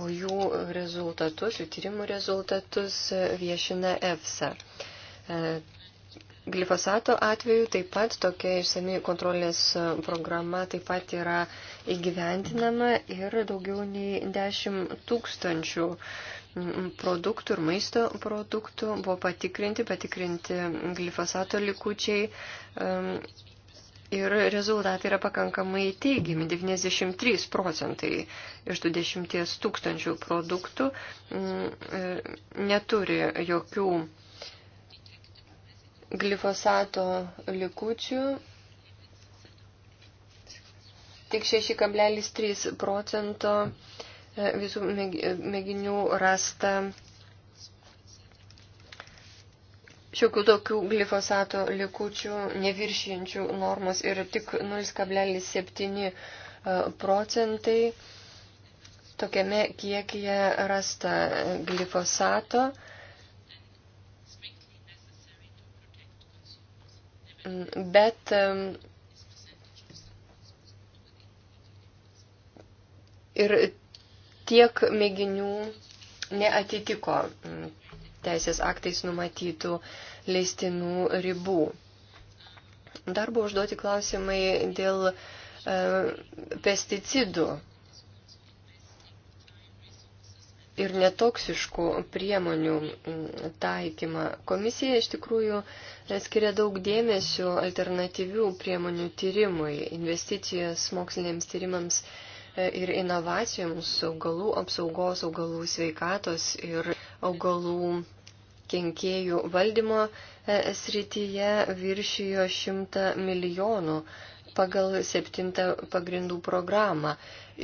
S2: o jų rezultatus, jų tyrimų rezultatus viešina EFSA. Glifosato atveju taip pat tokia išsami kontrolės e, programa taip pat yra įgyventinama ir daugiau nei 10 tūkstančių produktų ir maisto produktų buvo patikrinti, patikrinti glifosato likučiai. Ir rezultatai yra pakankamai teigiami. 93 procentai iš tų 10 tūkstančių produktų e, neturi jokių glifosato likučių tik 6,3 procento e, visų e, mėginių rasta šiokių tokių glifosato likučių neviršijančių normos ir tik 0,7 e, procentai tokiame kiekyje rasta glifosato. bet ir tiek mėginių neatitiko teisės aktais numatytų leistinų ribų. Dar buvo užduoti klausimai dėl e, pesticidų ir netoksiškų priemonių mm, taikymą. Komisija iš tikrųjų skiria daug dėmesio alternatyvių priemonių tyrimui, investicijas moksliniams tyrimams e, ir inovacijoms augalų apsaugos, augalų sveikatos ir augalų kenkėjų valdymo e, srityje viršijo 100 milijonų pagal septintą pagrindų programą.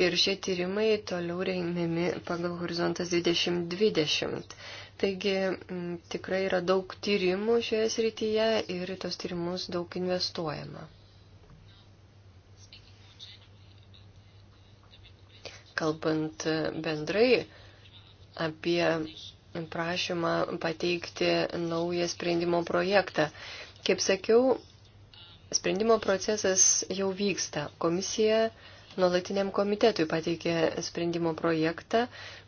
S2: Ir šie tyrimai toliau reinami pagal horizontas 2020. Taigi m, tikrai yra daug tyrimų šioje srityje ir į tos tyrimus daug investuojama. Kalbant e, bendrai apie prašymą pateikti naują sprendimo projektą. Kaip sakiau, Sprendimo procesas jau vyksta. Komisija nuolatiniam komitetui pateikė sprendimo projektą.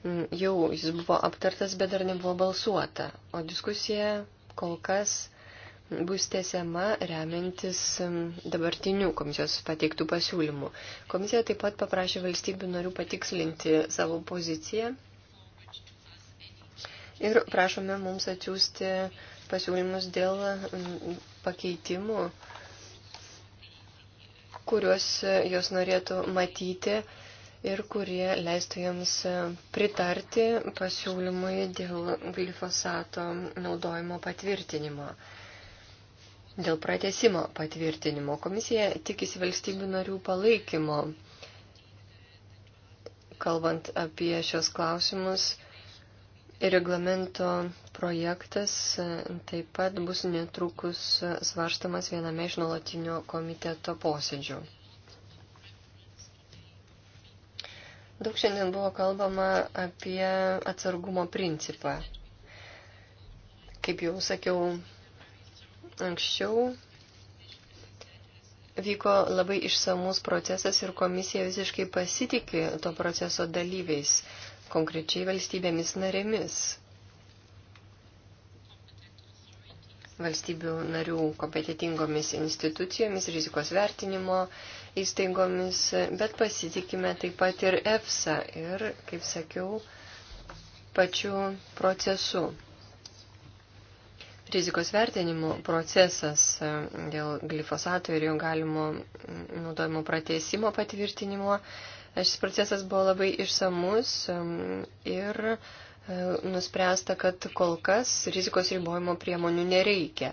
S2: Mm, jau jis buvo aptartas, bet dar nebuvo balsuota. O diskusija kol kas bus tęsiama remiantis mm, dabartinių komisijos pateiktų pasiūlymų. Komisija taip pat paprašė valstybių norių patikslinti savo poziciją ir prašome mums atsiųsti pasiūlymus dėl mm, pakeitimų kuriuos e, jos norėtų matyti ir kurie leistų jiems e, pritarti pasiūlymui dėl glifosato naudojimo patvirtinimo. Dėl pratesimo patvirtinimo komisija tikisi valstybių narių palaikymo. Kalbant apie šios klausimus, reglamento projektas e, taip pat bus netrukus e, svarstamas viename iš nuolatinio komiteto posėdžių. Daug šiandien buvo kalbama apie atsargumo principą. Kaip jau sakiau anksčiau, vyko labai išsamus procesas ir komisija visiškai pasitikė to proceso dalyviais, konkrečiai valstybėmis narėmis. valstybių narių kompetitingomis institucijomis, rizikos vertinimo įstaigomis, bet pasitikime taip pat ir EFSA ir, kaip sakiau, pačiu procesu. Rizikos vertinimo procesas e, dėl glifosato ir jo galimo naudojimo pratesimo patvirtinimo. E, šis procesas buvo labai išsamus e, ir nuspręsta, kad kol kas rizikos ribojimo priemonių nereikia.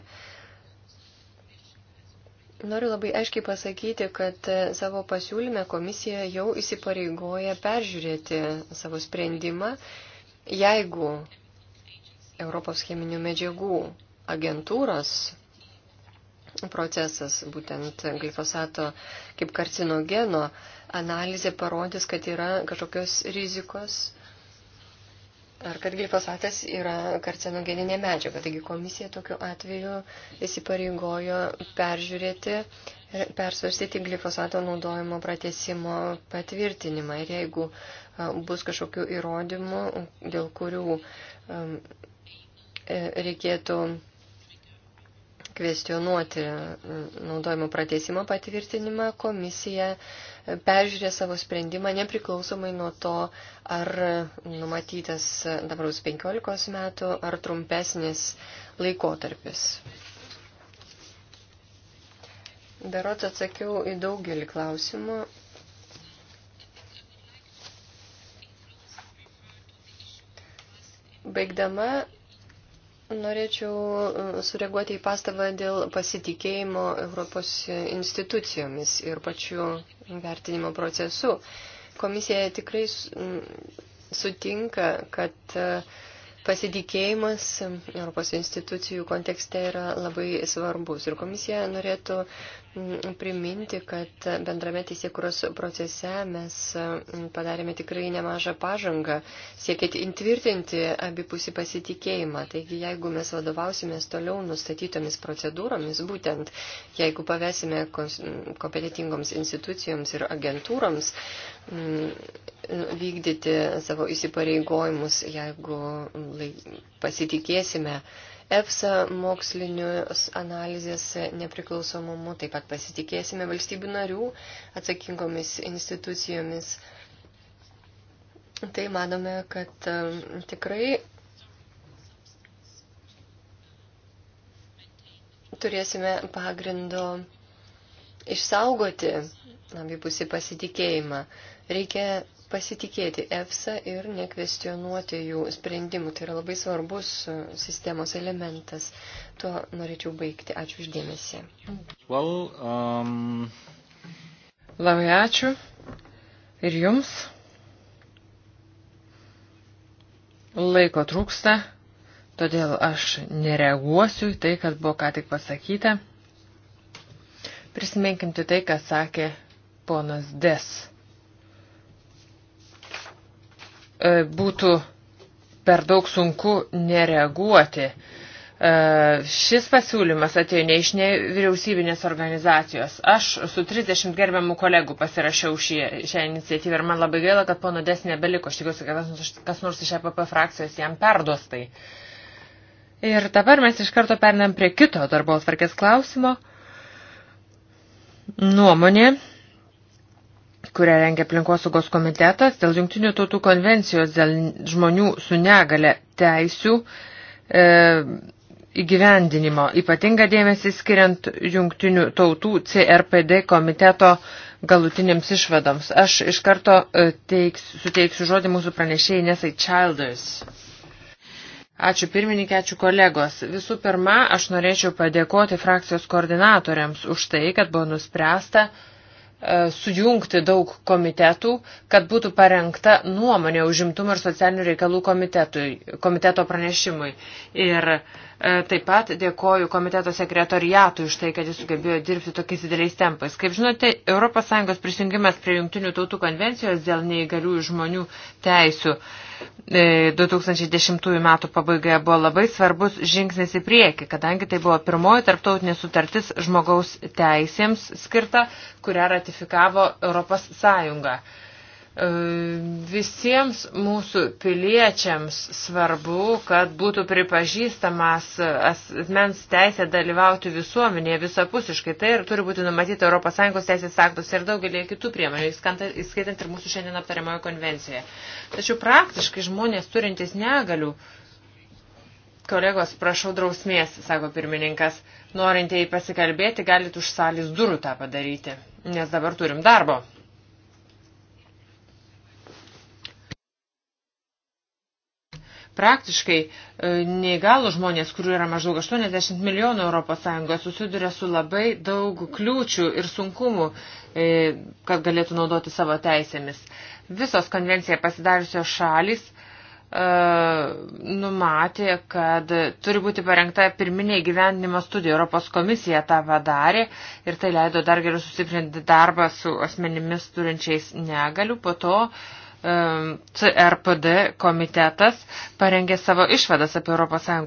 S2: Noriu labai aiškiai pasakyti, kad savo pasiūlyme komisija jau įsipareigoja peržiūrėti savo sprendimą, jeigu Europos cheminių medžiagų agentūros procesas, būtent glifosato kaip karcinogeno analizė parodys, kad yra kažkokios rizikos ar kad glifosatas yra karcinogeninė medžiaga. Taigi komisija tokiu atveju įsipareigojo peržiūrėti, persvarstyti glifosato naudojimo pratesimo patvirtinimą. Ir jeigu bus kažkokių įrodymų, dėl kurių e, reikėtų kvestionuoti e, naudojimo pratesimo patvirtinimą, komisija e, peržiūrė savo sprendimą nepriklausomai nuo to, ar numatytas dabar už 15 metų ar trumpesnis laikotarpis. Darot atsakiau į daugelį klausimų, baigdama Norėčiau e, sureaguoti į pastabą dėl pasitikėjimo Europos institucijomis ir pačių vertinimo procesu. Komisija tikrai sutinka, kad e, pasitikėjimas Europos institucijų kontekste yra labai svarbus ir komisija norėtų priminti, kad bendrame teisėkuros procese mes mm, padarėme tikrai nemažą pažangą, siekėt intvirtinti abipusį pasitikėjimą. Taigi, jeigu mes vadovausimės toliau nustatytomis procedūromis, būtent jeigu pavėsime kompetitingoms institucijoms ir agentūroms mm, vykdyti savo įsipareigojimus, jeigu pasitikėsime, EFSA mokslinius analizės nepriklausomumu, taip pat pasitikėsime valstybių narių atsakingomis institucijomis. Tai manome, kad um, tikrai turėsime pagrindo išsaugoti abipusį pasitikėjimą. Reikia pasitikėti EFSA ir nekvestionuoti jų sprendimų. Tai yra labai svarbus e, sistemos elementas. Tuo norėčiau baigti. Ačiū uždėmesi.
S3: Well, um... Labai ačiū. Ir jums. Laiko trūksta, todėl aš nereaguosiu į tai, kas buvo ką tik pasakyta. Prisiminkim tai, ką sakė ponas Des E, būtų per daug sunku nereaguoti. E, šis pasiūlymas atėjo ne iš nevyriausybinės organizacijos. Aš su 30 gerbiamų kolegų pasirašiau šį, šią iniciatyvą ir man labai gaila, kad pono Des nebeliko. Aš tikiuosi, kad kas nors iš EPP frakcijos jam perduos tai. Ir dabar mes iš karto pernam prie kito darbo tvarkės klausimo. Nuomonė kurią rengia aplinkosaugos komitetas dėl Junktinių tautų konvencijos dėl žmonių su negale teisių e, įgyvendinimo, ypatinga dėmesį skiriant Junktinių tautų CRPD komiteto galutinėms išvadoms. Aš iš karto e, teiks, suteiksiu žodį mūsų pranešėjai Nesai Childers. Ačiū pirmininkė, ačiū kolegos. Visų pirma, aš norėčiau padėkoti frakcijos koordinatoriams už tai, kad buvo nuspręsta uh, E, sujungti daug komitetų, kad būtų parengta nuomonė užimtumo ir socialinių reikalų komiteto pranešimui. Ir uh, E, taip pat dėkoju komiteto sekretoriatui už tai, kad jis sugebėjo dirbti tokiais dideliais tempais. Kaip žinote, ES prisijungimas prie Junktinių tautų konvencijos dėl neįgaliųjų žmonių teisių 2010 m. pabaigoje buvo labai svarbus žingsnis į priekį, kadangi tai buvo pirmoji tarptautinė sutartis žmogaus teisėms skirta, kurią ratifikavo ES. E, visiems mūsų piliečiams svarbu, kad būtų pripažįstamas asmens teisė dalyvauti visuomenėje visapusiškai. Tai ir turi būti numatyta ES teisės aktus ir daugelį kitų priemonių, įskaitant ir mūsų šiandien aptariamojo konvencijoje. Tačiau praktiškai žmonės turintys negalių, kolegos, prašau drausmės, sako pirmininkas, norintieji pasikalbėti, galite už salės durų tą padaryti, nes dabar turim darbo. Praktiškai e, neįgalų žmonės, kurių yra maždaug 80 milijonų ES, susiduria su labai daug kliūčių ir sunkumų, e, kad galėtų naudoti savo teisėmis. Visos konvenciją pasidariusios šalis e, numatė, kad turi būti parengta pirminė gyvendinimo studija. Europos komisija tą padarė ir tai leido dar geriau susiprinti darbą su asmenimis turinčiais negalių. Po to uh, Um, CRPD komitetas parengė savo išvadas apie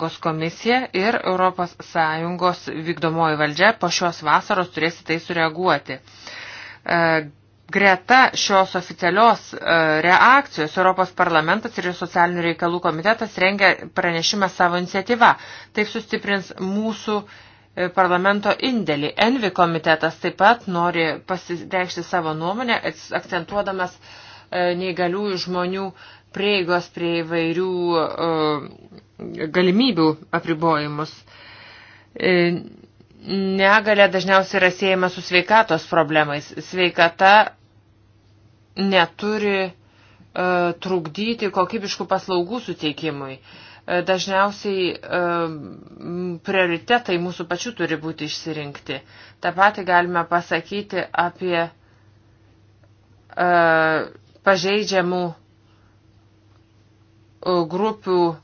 S3: ES komisiją ir ES vykdomoji valdžia po šios vasaros turės į tai sureaguoti. Uh, Greta šios oficialios uh, reakcijos Europos parlamentas ir socialinių reikalų komitetas rengia pranešimą savo iniciatyvą. Taip sustiprins mūsų uh, parlamento indėlį. Envi komitetas taip pat nori pasireikšti savo nuomonę, akcentuodamas uh, E, neįgaliųjų žmonių prieigos prie įvairių e, galimybių apribojimus. E, negalė dažniausiai yra siejama su sveikatos problemais. Sveikata neturi e, trukdyti kokybiškų paslaugų suteikimui. E, dažniausiai e, prioritetai mūsų pačių turi būti išsirinkti. Ta pati galime pasakyti apie e, pažeidžiamų e, grupių e,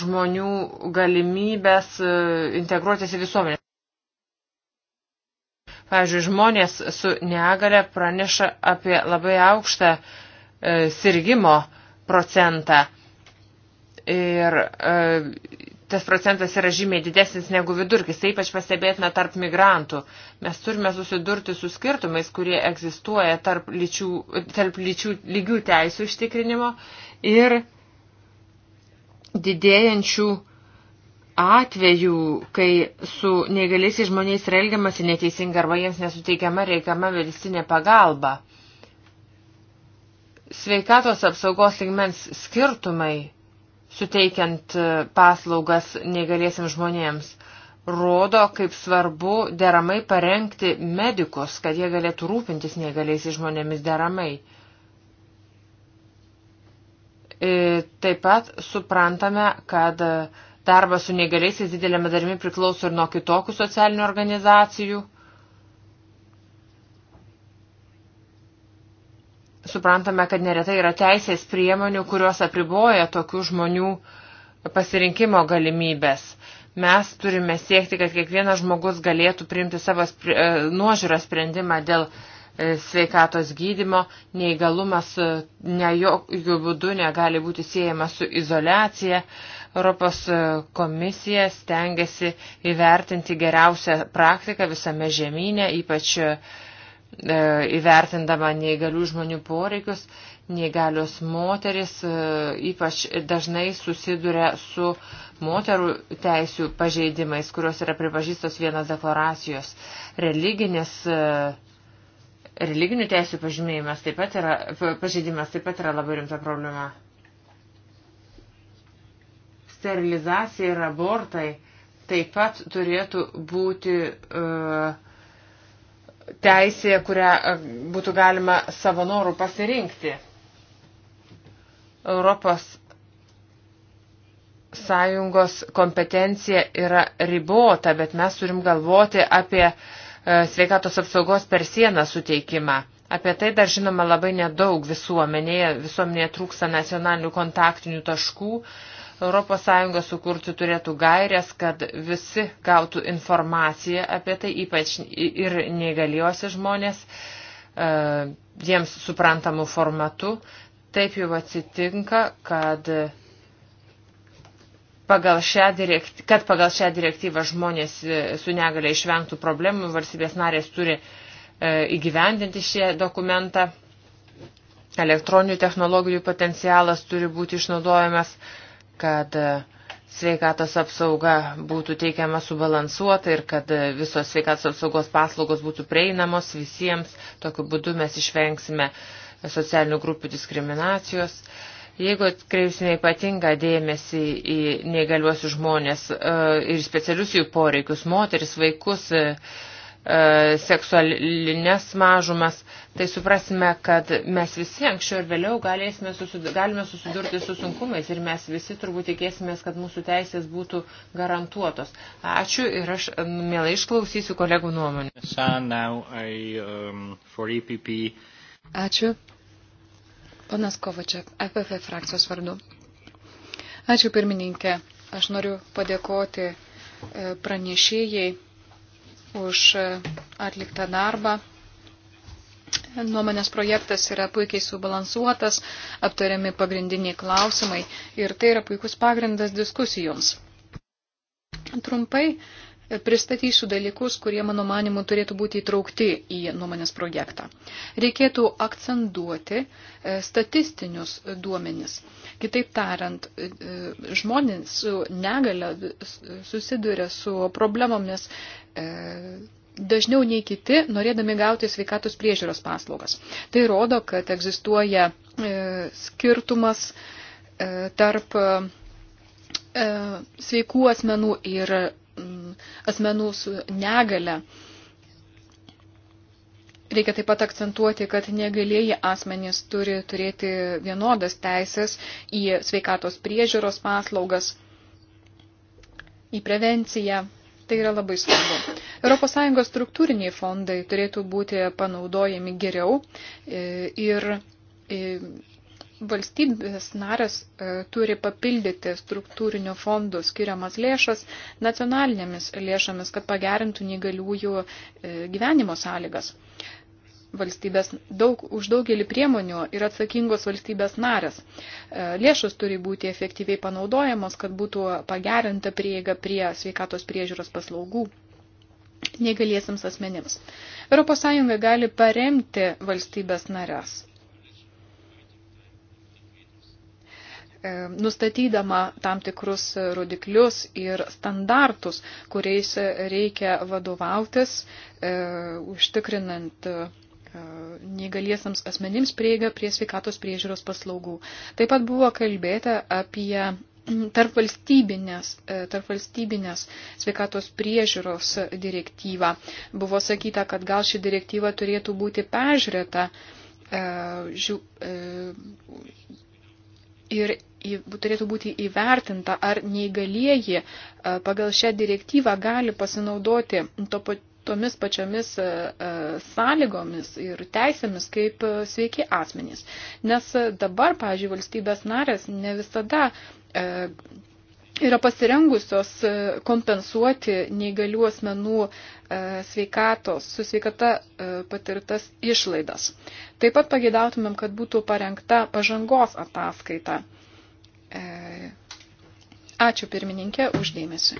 S3: žmonių galimybės e, integruotis į visuomenę. Pavyzdžiui, žmonės su negale praneša apie labai aukštą sirgimo procentą. Ir tas procentas yra žymiai didesnis negu vidurkis, tai ypač pastebėtina tarp migrantų. Mes turime susidurti su skirtumais, kurie egzistuoja tarp lyčių, tarp lyčių lygių teisų ištikrinimo ir didėjančių atvejų, kai su neįgaliaisiais žmonės yra elgiamasi neteisinga arba jiems nesuteikiama reikama medicinė pagalba. Sveikatos apsaugos lygmens skirtumai suteikiant e, paslaugas negalėsim žmonėms, rodo, kaip svarbu deramai parengti medikus, kad jie galėtų rūpintis negalėsi žmonėmis deramai. E, taip pat suprantame, kad e, darbas su negaliaisiais didelėme darimi priklauso ir nuo kitokių socialinių organizacijų suprantame, kad neretai yra teisės priemonių, kurios apriboja tokių žmonių pasirinkimo galimybės. Mes turime siekti, kad kiekvienas žmogus galėtų priimti savo spri e, nuožiūrą sprendimą dėl e, sveikatos gydimo, neįgalumas e, ne jokių būdų negali būti siejama su izolacija. Europos komisija stengiasi įvertinti geriausią praktiką visame žemynė, ypač uh, E, įvertindama neįgalių žmonių poreikius, neįgalios moteris e, ypač dažnai susiduria su moterų teisių pažeidimais, kurios yra pripažįstos vienos deklaracijos. Religinės, e, religinių teisių pažymėjimas taip pat yra, pažeidimas taip pat yra labai rimta problema. Sterilizacija ir abortai taip pat turėtų būti uh, teisė, kurią e, būtų galima savo norų pasirinkti. Europos sąjungos kompetencija yra ribota, bet mes turim galvoti apie e, sveikatos apsaugos per sieną suteikimą. Apie tai dar žinoma labai nedaug visuomenėje, visuomenėje trūksta nacionalinių kontaktinių taškų, uh, ES sukurti turėtų gairias, kad visi gautų informaciją apie tai, ypač ir neįgaliuosi žmonės, e, jiems suprantamų formatų. Taip jau atsitinka, kad pagal šią direktyvą, kad pagal šią direktyvą žmonės e, su negale išvengtų problemų, valstybės narės turi e, įgyvendinti šį dokumentą. Elektroninių technologijų potencialas turi būti išnaudojamas uh, kad e, sveikatos apsauga būtų teikiama subalansuota ir kad e, visos sveikatos apsaugos paslaugos būtų prieinamos visiems. Tokiu būdu mes išvengsime socialinių grupių diskriminacijos. Jeigu atkreipsime ypatingą dėmesį į negaliuosius žmonės e, ir specialius jų poreikius, moteris, vaikus, seksualinės mažumas, tai suprasime, kad mes visi anksčiau ir vėliau galėsime susidur, galime susidurti su sunkumais ir mes visi turbūt tikėsimės, kad mūsų teisės būtų garantuotos. Ačiū ir aš mielai išklausysiu kolegų nuomonę. Um, e
S1: Ačiū. Panas Kovačiak, EPF frakcijos vardu. Ačiū pirmininkė. Aš noriu padėkoti e, pranešėjai už e, atliktą darbą Nuomonės projektas yra puikiai subalansuotas, aptariami pagrindiniai klausimai ir tai yra puikus pagrindas diskusijoms. Trumpai pristatysiu dalykus, kurie mano manimu turėtų būti įtraukti į nuomonės projektą. Reikėtų akcentuoti e, statistinius duomenis. Kitaip tariant, e, žmonės su negale susiduria su problemomis e, dažniau nei kiti, norėdami gauti sveikatos priežiūros paslaugas. Tai rodo, kad egzistuoja e, skirtumas e, tarp e, sveikų asmenų ir asmenų su negale. Reikia taip pat akcentuoti, kad negalėjai asmenys turi turėti vienodas teisės į sveikatos priežiūros paslaugas, į prevenciją. Tai yra labai svarbu. ES struktūriniai fondai turėtų būti panaudojami geriau e, ir e, valstybės narės e, turi papildyti struktūrinių fondų skiriamas lėšas nacionalinėmis lėšomis, kad pagerintų negaliųjų gyvenimo sąlygas. Valstybės daug, už daugelį priemonių yra atsakingos valstybės narės. Lėšos turi būti efektyviai panaudojamos, kad būtų pagerinta prieiga prie sveikatos priežiūros paslaugų negaliesiams asmenims. ES gali paremti valstybės narės, e, nustatydama tam tikrus rodiklius ir standartus, kuriais reikia vadovautis, e, užtikrinant e, negaliesiams asmenims prieiga prie sveikatos priežiūros paslaugų. Taip pat buvo kalbėta apie tarp valstybinės, e, tarp valstybinės sveikatos priežiūros direktyvą. Buvo sakyta, kad gal ši direktyva turėtų būti peržiūrėta e, e, ir turėtų būti įvertinta, ar neįgalieji pagal šią direktyvą gali pasinaudoti to, tomis pačiomis sąlygomis ir teisėmis kaip sveiki asmenys. Nes dabar, pavyzdžiui, valstybės narės ne visada E, yra pasirengusios e, kompensuoti neįgalių asmenų e, sveikatos, su sveikata patirtas išlaidas. Taip pat pageidautumėm, kad būtų parengta pažangos ataskaita. Ačiū pirmininkė uždėmesi.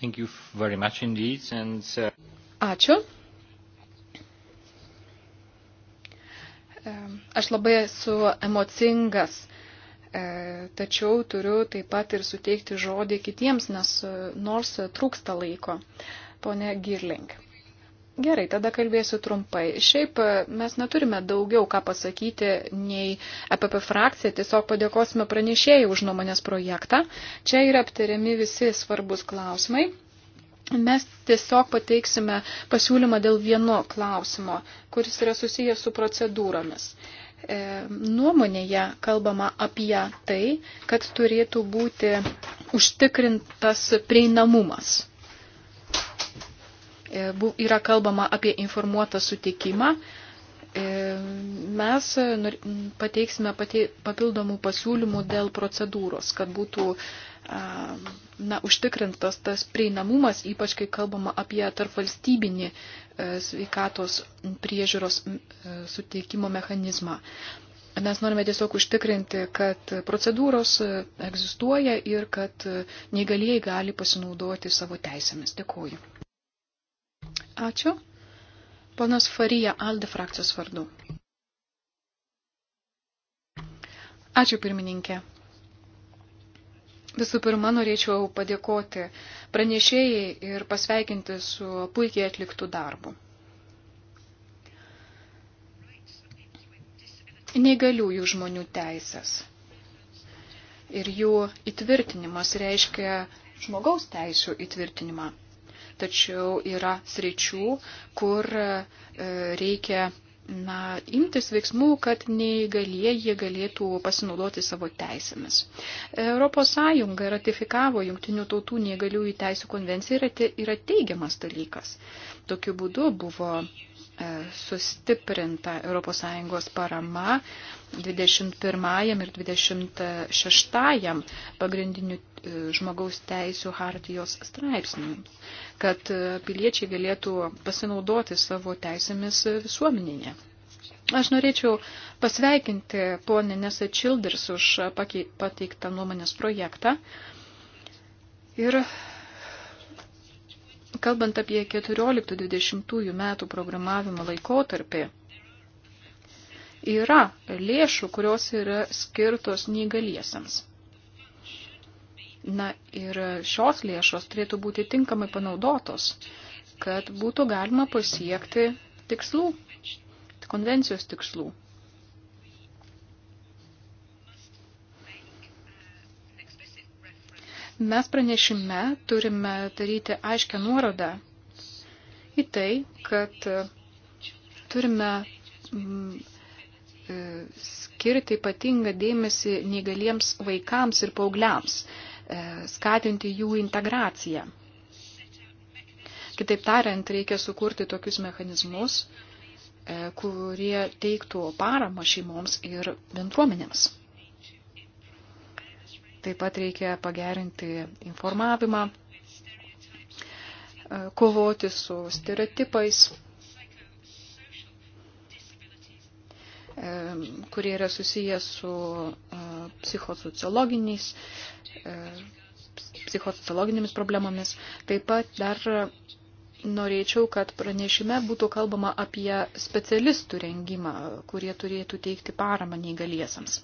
S1: Thank you very much indeed. And, uh... Ačiū. Aš labai esu emocingas E, tačiau turiu taip pat ir suteikti žodį kitiems, nes e, nors trūksta laiko. Pone Girling. Gerai, tada kalbėsiu trumpai. Šiaip e, mes neturime daugiau ką pasakyti nei EPP frakcija, tiesiog padėkosime pranešėjai už nuomonės projektą. Čia yra aptariami visi svarbus klausimai. Mes tiesiog pateiksime pasiūlymą dėl vieno klausimo, kuris yra susijęs su procedūromis. Uh, E, nuomonėje kalbama apie tai, kad turėtų būti užtikrintas prieinamumas. E, yra kalbama apie informuotą sutikimą. E, mes pateiksime papildomų pasiūlymų dėl procedūros, kad būtų na, užtikrintas tas prieinamumas, ypač kai kalbama apie tarpvalstybinį E, sveikatos priežiūros e, suteikimo mechanizmą. Mes norime tiesiog užtikrinti, kad procedūros e, egzistuoja ir kad neįgalieji gali pasinaudoti savo teisėmis. Dėkuoju. Ačiū. Ponas Farija Alde frakcijos vardu. Ačiū pirmininkė. Visų pirma, norėčiau padėkoti pranešėjai ir pasveikinti su puikiai atliktų darbu. Negaliųjų žmonių teisės ir jų įtvirtinimas reiškia žmogaus teisų įtvirtinimą. Tačiau yra sričių, kur e, reikia na, imtis veiksmų, kad neįgalieji galėtų pasinaudoti savo teisėmis. ES ratifikavo Junktinių tautų neįgaliųjų teisų konvenciją ir yra teigiamas dalykas. Tokiu būdu buvo E, sustiprinta ES parama 21 ir 26 pagrindinių e, žmogaus teisų hartijos straipsnių, kad e, piliečiai galėtų pasinaudoti savo teisėmis visuomeninėje. Aš norėčiau pasveikinti ponę Nesą Childers už pateiktą nuomonės projektą ir Kalbant apie 14-20 metų programavimo laikotarpį, yra lėšų, kurios yra skirtos neįgaliesiams. Na ir šios lėšos turėtų būti tinkamai panaudotos, kad būtų galima pasiekti tikslų, konvencijos tikslų. Mes pranešime turime daryti aiškę nuorodą į tai, kad e, turime mm, e, skirti ypatingą dėmesį neįgaliems vaikams ir paaugliams, e, skatinti jų integraciją. Kitaip tariant, reikia sukurti tokius mechanizmus, kurie teiktų paramą šeimoms ir bendruomenėms. Taip pat reikia pagerinti informavimą, e, kovoti su stereotipais, e, kurie yra susiję su e, psichosociologiniais, psichosociologinėmis problemomis. Taip pat dar norėčiau, kad pranešime būtų kalbama apie specialistų rengimą, kurie turėtų teikti paramą neįgaliesiams.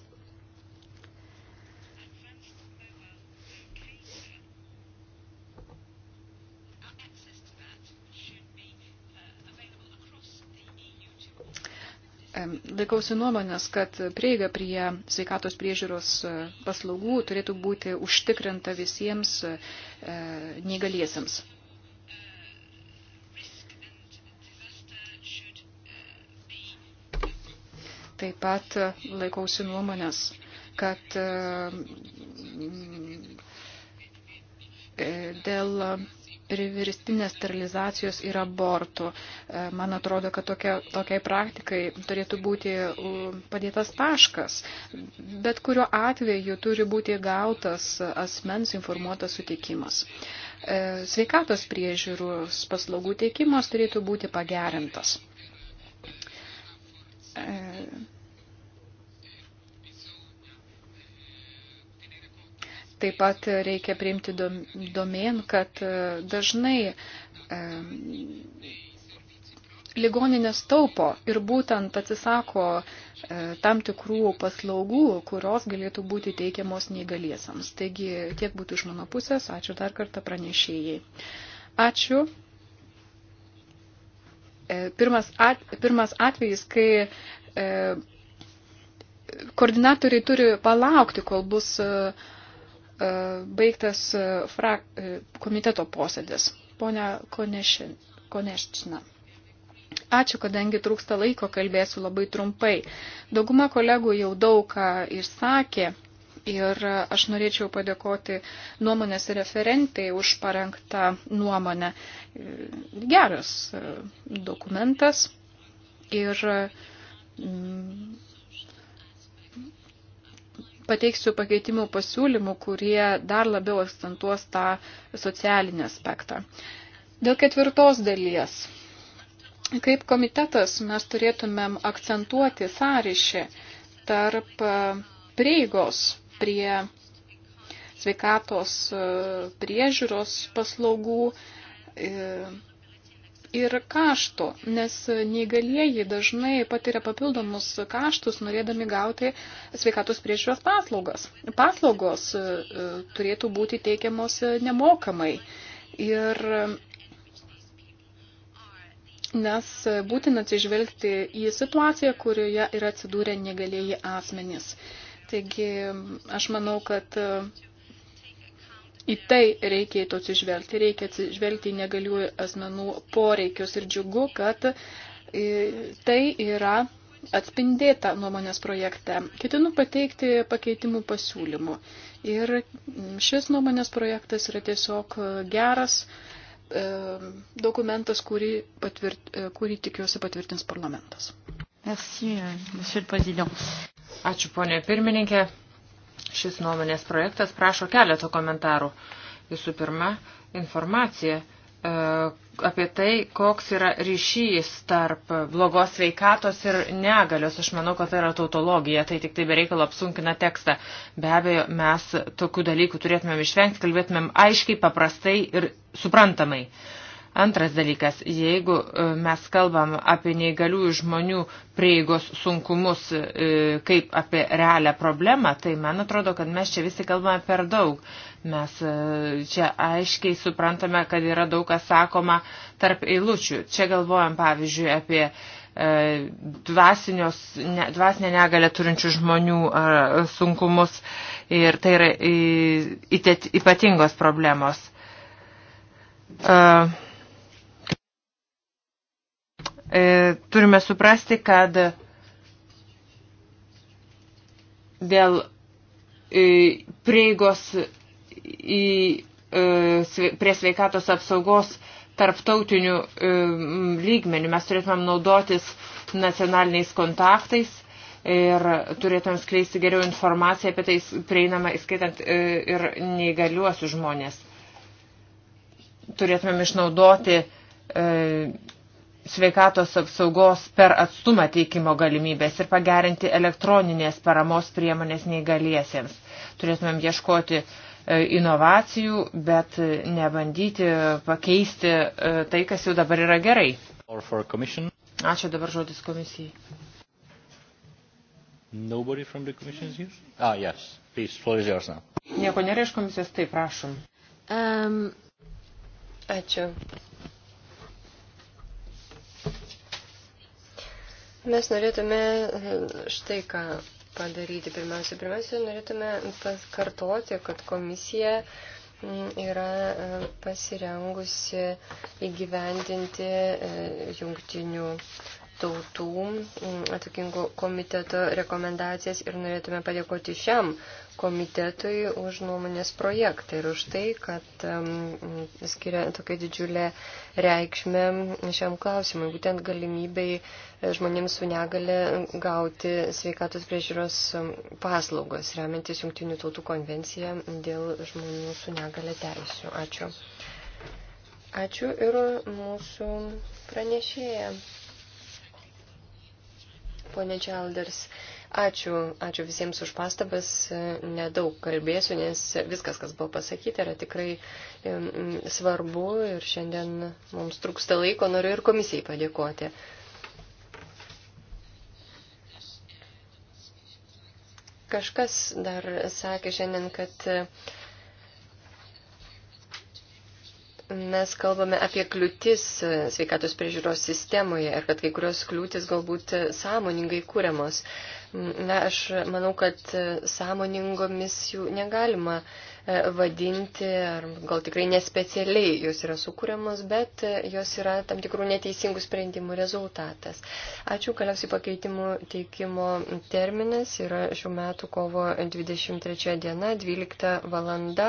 S1: Laikausi nuomonės, kad prieiga prie sveikatos priežiūros e, paslaugų turėtų būti užtikrinta visiems e, neįgaliesiams. Taip pat e, laikausi nuomonės, kad dėl priverstinės sterilizacijos ir abortų. E, man atrodo, kad tokia, tokiai praktikai turėtų būti padėtas taškas. Bet kuriuo atveju turi būti gautas asmens informuotas sutikimas. E, sveikatos priežiūros paslaugų teikimas turėtų būti pagerintas e, Taip pat reikia priimti domėn, kad e, dažnai e, ligoninės taupo ir būtent atsisako e, tam tikrų paslaugų, kurios galėtų būti teikiamos neįgaliesiams. Taigi tiek būtų iš mano pusės. Ačiū dar kartą pranešėjai. Ačiū. Pirmas, at, pirmas atvejis, kai e, koordinatoriai turi palaukti, kol bus e, E, baigtas e, frak, e, komiteto posėdis. Pone Koneščina. Ačiū, kadangi trūksta laiko, kalbėsiu labai trumpai. Dauguma kolegų jau daug ką išsakė ir aš norėčiau padėkoti nuomonės referentai už parengtą nuomonę. Geras dokumentas ir pateiksiu pakeitimų pasiūlymų, kurie dar labiau akcentuos tą socialinį aspektą. Dėl ketvirtos dalies. Kaip komitetas mes turėtumėm akcentuoti sąryšį tarp e, prieigos prie sveikatos e, priežiūros paslaugų e, ir kaštų, nes neįgalieji dažnai patiria papildomus kaštus, norėdami gauti sveikatos priežiūros paslaugas. Paslaugos e, e, turėtų būti teikiamos nemokamai. Ir nes būtina atsižvelgti į situaciją, kurioje yra atsidūrę negalėjai asmenys. Taigi aš manau, kad Į tai reikėtų atsižvelgti, reikia atsižvelgti į negaliųjų asmenų poreikius ir džiugu, kad e, tai yra atspindėta nuomonės projekte. Ketinu pateikti pakeitimų pasiūlymų. Ir šis nuomonės projektas yra tiesiog geras e, dokumentas, kurį, patvirt, e, kurį tikiuosi patvirtins parlamentas.
S3: Merci, euh, Ačiū, ponė pirmininkė. Šis nuomonės projektas prašo keletą komentarų. Visų pirma, informacija e, apie tai, koks yra ryšys tarp blogos sveikatos ir negalios. Aš manau, kad tai yra tautologija, tai tik tai bereikalo apsunkina tekstą. Be abejo, mes tokių dalykų turėtumėm išvengti, kalbėtumėm aiškiai, paprastai ir suprantamai. Uh, Antras dalykas, jeigu e, mes kalbam apie neįgaliųjų žmonių prieigos sunkumus e, kaip apie realią problemą, tai man atrodo, kad mes čia visi kalbame per daug. Mes e, čia aiškiai suprantame, kad yra daug kas sakoma tarp eilučių. Čia galvojam, pavyzdžiui, apie dvasinios, ne, dvasinę negalę turinčių žmonių ar, sunkumus ir tai yra ypatingos problemos. Uh, E, turime suprasti, kad dėl e, prieigos į, e, prie sveikatos apsaugos tarptautinių lygmenių mes turėtumėm naudotis nacionaliniais kontaktais ir turėtumėm skleisti geriau informaciją apie tai prieinamą, įskaitant ir neįgaliuosius žmonės. Turėtumėm išnaudoti sveikatos apsaugos per atstumą teikimo galimybės ir pagerinti elektroninės paramos priemonės neįgaliesiems. Turėtumėm ieškoti e, inovacijų, bet e, nebandyti pakeisti e, tai, kas jau dabar yra gerai. Ačiū dabar žodis komisijai.
S1: Nobody from the commission is here? Ah, yes. Please, floor is yours now.
S3: Nieko nėra iš komisijos, taip, prašom. Um, ačiū,
S2: Mes norėtume e, štai ką padaryti. Pirmiausia, pirmiausia, norėtume paskartoti, kad komisija yra e, pasirengusi įgyvendinti e, jungtinių tautų mm, atsakingo komiteto rekomendacijas ir norėtume padėkoti šiam komitetui už nuomonės projektą ir už tai, kad um, skiria tokia didžiulė reikšmė šiam klausimui, būtent galimybei e, žmonėms su negale gauti sveikatos priežiūros mm, paslaugos, remiantis Junktinių tautų konvenciją dėl žmonių su negale teisų. Ačiū. Ačiū ir mūsų pranešėjai ponė Čelders. Ačiū, ačiū visiems už pastabas. Nedaug kalbėsiu, nes viskas, kas buvo pasakyti, yra tikrai svarbu ir šiandien mums trūksta laiko. Noriu ir komisijai padėkoti. Kažkas dar sakė šiandien, kad mes kalbame apie kliūtis e, sveikatos priežiūros sistemoje ir kad kai kurios kliūtis galbūt e, sąmoningai kūriamos. Na, aš manau, kad e, sąmoningomis jų negalima E, vadinti, ar gal tikrai nespecialiai jos yra sukūriamos, bet e, jos yra tam tikrų neteisingų sprendimų rezultatas. Ačiū, galiausiai pakeitimų teikimo terminas yra šių metų kovo 23 diena, 12 valanda,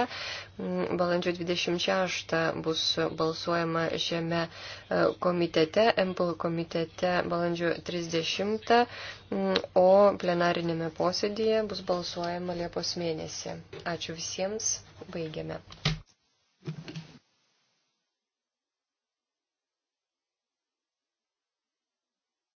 S2: mm, balandžio 26 bus balsuojama šiame e, komitete, MPL komitete balandžio 30 o plenarinėme posėdėje bus balsuojama Liepos mėnesį. Ačiū visiems, baigiame.